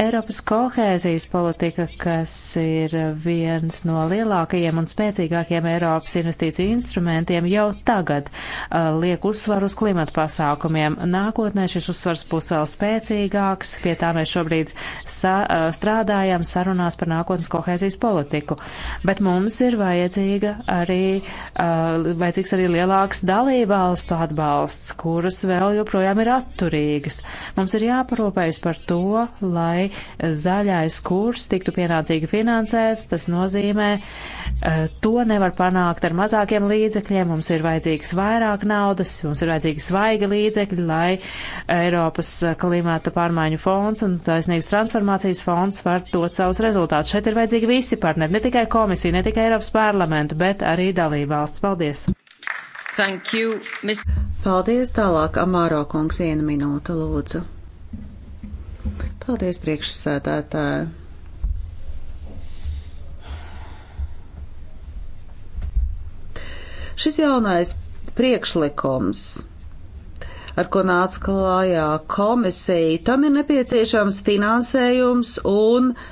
Eiropas kohēzijas politika, kas ir viens no lielākajiem un spēcīgākajiem Eiropas investīciju instrumentiem, jau tagad uh, liek uzsvaru uz klimatu pasākumiem. Nākotnē šis uzsvars būs vēl spēcīgāks, pie tā mēs šobrīd sa, uh, strādājam sarunās par nākotnes kohēzijas politiku. Bet mums ir vajadzīga arī, uh, vajadzīgs arī lielāks dalībvalstu atbalsts, kuras vēl joprojām ir atturīgas. Mums ir jāparūpējas par to, lai lai zaļais kurs tiktu pienācīgi finansēts. Tas nozīmē, eh, to nevar panākt ar mazākiem līdzekļiem. Mums ir vajadzīgs vairāk naudas, mums ir vajadzīgi svaigi līdzekļi, lai Eiropas klimata pārmaiņu fonds un taisnīgas transformācijas fonds var dot savus rezultātus. Šeit ir vajadzīgi visi partneri, ne tikai komisija, ne tikai Eiropas parlamentu, bet arī dalībvalsts. Paldies! Thank you, Ms. Paldies tālāk, Amāro kungs, viena minūte lūdzu. Paldies, priekšsēdētāji! Šis jaunais priekšlikums, ar ko nāca klājā komisija, tam ir nepieciešams finansējums un uh,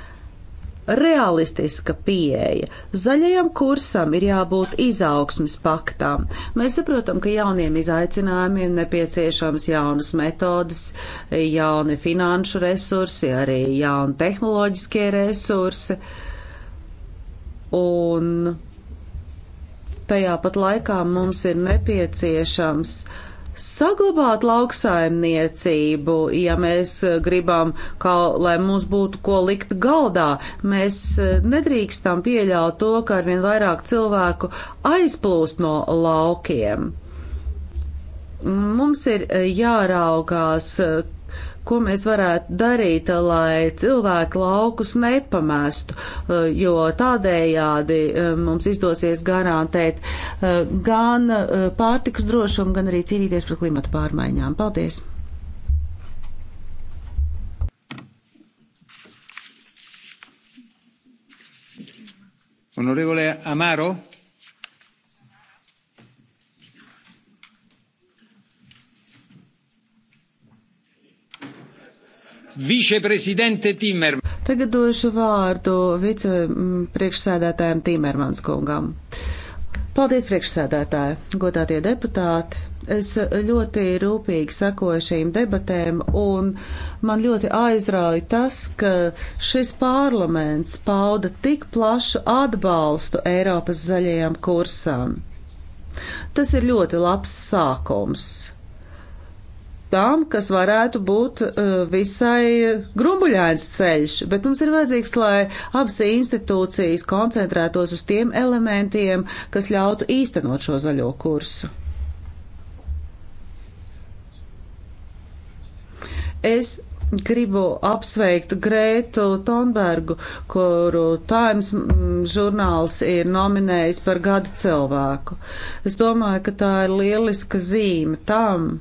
realistiska pieeja. Zaļajam kursam ir jābūt izaugsmes paktām. Mēs saprotam, ka jauniem izaicinājumiem nepieciešams jaunas metodas, jauni finanšu resursi, arī jauni tehnoloģiskie resursi. Un tajā pat laikā mums ir nepieciešams uh, saglabāt lauksaimniecību, ja mēs eh, gribam, kā, lai mums būtu ko likt galdā. Mēs eh, nedrīkstam pieļaut to, ka arvien vairāk cilvēku aizplūst no laukiem. Mums ir eh, jāraugās, ko mēs varētu darīt, lai cilvēki laukus nepamestu, eh, jo tādējādi eh, mums izdosies garantēt eh, gan pārtiks drošumu, gan arī cīnīties par klimatu pārmaiņām. Paldies! Onorevole Amaro. viceprezidente Timermans. Tagad došu vārdu vicepriekšsēdētājiem Timermans kungam. Paldies, priekšsēdētāji, godātie deputāti. Es ļoti rūpīgi sekoju šīm debatēm, un man ļoti aizrauja tas, ka šis parlaments pauda tik plašu atbalstu Eiropas zaļajam kursam. Tas ir ļoti labs sākums tām, kas varētu būt uh, visai grumbuļains ceļš, bet mums ir vajadzīgs, lai abas institūcijas koncentrētos uz tiem elementiem, kas ļautu īstenot šo zaļo kursu. Es gribu apsveikt Grētu Tonbergu, kuru Times mm, žurnāls ir nominējis par gadu cilvēku. Es domāju, ka tā ir lieliska zīme tam,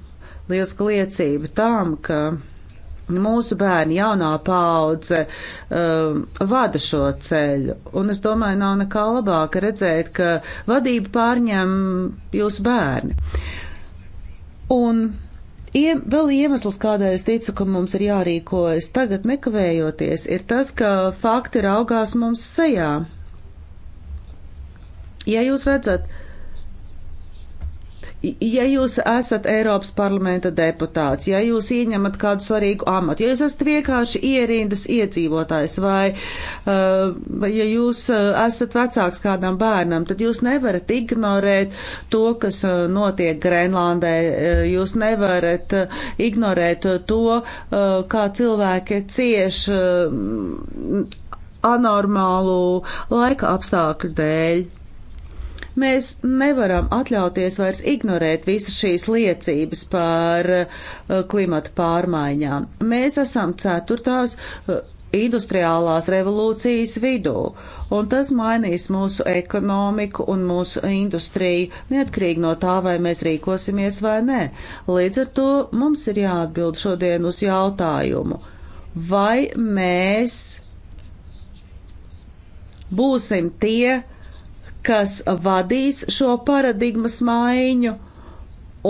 lieliska liecība tam, ka mūsu bērni, jaunā paudze um, vada šo ceļu. Un es domāju, nav nekā labāka redzēt, ka vadību pārņem jūsu bērni. Un ie, vēl iemesls, kādēļ es ticu, ka mums ir jārīkojas tagad nekavējoties, ir tas, ka fakti raugās mums sejā. Ja jūs redzat, Ja jūs esat Eiropas parlamenta deputāts, ja jūs ieņemat kādu svarīgu amatu, ja jūs esat vienkārši ierindas iedzīvotājs vai uh, ja jūs uh, esat vecāks kādam bērnam, tad jūs nevarat ignorēt to, kas uh, notiek Grenlandē. Uh, jūs nevarat ignorēt to, uh, kā cilvēki cieš uh, anormālu laika apstākļu dēļ. Mēs nevaram atļauties vairs ignorēt visas šīs liecības par eh, klimata pārmaiņām. Mēs esam ceturtās eh, industriālās revolūcijas vidū, un tas mainīs mūsu ekonomiku un mūsu industriju, neatkarīgi no tā, vai mēs rīkosimies vai nē. Līdz ar to mums ir jāatbild šodien uz jautājumu, vai mēs būsim tie, kas vadīs šo paradigmas maiņu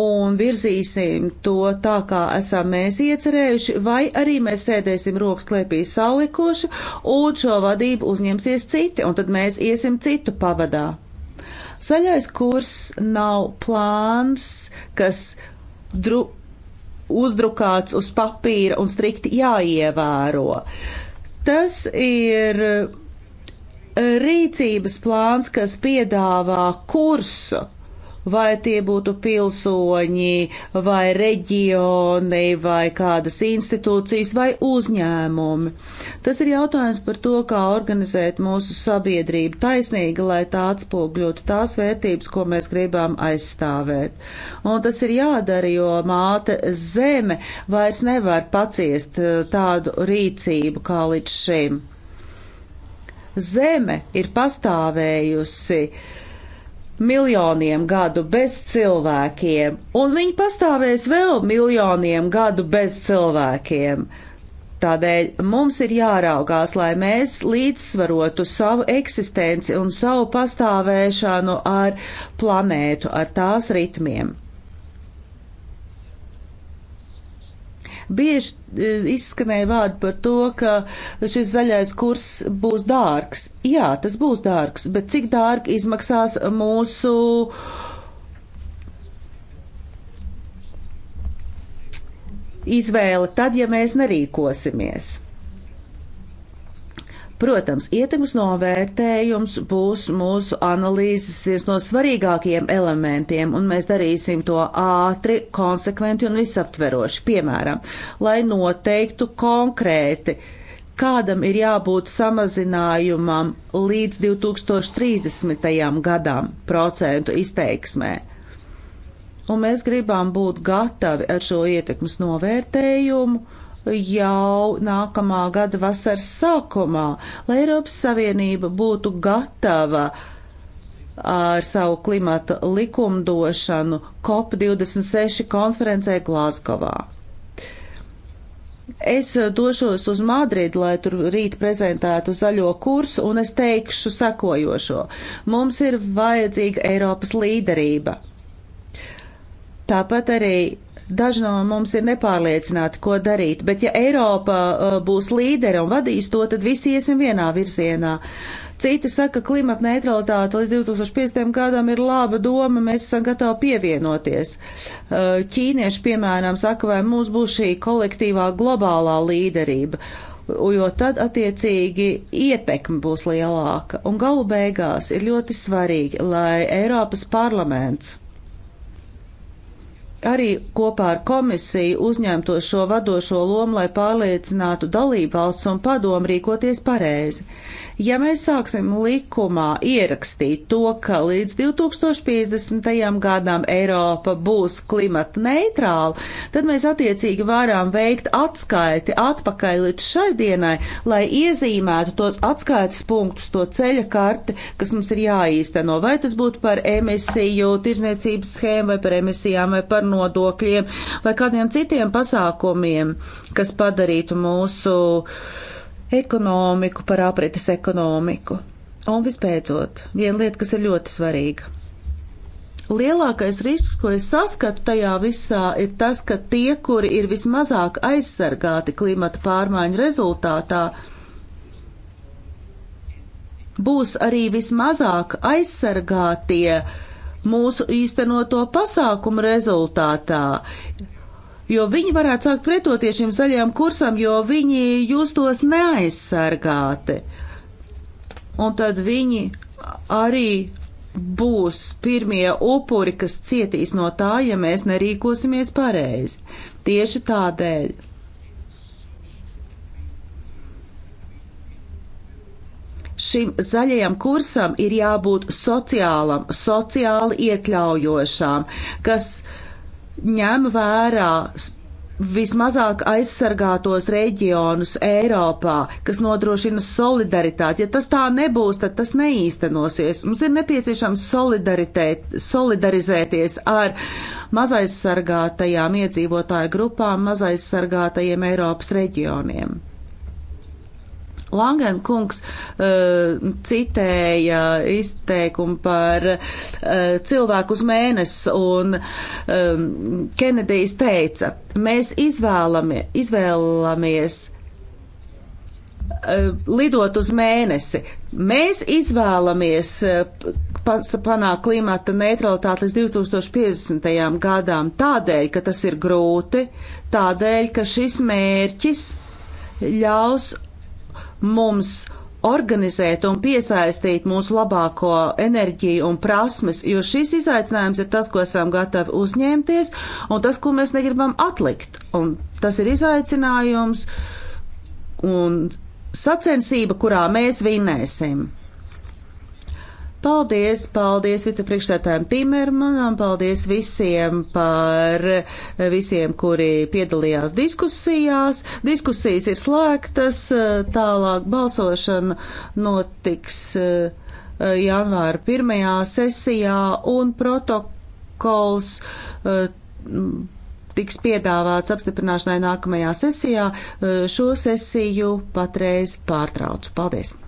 un virzīsim to tā, kā esam mēs iecerējuši, vai arī mēs sēdēsim rokas klēpī salikuši un šo vadību uzņemsies citi, un tad mēs iesim citu pavadā. Zaļais kurs nav plāns, kas dru uzdrukāts uz papīra un strikti jāievēro. Tas ir rīcības plāns, kas piedāvā kursu, vai tie būtu pilsoņi, vai reģioni, vai kādas institūcijas, vai uzņēmumi. Tas ir jautājums par to, kā organizēt mūsu sabiedrību taisnīgi, lai tā atspogļotu tās vērtības, ko mēs gribam aizstāvēt. Un tas ir jādara, jo māte zeme vairs nevar paciest eh, tādu rīcību kā līdz šim. Zeme ir pastāvējusi miljoniem gadu bez cilvēkiem, un viņi pastāvēs vēl miljoniem gadu bez cilvēkiem. Tādēļ mums ir jāraugās, lai mēs līdzsvarotu savu eksistenci un savu pastāvēšanu ar planētu, ar tās ritmiem. Bieži e, izskanēja vārdi par to, ka šis zaļais kurs būs dārgs. Jā, tas būs dārgs, bet cik dārgi izmaksās mūsu. Izvēle tad, ja mēs nerīkosimies. Protams, ietekmes novērtējums būs mūsu analīzes viens no svarīgākajiem elementiem, un mēs darīsim to ātri, konsekventi un visaptveroši. Piemēram, lai noteiktu konkrēti, kādam ir jābūt samazinājumam līdz 2030. gadam procentu izteiksmē. Un mēs gribam būt gatavi ar šo ietekmes novērtējumu jau nākamā gada vasaras sākumā, lai Eiropas Savienība būtu gatava ar savu klimata likumdošanu COP26 konferencē Glāzgovā. Es došos uz Madridu, lai tur rīt prezentētu zaļo kursu, un es teikšu sekojošo. Mums ir vajadzīga Eiropas līderība. Tāpat arī Daži no mums ir nepārliecināti, ko darīt, bet ja Eiropa uh, būs līdera un vadīs to, tad visi iesim vienā virzienā. Citi saka, ka klimata neutralitāte līdz 2050. gadam ir laba doma, mēs esam gatavi pievienoties. Uh, ķīnieši, piemēram, saka, vai mums būs šī kolektīvā globālā līderība jo tad attiecīgi iepekme būs lielāka. Un galu beigās ir ļoti svarīgi, lai Eiropas parlaments arī kopā ar komisiju uzņemto šo vadošo lomu, lai pārliecinātu dalību valsts un padomu rīkoties pareizi. Ja mēs sāksim likumā ierakstīt to, ka līdz 2050. gadam Eiropa būs klimata neitrāla, tad mēs attiecīgi varam veikt atskaiti atpakaļ līdz šai dienai, lai iezīmētu tos atskaites punktus, to ceļa karti, kas mums ir jāīsteno. Vai tas būtu par emisiju tirzniecības schēmu vai par emisijām vai par par nodokļiem vai kādiem citiem pasākumiem, kas padarītu mūsu ekonomiku par aprites ekonomiku. Un visbeidzot, viena lieta, kas ir ļoti svarīga. Lielākais risks, ko es saskatu tajā visā, ir tas, ka tie, kuri ir vismazāk aizsargāti klimata pārmaiņu rezultātā, būs arī vismazāk aizsargātie uh, mūsu īstenoto pasākumu rezultātā. Jo viņi varētu sākt pretoties šim zaļajam kursam, jo viņi justos neaizsargāti. Un tad viņi arī būs pirmie upuri, kas cietīs no tā, ja mēs nerīkosimies pareizi. Tieši tādēļ Šim zaļajam kursam ir jābūt sociālam, sociāli iekļaujošām, kas ņem vērā vismazāk aizsargātos reģionus Eiropā, kas nodrošina solidaritāti. Ja tas tā nebūs, tad tas neīstenosies. Mums ir nepieciešams solidarizēties ar mazaizsargātajām iedzīvotāju grupām, mazaizsargātajiem Eiropas reģioniem. Langēna kungs uh, citēja izteikumu par uh, cilvēku uz mēnesi, un um, Kenedijs teica, mēs izvēlamie, izvēlamies uh, lidot uz mēnesi. Mēs izvēlamies uh, panākt klimata neutralitāti līdz 2050. gadām tādēļ, ka tas ir grūti, tādēļ, ka šis mērķis ļaus mums organizēt un piesaistīt mūsu labāko enerģiju un prasmes, jo šis izaicinājums ir tas, ko esam gatavi uzņemties un tas, ko mēs negribam atlikt. Un tas ir izaicinājums un sacensība, kurā mēs vinēsim. Paldies, paldies vicepriekšsētājiem Timermanam, paldies visiem par visiem, kuri piedalījās diskusijās. Diskusijas ir slēgtas, tālāk balsošana notiks eh, janvāra pirmajā sesijā un protokols eh, tiks piedāvāts apstiprināšanai nākamajā sesijā. Eh, šo sesiju patreiz pārtraucu. Paldies!